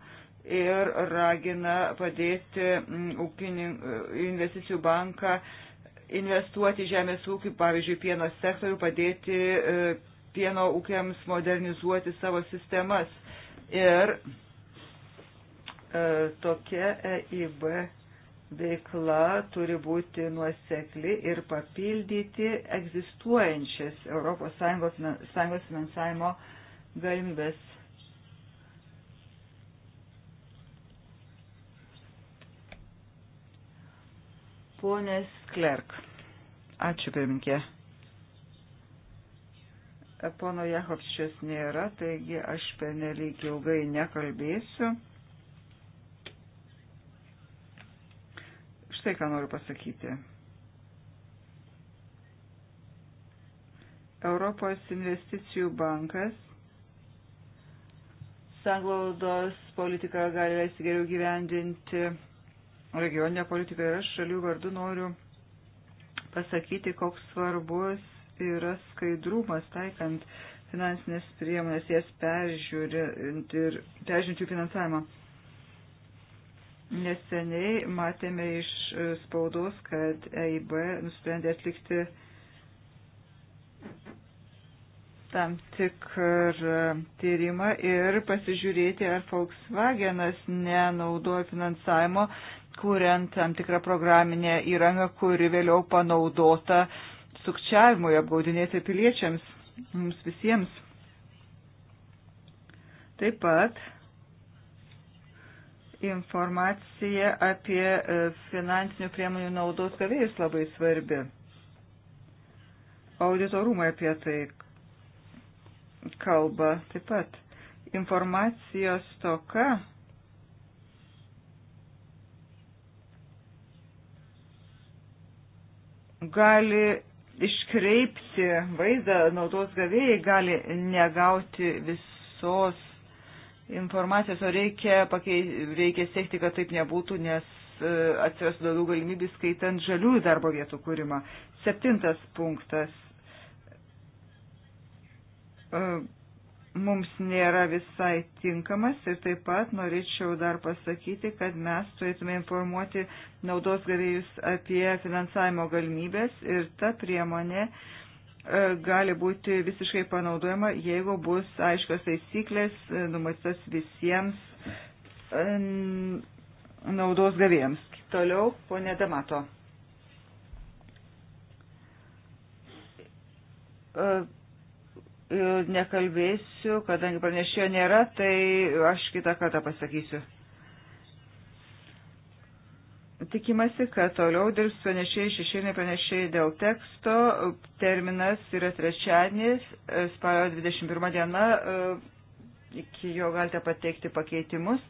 ir ragina padėti mm, investicijų banką investuoti žemės ūkį, pavyzdžiui, pieno sektorių, padėti e, pieno ūkiams modernizuoti savo sistemas. Ir e, tokia EIB veikla turi būti nuosekli ir papildyti egzistuojančias ES finansavimo galimybės. Ponės Klerk. Ačiū, pirminkė. Pono Jakovčios nėra, taigi aš penelyg ilgai nekalbėsiu. štai ką noriu pasakyti. Europos investicijų bankas sanglaudos politiką gali leisti geriau gyvendinti regioninę politiką ir aš šalių vardu noriu pasakyti, koks svarbus yra skaidrumas taikant finansinės priemonės, jas peržiūrint ir peržiūrint jų finansavimą. Neseniai matėme iš e, spaudos, kad EIB nusprendė atlikti tam tikrą tyrimą ir pasižiūrėti, ar Volkswagenas nenaudoja finansavimo, kuriant tam tikrą programinę įrangą, kuri vėliau panaudota sukčiavimui apgaudinėti piliečiams, mums visiems. Taip pat informacija apie e, finansinių priemonių naudos gavėjus labai svarbi. Auditorumai apie tai kalba taip pat. Informacijos toka gali iškreipti vaizdą, naudos gavėjai gali negauti visos informacijos, o reikia, pakei, reikia siekti, kad taip nebūtų, nes e, atsiras daugiau galimybių skaitant žaliųjų darbo vietų kūrimą. Septintas punktas. E, mums nėra visai tinkamas ir taip pat norėčiau dar pasakyti, kad mes turėtume informuoti naudos gavėjus apie finansavimo galimybės ir ta priemonė uh, E, gali būti visiškai panaudojama, jeigu bus aiškios taisyklės e, numatytos visiems e, naudos gavėjams. Toliau, ponė Damato. Nekalbėsiu, kadangi pranešėjo nėra, tai aš kitą kartą pasakysiu. Tikimasi, kad toliau dirbs pranešėjai, šešėliniai pranešėjai dėl teksto. Terminas yra trečiadienis, e, spalio 21 diena, e, iki jo galite pateikti pakeitimus.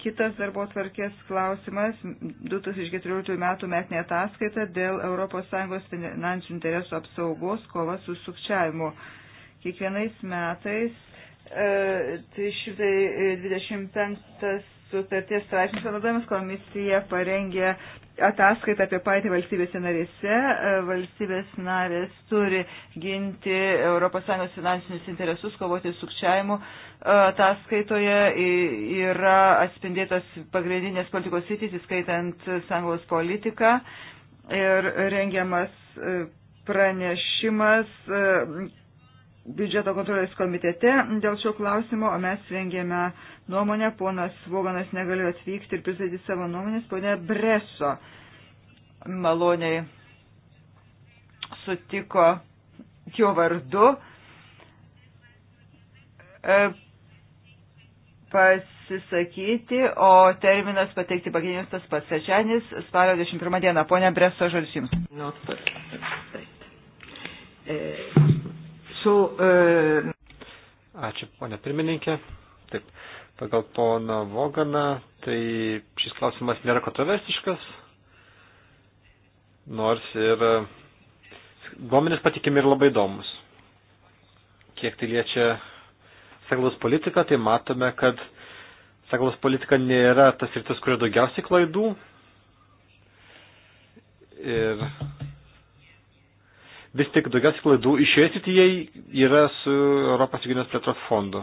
Kitas darbo tvarkės klausimas - 2014 metų metinė ataskaita dėl ES finansinių interesų apsaugos kova su sukčiavimu. Kiekvienais metais e, 325 sutarties straipsnis panaudojimas komisija parengė ataskaitą apie patį valstybėse narėse. E, valstybės narės turi ginti ES finansinius interesus, kovoti sukčiavimu. E, ataskaitoje yra atspindėtas pagrindinės politikos sitys, įskaitant sąjungos politiką ir rengiamas e, pranešimas biudžeto kontrolės komitete dėl šio klausimo, o mes rengėme nuomonę, ponas Voganas negalėjo atvykti ir pristatyti savo nuomonės, ponė Breso maloniai sutiko jo vardu e, pasisakyti, o terminas pateikti pagrindinius tas pats sečianis spalio 21 dieną. Pone Breso, žodžiu jums. So, uh... E, Ačiū, ponė pirmininkė. Taip, pagal poną Voganą, tai šis klausimas nėra kontroversiškas, nors ir duomenys patikimi ir labai įdomus. Kiek tai liečia saglaus politiką, tai matome, kad saglaus politika nėra tas rytis, kurio daugiausiai klaidų. Ir vis tik daugiausiai klaidų išėję sityje yra su Europos regionės plėtros fondu.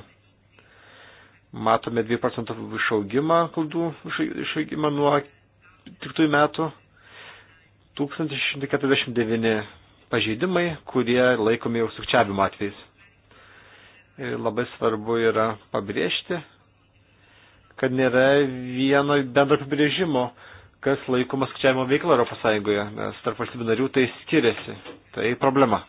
Matome 2 procentų išaugimą klaidų išaugimą nuo 13 metų. 1649 pažeidimai, kurie laikomi jau sukčiavimo atvejais. Ir labai svarbu yra pabrėžti, kad nėra vieno bendro apibrėžimo, kas laikomas skčiavimo veikla Europos Sąjungoje, nes tarp valstybių narių tai skiriasi. Tai problema.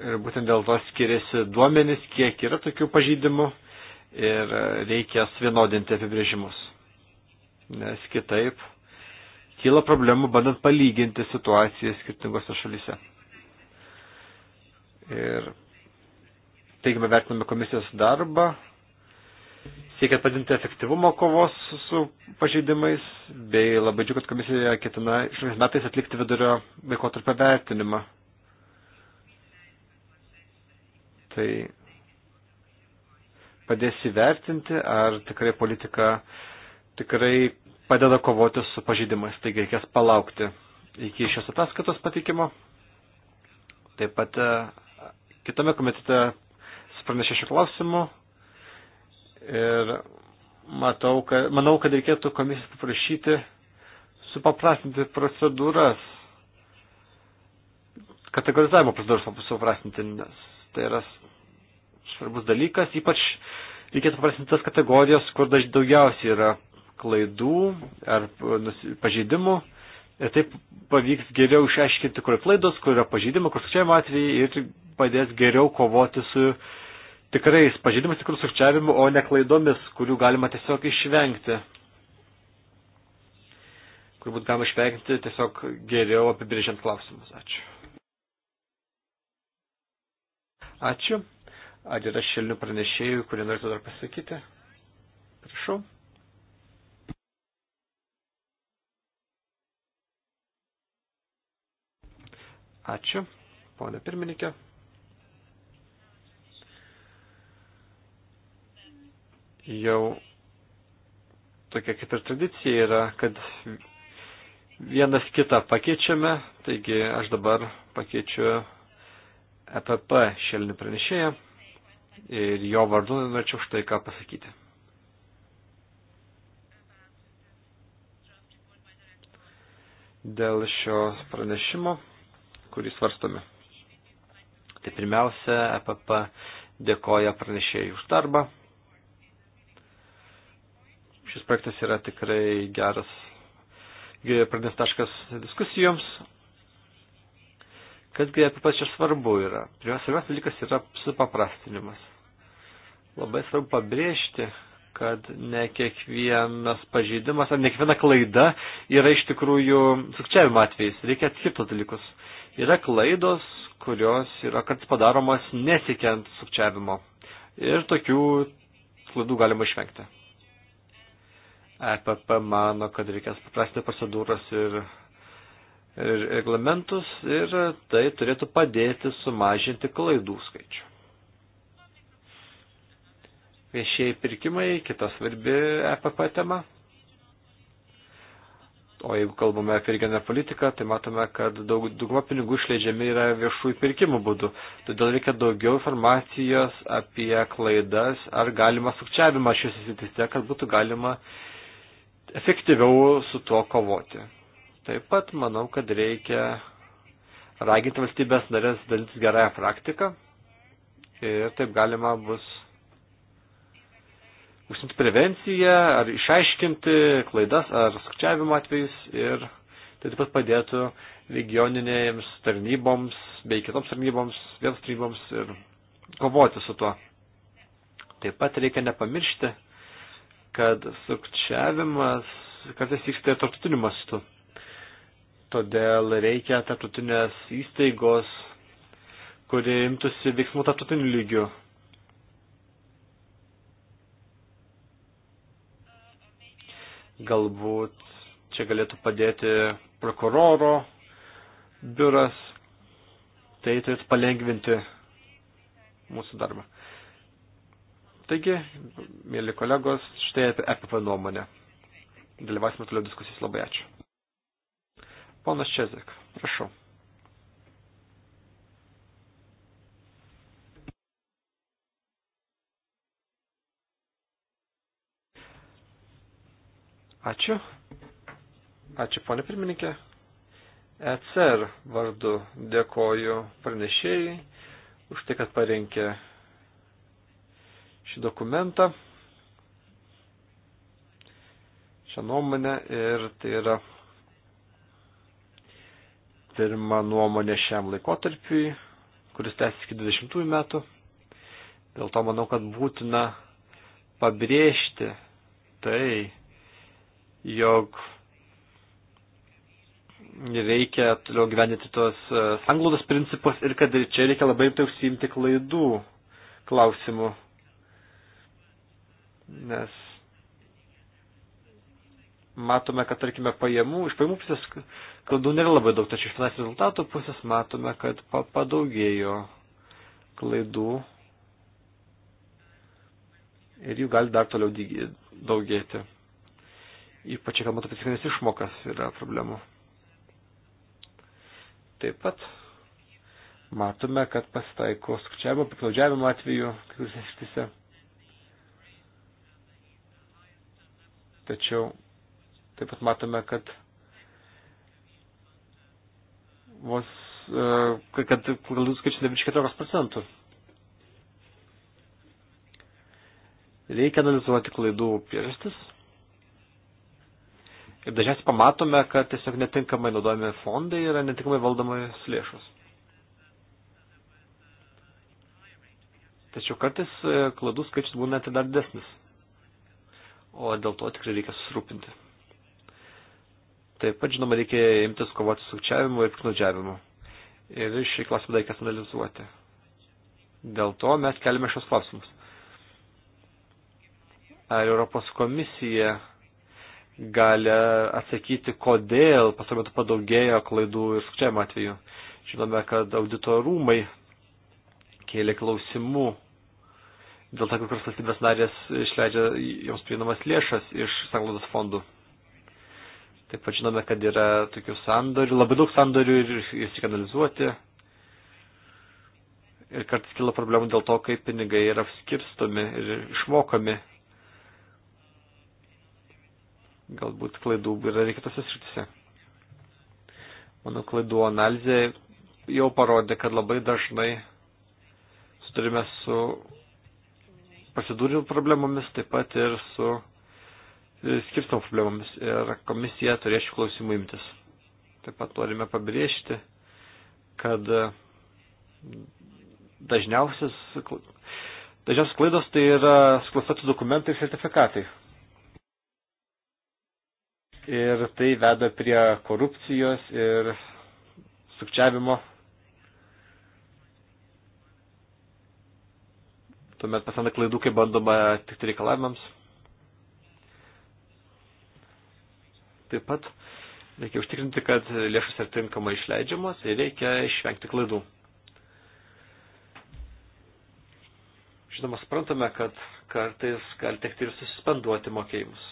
Ir būtent dėl to skiriasi duomenys, kiek yra tokių pažydimų ir reikia suvienodinti apibrėžimus. Nes kitaip kyla problemų bandant palyginti situaciją skirtingose šalyse. Ir teigiamai vertiname komisijos darbą, siekiant padinti efektyvumą kovos su pažeidimais, bei labai džiugu, kad komisija ketina šiais metais atlikti vidurio laikotarpio vertinimą. Tai padės įvertinti, ar tikrai politika tikrai padeda kovoti su pažeidimais, taigi reikės palaukti iki šios ataskaitos patikimo. Taip pat e, kitame komitete pranešė šių klausimų, Ir matau, kad, manau, kad reikėtų komisijos paprašyti supaprastinti procedūras, kategorizavimo procedūras supaprastinti, nes tai yra svarbus dalykas, ypač reikėtų paprastinti tas kategorijas, kur daugiausiai yra klaidų ar pažeidimų. Ir taip pavyks geriau išaiškinti, kur klaidos, kur yra pažeidimai, kur skaičiavimo atvejai ir padės geriau kovoti su tikrais pažeidimus, tikrų sukčiavimų, o ne klaidomis, kurių galima tiesiog išvengti. Kur būt galima išvengti tiesiog geriau apibrėžiant klausimus. Ačiū. Ačiū. Ar yra šilnių pranešėjų, kurie norėtų dar pasakyti? Prašau. Ačiū, ponė pirmininkė. jau tokia kaip ir tradicija yra, kad vienas kitą pakeičiame, taigi aš dabar pakeičiu EPP šelinį pranešėją ir jo vardu norėčiau štai ką pasakyti. Dėl šio pranešimo, kurį svarstome. Tai pirmiausia, EPP dėkoja pranešėjai už darbą šis projektas yra tikrai geras pradės taškas diskusijoms. Kas GPP čia svarbu yra? Pirmiausias dalykas yra supaprastinimas. Labai svarbu pabrėžti, kad ne kiekvienas pažeidimas ar ne kiekviena klaida yra iš tikrųjų sukčiavimo atvejais. Reikia atskirti dalykus. Yra klaidos, kurios yra kartais padaromas nesiekiant sukčiavimo. Ir tokių klaidų galima išvengti. EPP mano, kad reikės paprasti procedūras ir, ir reglamentus ir tai turėtų padėti sumažinti klaidų skaičių. Viešieji pirkimai, kita svarbi EPP tema. O jeigu kalbame apie regioninę politiką, tai matome, kad daug, dauguma pinigų išleidžiami yra viešųjų pirkimų būdu. Todėl reikia daugiau informacijos apie klaidas ar galima sukčiavimą šiuose sitise, kad būtų galima uh, efektyviau su tuo kovoti. Taip pat manau, kad reikia raginti valstybės narės dalytis gerąją praktiką ir taip galima bus užsimti prevenciją ar išaiškinti klaidas ar skčiavimo atvejus ir tai taip pat padėtų regioninėms tarnyboms bei kitoms tarnyboms, vietos tarnyboms ir kovoti su tuo. Taip pat reikia nepamiršti, kad sukčiavimas kartais vyksta ir tarptautiniu mastu. Todėl reikia tarptautinės įstaigos, kuri imtųsi veiksmų tarptautiniu lygiu. Galbūt čia galėtų padėti prokuroro biuras, tai turėtų palengvinti mūsų darbą. Taigi, mėly kolegos, štai apie EPP nuomonę. Dalyvausime toliau diskusijos. Labai ačiū. Ponas Čezek, prašau. Ačiū. Ačiū, ponė pirmininkė. ECR vardu dėkoju pranešėjai už tai, kad parinkė šį dokumentą, šią nuomonę ir tai yra pirma nuomonė šiam laikotarpiui, kuris tęsiasi iki 20 metų. Dėl to manau, kad būtina pabrėžti tai, jog reikia toliau gyventi tos e, sanglaudos principus ir kad čia reikia labai rimtai užsiimti klaidų klausimų Nes matome, kad, tarkime, pajamų, iš pajamų pusės klaidų nėra labai daug, tačiau iš finansinių rezultatų pusės matome, kad pa padaugėjo klaidų ir jų gali dar toliau daugėti. Ypač, kalbant apie tikrinės išmokas, yra problemų. Taip pat matome, kad pasitaiko skaičiavimo, piklaudžiavimo atveju, kai kuriuose Tačiau taip pat matome, kad vos, e, kad klaidų skaičius nevirš 14 procentų. Reikia analizuoti klaidų priežastis. Ir dažniausiai pamatome, kad tiesiog netinkamai naudojami fondai yra netinkamai valdomais lėšos. Tačiau kartais e, klaidų skaičius būna net dar desnis o dėl to tikrai reikia susirūpinti. Taip pat, žinoma, reikia imtis kovoti su sukčiavimu ir piknaudžiavimu. Ir šį klausimą reikia analizuoti. Dėl to mes keliame šios klausimus. Ar Europos komisija gali atsakyti, kodėl pasarometu padaugėjo klaidų ir sukčiavimo atveju? Žinome, kad audito rūmai kėlė klausimų Dėl to, kokios valstybės narės išleidžia joms prieinamas lėšas iš sanglaudos fondų. Taip pat žinome, kad yra tokių sandorių, labai daug sandorių ir jas reikia analizuoti. Ir kartais kila problemų dėl to, kaip pinigai yra skirstomi ir išmokami. Galbūt klaidų yra ir kitose srityse. Mano klaidų analizė jau parodė, kad labai dažnai sutarime su procedūrinių problemomis, taip pat ir su e, skirtom problemomis ir komisija turės šių klausimų imtis. Taip pat norime pabrėžti, kad e, dažniausias, dažniausias klaidos tai yra suklastoti dokumentai ir sertifikatai. Ir tai veda prie korupcijos ir sukčiavimo Tuomet pasanda klaidų, kai bandoma tik reikalavimams. Taip pat reikia užtikrinti, kad lėšus yra tinkamai išleidžiamos ir reikia išvengti klaidų. Žinoma, suprantame, kad kartais gali tekti ir suspenduoti mokėjimus.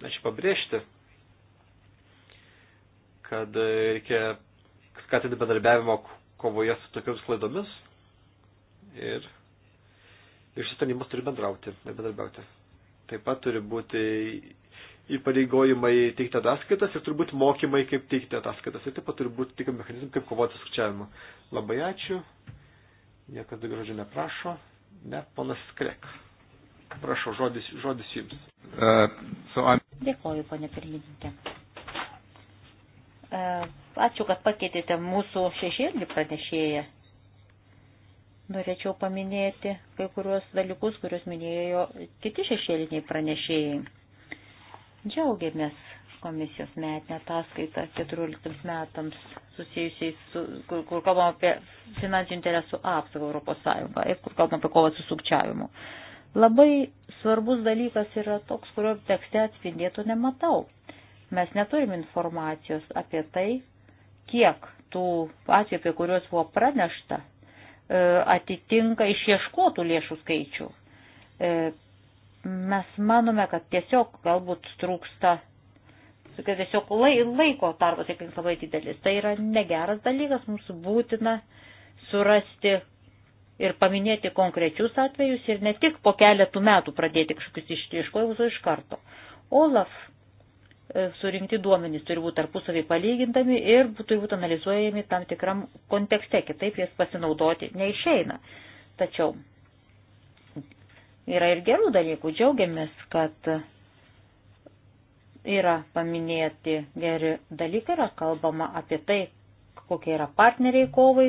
Ačiū pabrėžti, kad reikia skatinti bendarbiavimo kovoje su tokiomis klaidomis ir ir šis tarnybos turi bendrauti ir bendarbiauti. Taip pat turi būti įpareigojimai teikti ataskaitas ir turbūt mokymai, kaip teikti ataskaitas. Ir taip pat turi būti tik mechanizmai, kaip kovoti su sukčiavimu. Labai ačiū. Niekas daugiau žodžių neprašo. Ne, ponas Skrek. Prašau, žodis, žodis jums. Uh, so I'm... Dėkoju, ponė pirmininkė. Uh, ačiū, kad pakeitėte mūsų šešėlį pranešėją Norėčiau paminėti kai kuriuos dalykus, kuriuos minėjo kiti šešėliniai pranešėjai. Džiaugiamės komisijos metinę ataskaitą 14 metams susijusiais, su, kur, kur kalbam apie finansinių interesų apsaugą Europos Sąjungą ir kur kalbam apie kovą su sukčiavimu. Labai svarbus dalykas yra toks, kurio tekste atspindėtų nematau. Mes neturim informacijos apie tai, kiek tų atvejų, apie kuriuos buvo pranešta, E, atitinka išieškotų lėšų skaičių. E, mes manome, kad tiesiog galbūt trūksta, kad tiesiog laiko tarpas sėkmės labai didelis. Tai yra negeras dalykas, mums būtina surasti ir paminėti konkrečius atvejus ir ne tik po keletų metų pradėti kažkokius išieškojimus, o iš karto. Olaf E, surinkti duomenys turi būti tarpusavį palygintami ir turi būti analizuojami tam tikram kontekste, kitaip jas pasinaudoti neišeina. Tačiau yra ir gerų dalykų, džiaugiamės, kad yra paminėti geri dalykai, yra kalbama apie tai, kokie yra partneriai kovai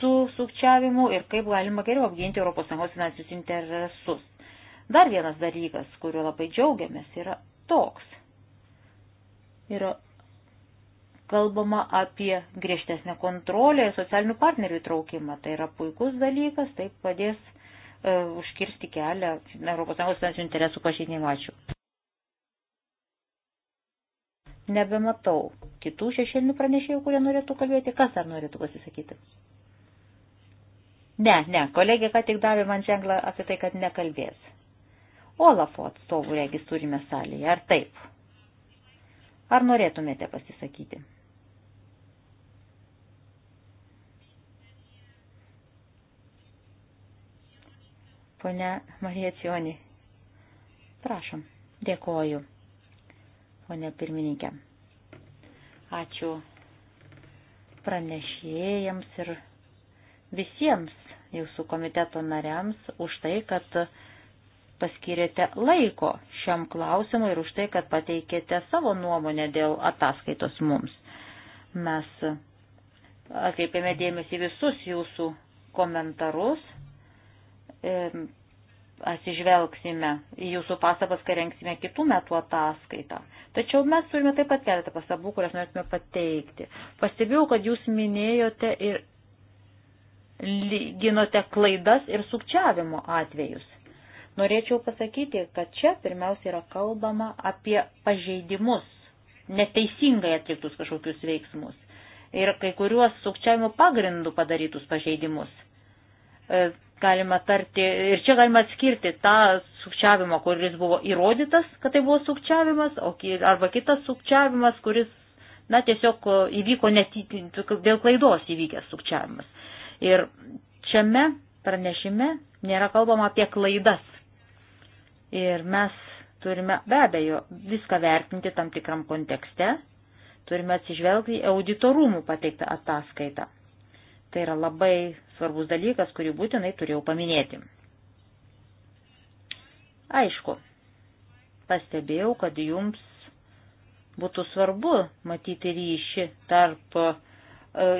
su sukčiavimu ir kaip galima geriau apginti ES finansinius interesus. Dar vienas dalykas, kuriuo labai džiaugiamės, yra toks yra kalbama apie griežtesnę kontrolę ir socialinių partnerių įtraukimą. Tai yra puikus dalykas, tai padės e, užkirsti kelią ES finansinių interesų pažinimą. Ačiū. Nebematau kitų šešėlinių pranešėjų, kurie norėtų kalbėti. Kas dar norėtų pasisakyti? Ne, ne, kolegė ką tik davė man ženklą apie tai, kad nekalbės. Olafo atstovų regis turime salėje, ar taip? Ar norėtumėte pasisakyti? Pone Marija Cioni, prašom, dėkoju, pone pirmininkė. Ačiū pranešėjams ir visiems jūsų komiteto nariams už tai, kad paskirėte laiko šiam klausimui ir už tai, kad pateikėte savo nuomonę dėl ataskaitos mums. Mes atkreipėme dėmesį visus jūsų komentarus, atsižvelgsime į jūsų pastabas, kai rengsime kitų metų ataskaitą. Tačiau mes turime taip pat keletą pastabų, kurias norėtume pateikti. Pastebėjau, kad jūs minėjote ir lyginote klaidas ir sukčiavimo atvejus. Norėčiau pasakyti, kad čia pirmiausia yra kalbama apie pažeidimus, neteisingai atliktus kažkokius veiksmus ir kai kuriuos sukčiavimo pagrindų padarytus pažeidimus. E, galima tarti, ir čia galima atskirti tą sukčiavimą, kuris buvo įrodytas, kad tai buvo sukčiavimas, arba kitas sukčiavimas, kuris, na, tiesiog įvyko net dėl klaidos įvykęs sukčiavimas. Ir šiame pranešime nėra kalbama apie klaidas. Ir mes turime be abejo viską vertinti tam tikram kontekste, turime atsižvelgti į auditorumų pateiktą ataskaitą. Tai yra labai svarbus dalykas, kurį būtinai turėjau paminėti. Aišku, pastebėjau, kad jums būtų svarbu matyti ryšį tarp e,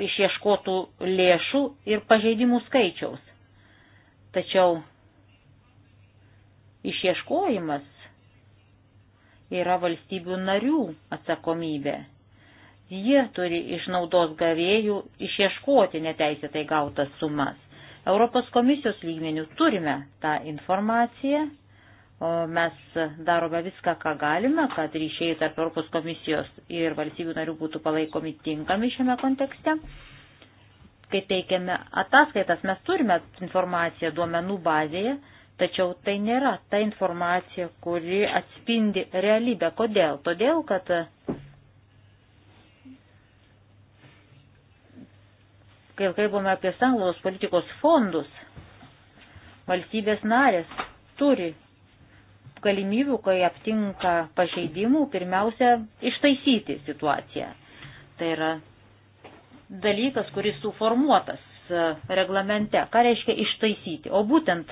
išieškotų lėšų ir pažeidimų skaičiaus. Tačiau Išieškojimas yra valstybių narių atsakomybė. Jie turi iš naudos gavėjų išieškoti neteisėtai gautas sumas. Europos komisijos lygmenių turime tą informaciją, o mes darome viską, ką galime, kad ryšiai tarp Europos komisijos ir valstybių narių būtų palaikomi tinkami šiame kontekste. Kai teikiame ataskaitas, mes turime informaciją duomenų bazėje, Tačiau tai nėra ta informacija, kuri atspindi realybę. Kodėl? Todėl, kad kai kalbame apie sanglaus politikos fondus, valstybės narės turi galimybių, kai aptinka pažeidimų, pirmiausia, ištaisyti situaciją. Tai yra dalykas, kuris suformuotas e, reglamente. Ką reiškia ištaisyti? O būtent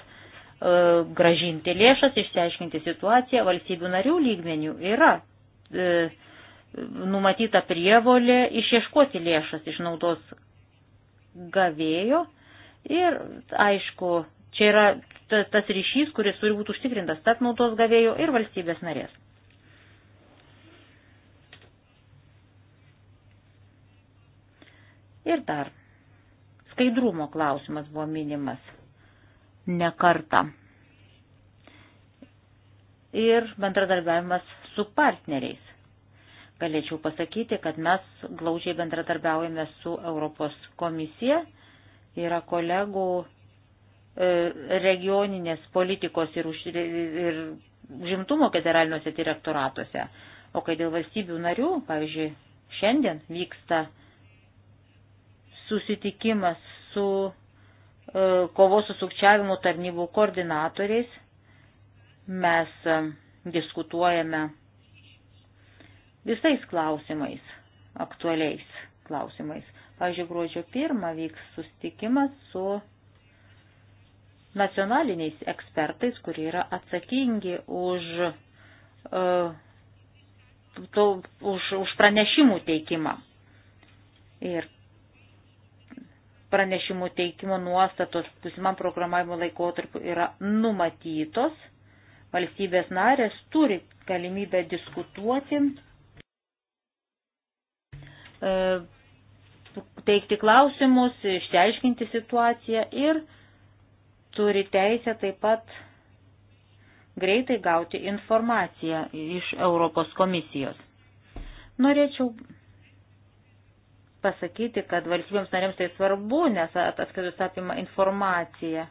E, gražinti lėšas, išsiaiškinti situaciją valstybių narių lygmenių yra e, numatyta prievolė išieškoti lėšas iš naudos gavėjo ir aišku, čia yra tas ryšys, kuris turi būti užtikrintas tarp naudos gavėjo ir valstybės narės. Ir dar. Skaidrumo klausimas buvo minimas nekarta. Ir bendradarbiavimas su partneriais. Galėčiau pasakyti, kad mes glaužiai bendradarbiaujame su Europos komisija. Yra kolegų e, regioninės politikos ir, už, ir žimtumo generaliniuose direktoratuose. O kai dėl valstybių narių, pavyzdžiui, šiandien vyksta susitikimas su E, kovos su sukčiavimu tarnybų koordinatoriais. Mes e, diskutuojame visais klausimais, aktualiais klausimais. Pavyzdžiui, gruodžio pirmą vyks sustikimas su nacionaliniais ekspertais, kurie yra atsakingi už, uh, to, už, už pranešimų teikimą. Ir pranešimų teikimo nuostatos būsimam programavimo laikotarpiu yra numatytos. Valstybės narės turi galimybę diskutuoti, e, teikti klausimus, išsiaiškinti situaciją ir turi teisę taip pat greitai gauti informaciją iš Europos komisijos. Norėčiau pasakyti, kad valstybėms narėms tai svarbu, nes ataskaitos apima informaciją,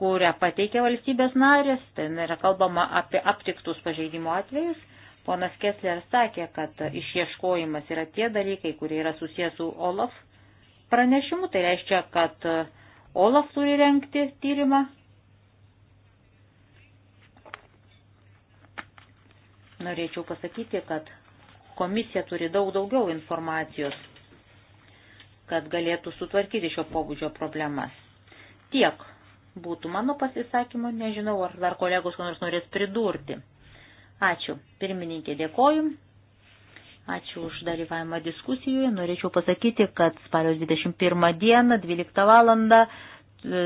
kurią pateikia valstybės narės, ten yra kalbama apie aptiktus pažeidimo atvejus. Ponas Kessler sakė, kad išieškojimas yra tie dalykai, kurie yra susijęs su OLAF pranešimu, tai reiškia, kad OLAF turi renkti tyrimą. Norėčiau pasakyti, kad Komisija turi daug daugiau informacijos, kad galėtų sutvarkyti šio pobūdžio problemas. Tiek būtų mano pasisakymo, nežinau, ar dar kolegos ką nors norės pridurti. Ačiū. Pirmininkė, dėkoju. Ačiū už dalyvavimą diskusijoje. Norėčiau pasakyti, kad spalio 21 dieną, 12 valandą e,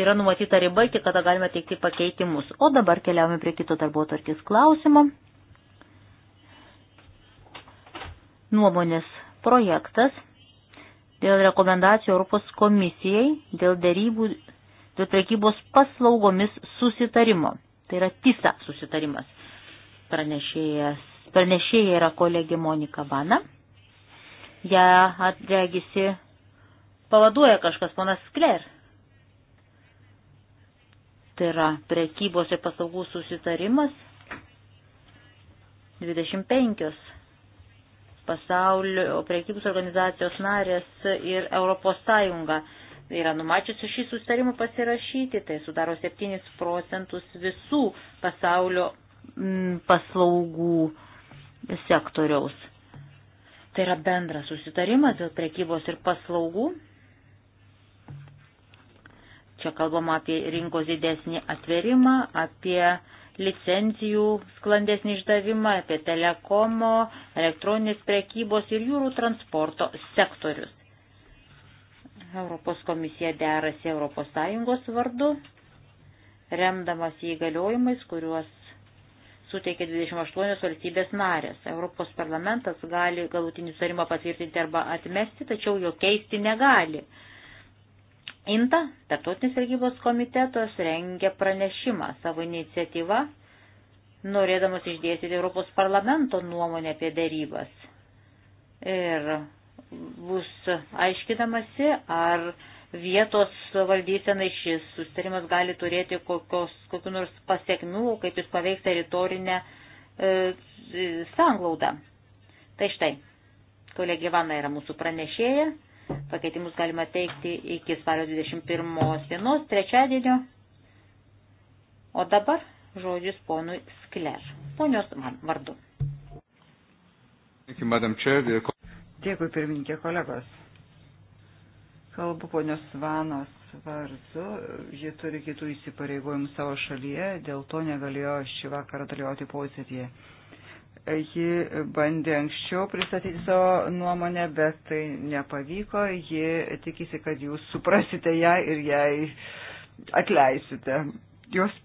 yra numatyta riba, iki kada galime teikti pakeitimus. O dabar keliaujame prie kito darbo tarkis klausimo. nuomonės projektas dėl rekomendacijų Europos komisijai dėl dėrybų dėl prekybos paslaugomis susitarimo. Tai yra TISA susitarimas. Pranešėjas, pranešėja yra kolegė Monika Vana. Ja atregisi pavaduoja kažkas ponas Skler. Tai yra prekybos ir paslaugų susitarimas. 25 pasaulio prekybos organizacijos narės ir Europos Sąjunga yra numačiusi šį susitarimą pasirašyti, tai sudaro 7 procentus visų pasaulio mm, paslaugų sektoriaus. Tai yra bendras susitarimas dėl prekybos ir paslaugų. Čia kalbama apie rinkos didesnį atverimą, apie licencijų sklandesnį išdavimą, apie telekomo, elektroninės prekybos ir jūrų transporto sektorius. Europos komisija derasi ES vardu, remdamas įgaliojimais, kuriuos suteikia 28 valstybės narės. Europos parlamentas gali galutinį sutarimą patvirtinti arba atmesti, tačiau jo keisti negali. INTA, Tartautinis prekybos komitetas, rengia pranešimą savo iniciatyvą, norėdamas išdėstyti Europos parlamento nuomonę apie dėrybas. Ir bus aiškinamasi, ar vietos valdysenai šis sustarimas gali turėti kokios, kokiu nors pasiekmių, kaip jis paveiks teritorinę e, e, sanglaudą. Tai štai, kolegė Vana yra mūsų pranešėja Pakeitimus galima teikti iki spalio 21 dienos, trečiadienio. O dabar žodžius ponui Skler, ponios man vardu. Dėkui, pirmininkė kolegos. Kalbu ponios Vanos vardu, ji turi kitų įsipareigojimų savo šalyje, dėl to negalėjo šį vakarą dalyvauti posėdėje. Ji bandė anksčiau pristatyti savo nuomonę, bet tai nepavyko. Ji tikisi, kad jūs suprasite ją ir jai atleisite. Jos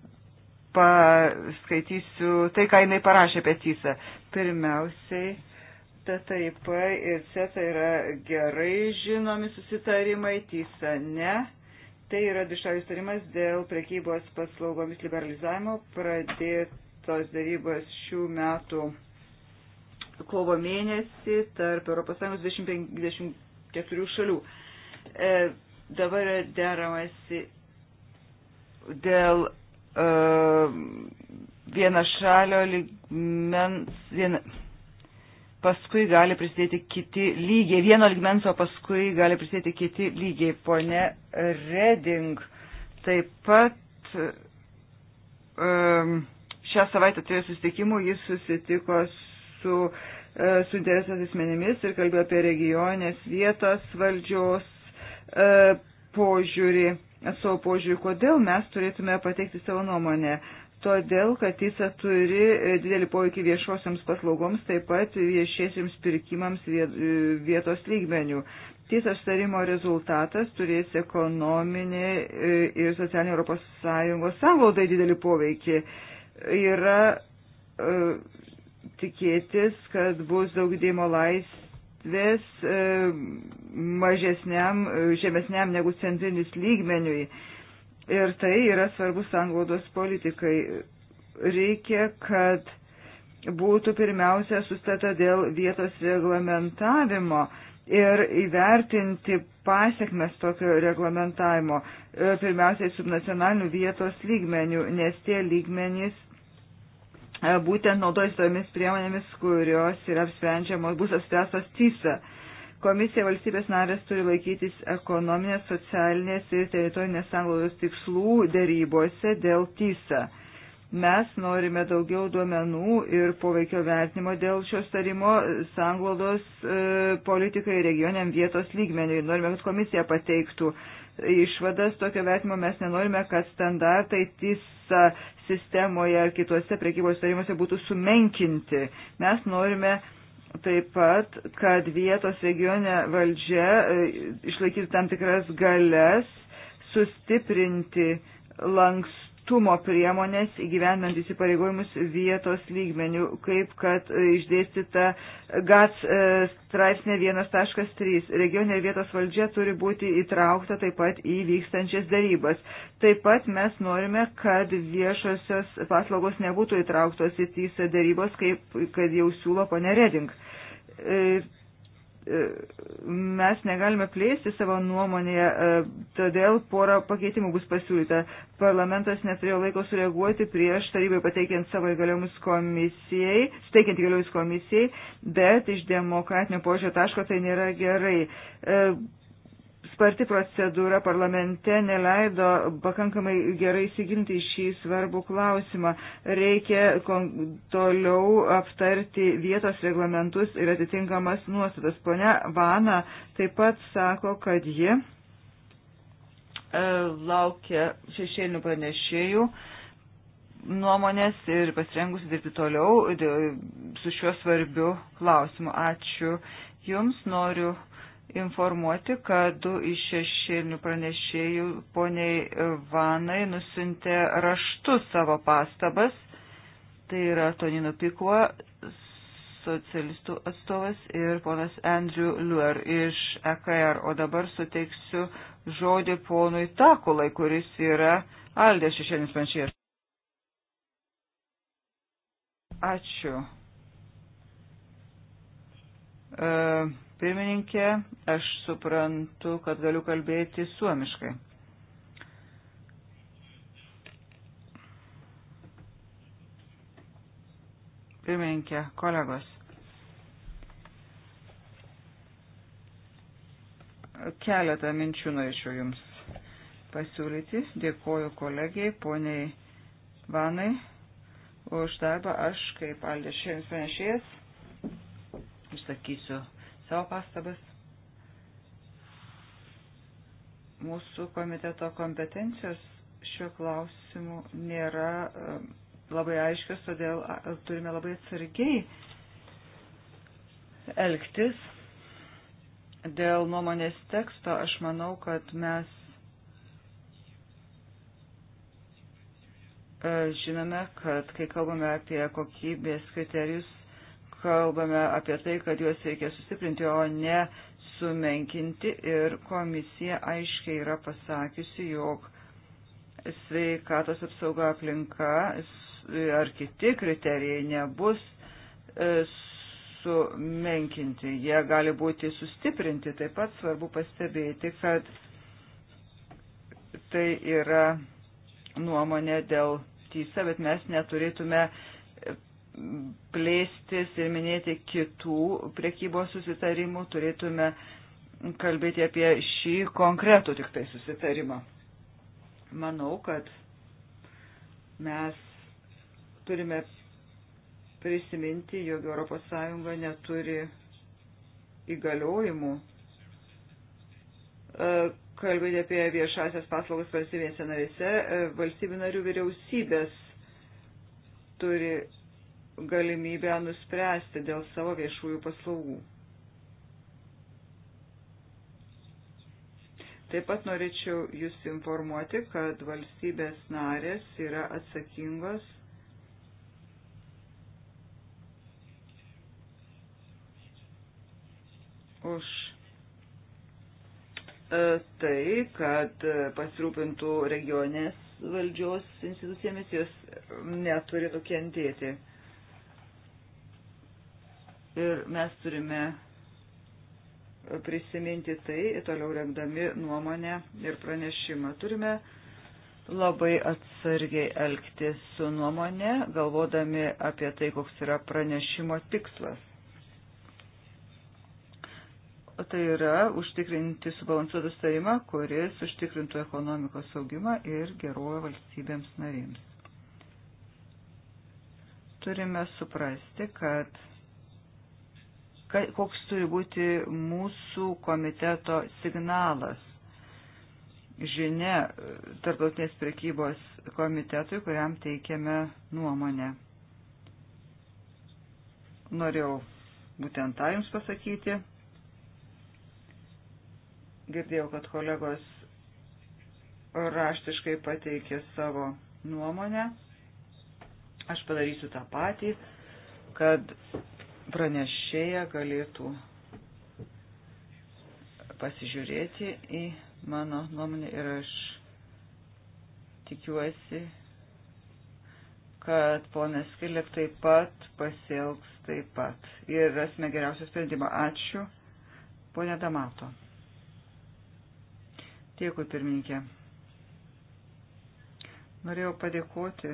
paskaitysiu tai, ką jinai parašė apie tysą. Pirmiausiai, TTIP ir CETA yra gerai žinomi susitarimai, tysa ne. Tai yra dišalis tarimas dėl prekybos paslaugomis liberalizavimo pradėtos darybos šių metų kovo mėnesį tarp ES 24 šalių. E, dabar deramasi dėl e, vienašalio ligmens, viena, paskui gali prisidėti kiti lygiai, vieno ligmens, o paskui gali prisidėti kiti lygiai. Pone Reding taip pat e, šią savaitę turėjo susitikimų, jis susitiko su e, suinteresuotais asmenimis ir kalbėjo apie regionės vietos valdžios e, požiūrį, savo požiūrį, kodėl mes turėtume pateikti savo nuomonę. Todėl, kad TISA turi e, didelį poveikį viešosiams paslaugoms, taip pat viešiesiams pirkimams e, vietos lygmenių. TISA sutarimo rezultatas turės ekonominį ir socialinį Europos Sąjungos sąvaldai didelį poveikį. Yra tikėtis, kad bus daug dėmo laisvės e, mažesniam, žemesniam negu centrinis lygmeniui. Ir tai yra svarbus sanglaudos politikai. Reikia, kad būtų pirmiausia sustata dėl vietos reglamentavimo ir įvertinti pasiekmes tokio reglamentavimo, e, pirmiausiai subnacionalinių vietos lygmenių, nes tie lygmenys E, būtent naudojasi tomis priemonėmis, kurios yra apsprendžiamos, bus apspręstos TISA. Komisija valstybės narės turi laikytis ekonominės, socialinės ir teritorinės sanglaudos tikslų dėrybose dėl TISA. Mes norime daugiau duomenų ir poveikio vertinimo dėl šios tarimo sanglaudos e, politikai regioniam vietos lygmeniui. Norime, kad komisija pateiktų išvadas tokio vertimo mes nenorime, kad standartai TISA sistemoje ar kituose prekybos tarimuose būtų sumenkinti. Mes norime taip pat, kad vietos regione valdžia e, išlaikytų tam tikras galės sustiprinti lankstų lankstumo priemonės įgyvendant įsipareigojimus vietos lygmenių, kaip kad e, išdėstyta GATS e, straipsnė 1.3. Regionė ir vietos valdžia turi būti įtraukta taip pat į vykstančias darybas. Taip pat mes norime, kad viešosios paslaugos nebūtų įtrauktos į tysą darybos, kaip kad jau siūlo ponerėding. E, mes negalime plėsti savo nuomonėje, e, todėl pora pakeitimų bus pasiūlyta. Parlamentas neturėjo laiko sureaguoti prieš tarybai pateikiant savo įgaliojimus komisijai, steikiant įgaliojimus komisijai, bet iš demokratinio požiūrio taško tai nėra gerai. E, sparti procedūra parlamente neleido pakankamai gerai įsigilinti į šį svarbų klausimą. Reikia toliau aptarti vietos reglamentus ir atitinkamas nuostatas. Pone Vana taip pat sako, kad ji e, laukia šešėlinių pranešėjų nuomonės ir pasirengusi dirbti toliau su šiuo svarbiu klausimu. Ačiū Jums, noriu informuoti, kad du iš šešėlinių pranešėjų poniai Vanai nusintė raštu savo pastabas. Tai yra Tonino Pikuo, socialistų atstovas ir ponas Andrew Luer iš EKR. O dabar suteiksiu žodį ponui Takulai, kuris yra Aldės šešėlinis panšėjas. Ačiū. Uh, e pirmininkė, aš suprantu, kad galiu kalbėti suomiškai. Pirmininkė, kolegos. Keletą minčių norėčiau Jums pasiūlyti. Dėkoju kolegijai, poniai Vanai, už darbą. Aš kaip Aldė šiandien pranešėjas išsakysiu savo pastabas. Mūsų komiteto kompetencijos šiuo klausimu nėra um, labai aiškios, todėl turime labai atsargiai elgtis. Dėl nuomonės teksto aš manau, kad mes e, žinome, kad kai kalbame apie kokybės kriterijus, kalbame apie tai, kad juos reikia sustiprinti, o ne sumenkinti. Ir komisija aiškiai yra pasakiusi, jog sveikatos apsauga aplinka ar kiti kriterijai nebus e, sumenkinti. Jie gali būti sustiprinti. Taip pat svarbu pastebėti, kad tai yra nuomonė dėl tysa, bet mes neturėtume uh, plėstis ir minėti kitų priekybos susitarimų, turėtume kalbėti apie šį konkretų tik tai susitarimą. Manau, kad mes turime prisiminti, jog ES neturi įgaliojimų e, kalbėti apie viešasias paslaugas valstybėse narėse, e, valstybių narių vyriausybės turi galimybę nuspręsti dėl savo viešųjų paslaugų. Taip pat norėčiau Jūs informuoti, kad valstybės narės yra atsakingos už e, tai, kad pasirūpintų regionės valdžios institucijomis, jos e, neturėtų kentėti. Ir mes turime prisiminti tai, toliau rengdami nuomonę ir pranešimą. Turime labai atsargiai elgtis su nuomonė, galvodami apie tai, koks yra pranešimo tikslas. Tai yra užtikrinti subalansuotą starimą, kuris užtikrintų ekonomikos saugimą ir gerovę valstybėms narėms. Turime suprasti, kad koks turi būti mūsų komiteto signalas, žinia tarptautinės prekybos komitetui, kuriam teikiame nuomonę. Norėjau būtent tą Jums pasakyti. Girdėjau, kad kolegos raštiškai pateikė savo nuomonę. Aš padarysiu tą patį, kad pranešėja galėtų pasižiūrėti į mano nuomonę ir aš tikiuosi, kad ponas Filip taip pat pasielgs taip pat ir rasime geriausią sprendimą. Ačiū, ponė Damato. Dėkui, pirmininkė. Norėjau padėkoti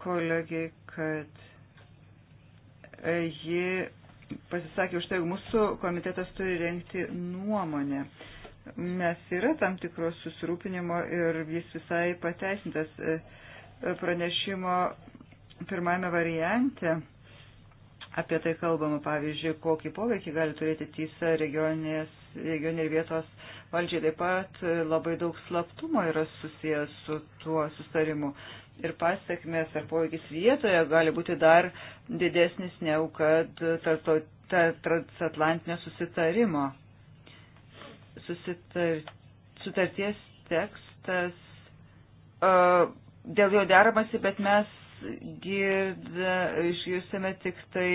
kolegiai, kad ji pasisakė už tai, jog mūsų komitetas turi renkti nuomonę. Mes yra tam tikros susirūpinimo ir jis visai pateisintas e, e, pranešimo pirmame variante. Apie tai kalbama, pavyzdžiui, kokį poveikį gali turėti TISA regioninės, regioninė ir vietos valdžiai. Taip pat e, labai daug slaptumo yra susijęs su tuo sustarimu ir pasiekmes ar poveikis vietoje gali būti dar didesnis negu kad transatlantinio susitarimo. Susitar, sutarties tekstas, uh, dėl jo deramasi, bet mes girda, išgirsime tik tai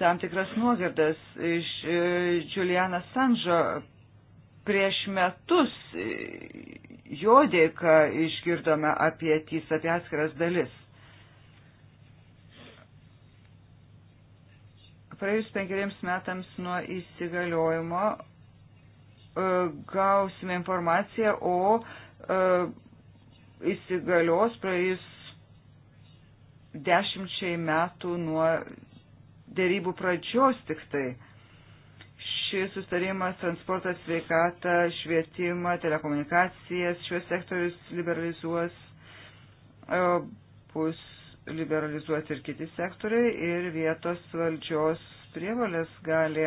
tam tikras nuogirdas iš Juliana e, Sanžo prieš metus jo dėka išgirdome apie tys, apie atskiras dalis. Praėjus penkeriems metams nuo įsigaliojimo e, gausime informaciją, o e, įsigalios praėjus dešimčiai metų nuo dėrybų pradžios tik tai šis sustarimas transportą, sveikatą, švietimą, telekomunikacijas, šios sektorius liberalizuos, bus liberalizuoti ir kiti sektoriai ir vietos valdžios prievalės gali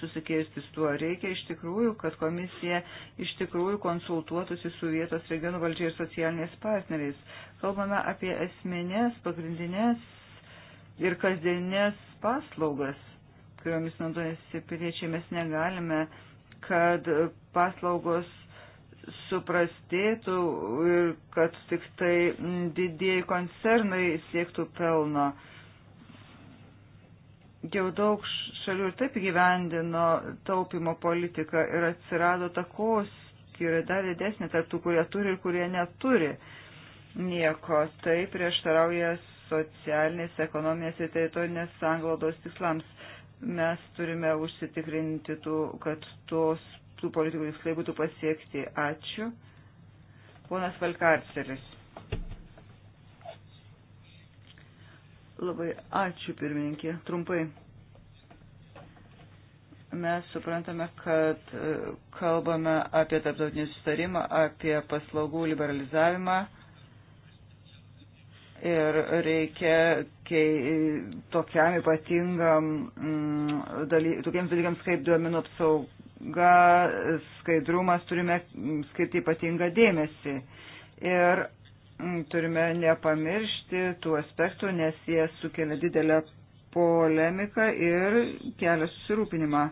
susikeisti su tuo. Reikia iš tikrųjų, kad komisija iš tikrųjų konsultuotųsi su vietos regionų valdžia ir socialiniais partneriais. Kalbame apie esminės, pagrindinės ir kasdienės paslaugas kuriomis naudojasi piliečiai, mes negalime, kad paslaugos suprastėtų ir kad tik tai didieji koncernai siektų pelno. Jau daug šalių ir taip gyvendino taupimo politiką ir atsirado takos, yra dar didesnė tarp tų, kurie turi ir kurie neturi nieko. Tai prieštarauja socialinės, ekonominės ir teritorinės sanglaudos tikslams. Mes turime užsitikrinti, tų, kad tos, tų politikų tikslai būtų pasiekti. Ačiū. Ponas Valkarcelis. Labai ačiū, pirmininkė. Trumpai mes suprantame, kad e, kalbame apie tarptautinį sustarimą, apie paslaugų liberalizavimą ir reikia kei, tokiam ypatingam mm, daly, tokiems dalykams kaip duomenų apsauga, skaidrumas turime skirti ypatingą dėmesį. Ir mm, turime nepamiršti tų aspektų, nes jie sukelia didelę polemiką ir kelia susirūpinimą.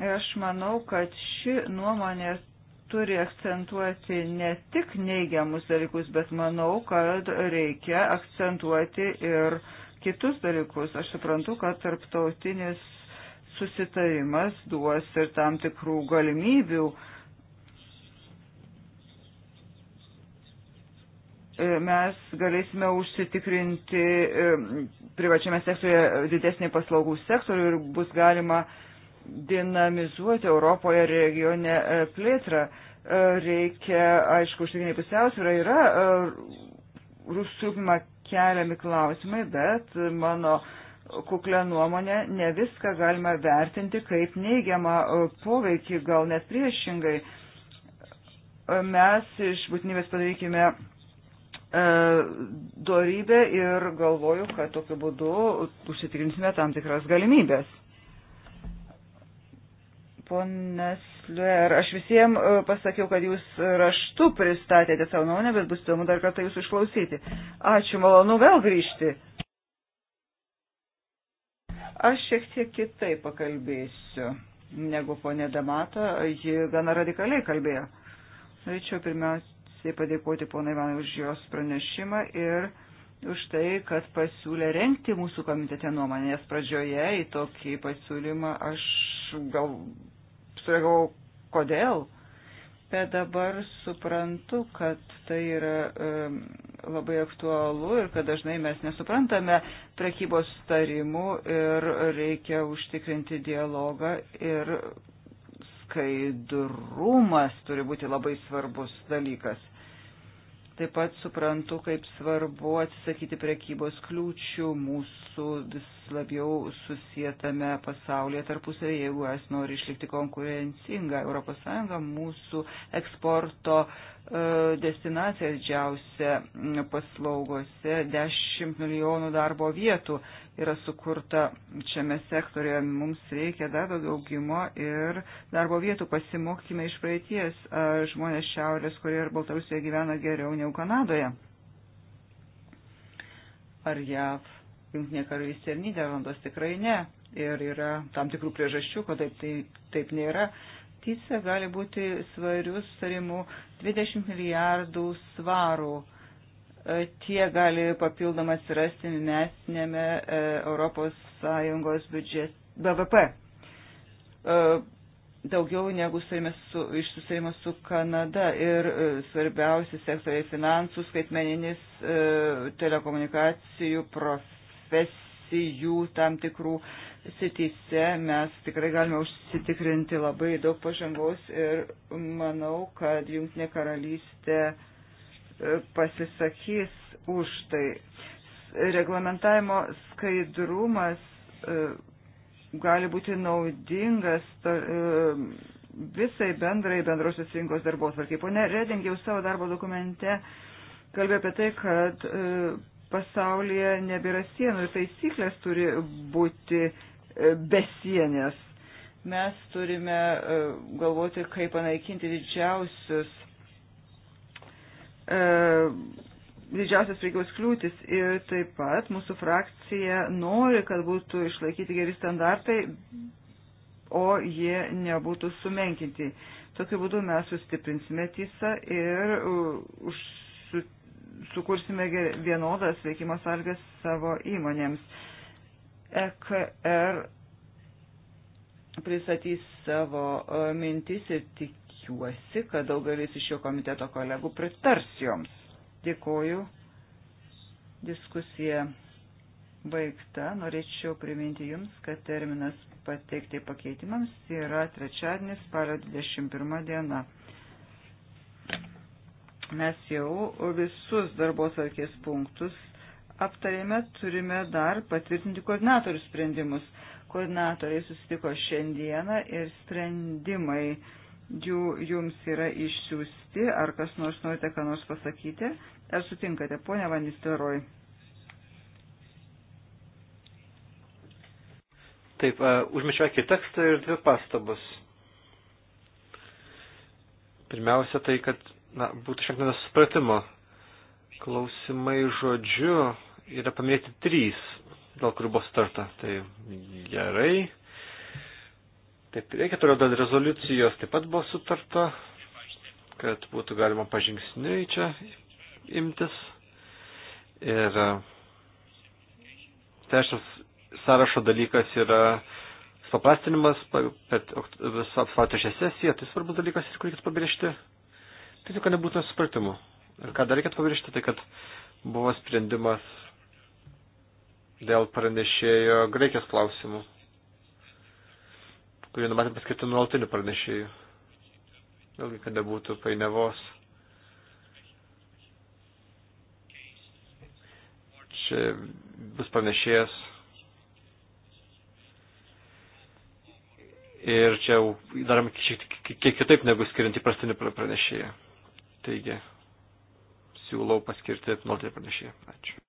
Ir aš manau, kad ši nuomonės turi akcentuoti ne tik neigiamus dalykus, bet manau, kad reikia akcentuoti ir kitus dalykus. Aš suprantu, kad tarptautinis susitarimas duos ir tam tikrų galimybių. Mes galėsime užsitikrinti e, privačiame sektorėje didesnį paslaugų sektorių ir bus galima uh, dinamizuoti Europoje regionę e, plėtrą. E, reikia, aišku, užtikrinti pusiausvyrą, yra e, rusupima keliami klausimai, bet mano kuklę nuomonę ne viską galima vertinti kaip neigiamą poveikį, gal net priešingai. Mes iš būtinybės padarykime dorybę ir galvoju, kad tokiu būdu užsitikrinsime tam tikras galimybės. Ponas Liuer, aš visiems e, pasakiau, kad jūs raštu pristatėte savo nuomonę, bet bus įdomu dar kartą jūsų išklausyti. Ačiū, malonu vėl grįžti. Aš šiek tiek kitaip pakalbėsiu negu ponė Damata, ji gana radikaliai kalbėjo. Norėčiau pirmiausiai padėkoti ponai Ivanai už jos pranešimą ir už tai, kad pasiūlė renkti mūsų komitete nuomonę, nes pradžioje į tokį pasiūlymą aš gal sureagavau, kodėl. Bet dabar suprantu, kad tai yra um, labai aktualu ir kad dažnai mes nesuprantame prekybos starimų ir reikia užtikrinti dialogą ir skaidrumas turi būti labai svarbus dalykas. Taip pat suprantu, kaip svarbu atsisakyti prekybos kliūčių mūsų vis labiau susijętame pasaulyje tarpusavėje, jeigu es nori išlikti konkurencingą. ES mūsų eksporto e, destinacija didžiausia paslaugose 10 milijonų darbo vietų yra sukurta šiame sektorėje. Mums reikia dar daugiau augimo ir darbo vietų pasimokime iš praeities. E, žmonės Šiaurės Korėje ir Baltarusijoje gyvena geriau negu Kanadoje ar JAV Junktinė karalystė ir Niderlandos tikrai ne. Ir yra tam tikrų priežasčių, kodėl taip, tai, taip nėra. Tyčia gali būti svarius tarimų 20 milijardų svarų. E, tie gali papildomai atsirasti mesnėme ES biudžet BVP. E, daugiau negu su, iš susirimo su Kanada ir e, svarbiausi sektoriai finansų, skaitmeninis, telekomunikacijų, prof profesijų tam tikrų sityse mes tikrai galime užsitikrinti labai daug pažangos ir manau, kad Junktinė karalystė e, pasisakys už tai. Reglamentavimo skaidrumas e, gali būti naudingas e, visai bendrai bendrosios rinkos darbos varkiai. Pone Reding jau savo darbo dokumente kalbėjo apie tai, kad pasaulyje nebėra sienų ir taisyklės turi būti e, besienės. Mes turime e, galvoti, kaip panaikinti didžiausius, e, didžiausias priekiaus kliūtis ir taip pat mūsų frakcija nori, kad būtų išlaikyti geri standartai, o jie nebūtų sumenkinti. Tokiu būdu mes sustiprinsime tysą ir už sukursime vienodas veikimo sąlygas savo įmonėms. EKR pristatys savo e, mintis ir tikiuosi, kad daugelis iš šio komiteto kolegų pritars joms. Dėkoju. Diskusija baigta. Norėčiau priminti Jums, kad terminas pateikti pakeitimams yra trečiadienis, spalio 21 diena. Mes jau visus darbo tvarkės punktus aptarėme, turime dar patvirtinti koordinatorių sprendimus. Koordinatoriai susitiko šiandieną ir sprendimai jų jums yra išsiųsti. Ar kas nors norite ką nors pasakyti? Ar sutinkate, ponia Vanisteroj? Taip, uh, užmečiu akį tekstą ir dvi pastabas. Pirmiausia, tai, kad na, būtų šiandien supratimo. Klausimai žodžiu yra paminėti trys, dėl kurių buvo starta. Tai gerai. Taip, reikia toliau dėl rezoliucijos taip pat buvo sutarta, kad būtų galima pažingsniui čia imtis. Ir e, trečias sąrašo dalykas yra supaprastinimas, kad apsvato šią sesiją, tai svarbus dalykas, kurį reikėtų pabrėžti. Tai tik, kad nebūtų nesupratimų. Ir ką dar reikėtų paviršti, tai kad buvo sprendimas dėl pranešėjo greikės klausimų, kurį numatė paskirti nuolatinių pranešėjų. Vėlgi, kad nebūtų painiavos. Čia bus pranešėjas. Ir čia jau darom kiek, kiek kitaip negu skiriant įprastinį pranešėją. Taigi, siūlau paskirti nuotolį pranešėją. Ačiū.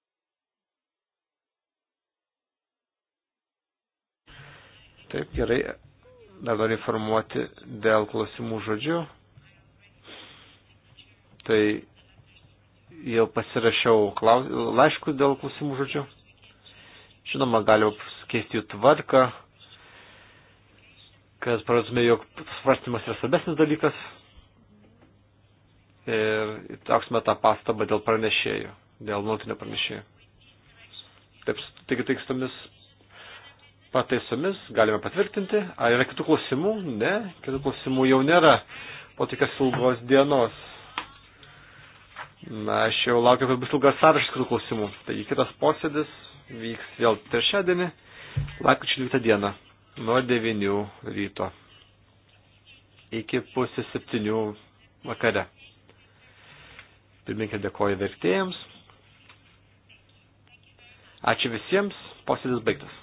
Taip, gerai. Dar noriu informuoti dėl klausimų žodžių. Tai jau pasirašiau klaus... laiškų dėl klausimų žodžių. Žinoma, galiu keisti jų tvarką, kad pradume, jog svarstymas yra svarbesnis dalykas, ir įtrauksime tą pastabą dėl pranešėjų, dėl nuotinio pranešėjų. Taip, taigi tik tomis pataisomis galime patvirtinti. Ar yra kitų klausimų? Ne, kitų klausimų jau nėra po tokios ilgos dienos. Na, aš jau laukiu, kad bus ilgas sąrašas kitų klausimų. Taigi kitas posėdis vyks vėl trečiadienį, lapkričio 12 dieną, nuo 9 ryto iki pusės 7 vakare. Pirmininkė dėkoja vertėjams. Ačiū visiems, posėdis baigtas.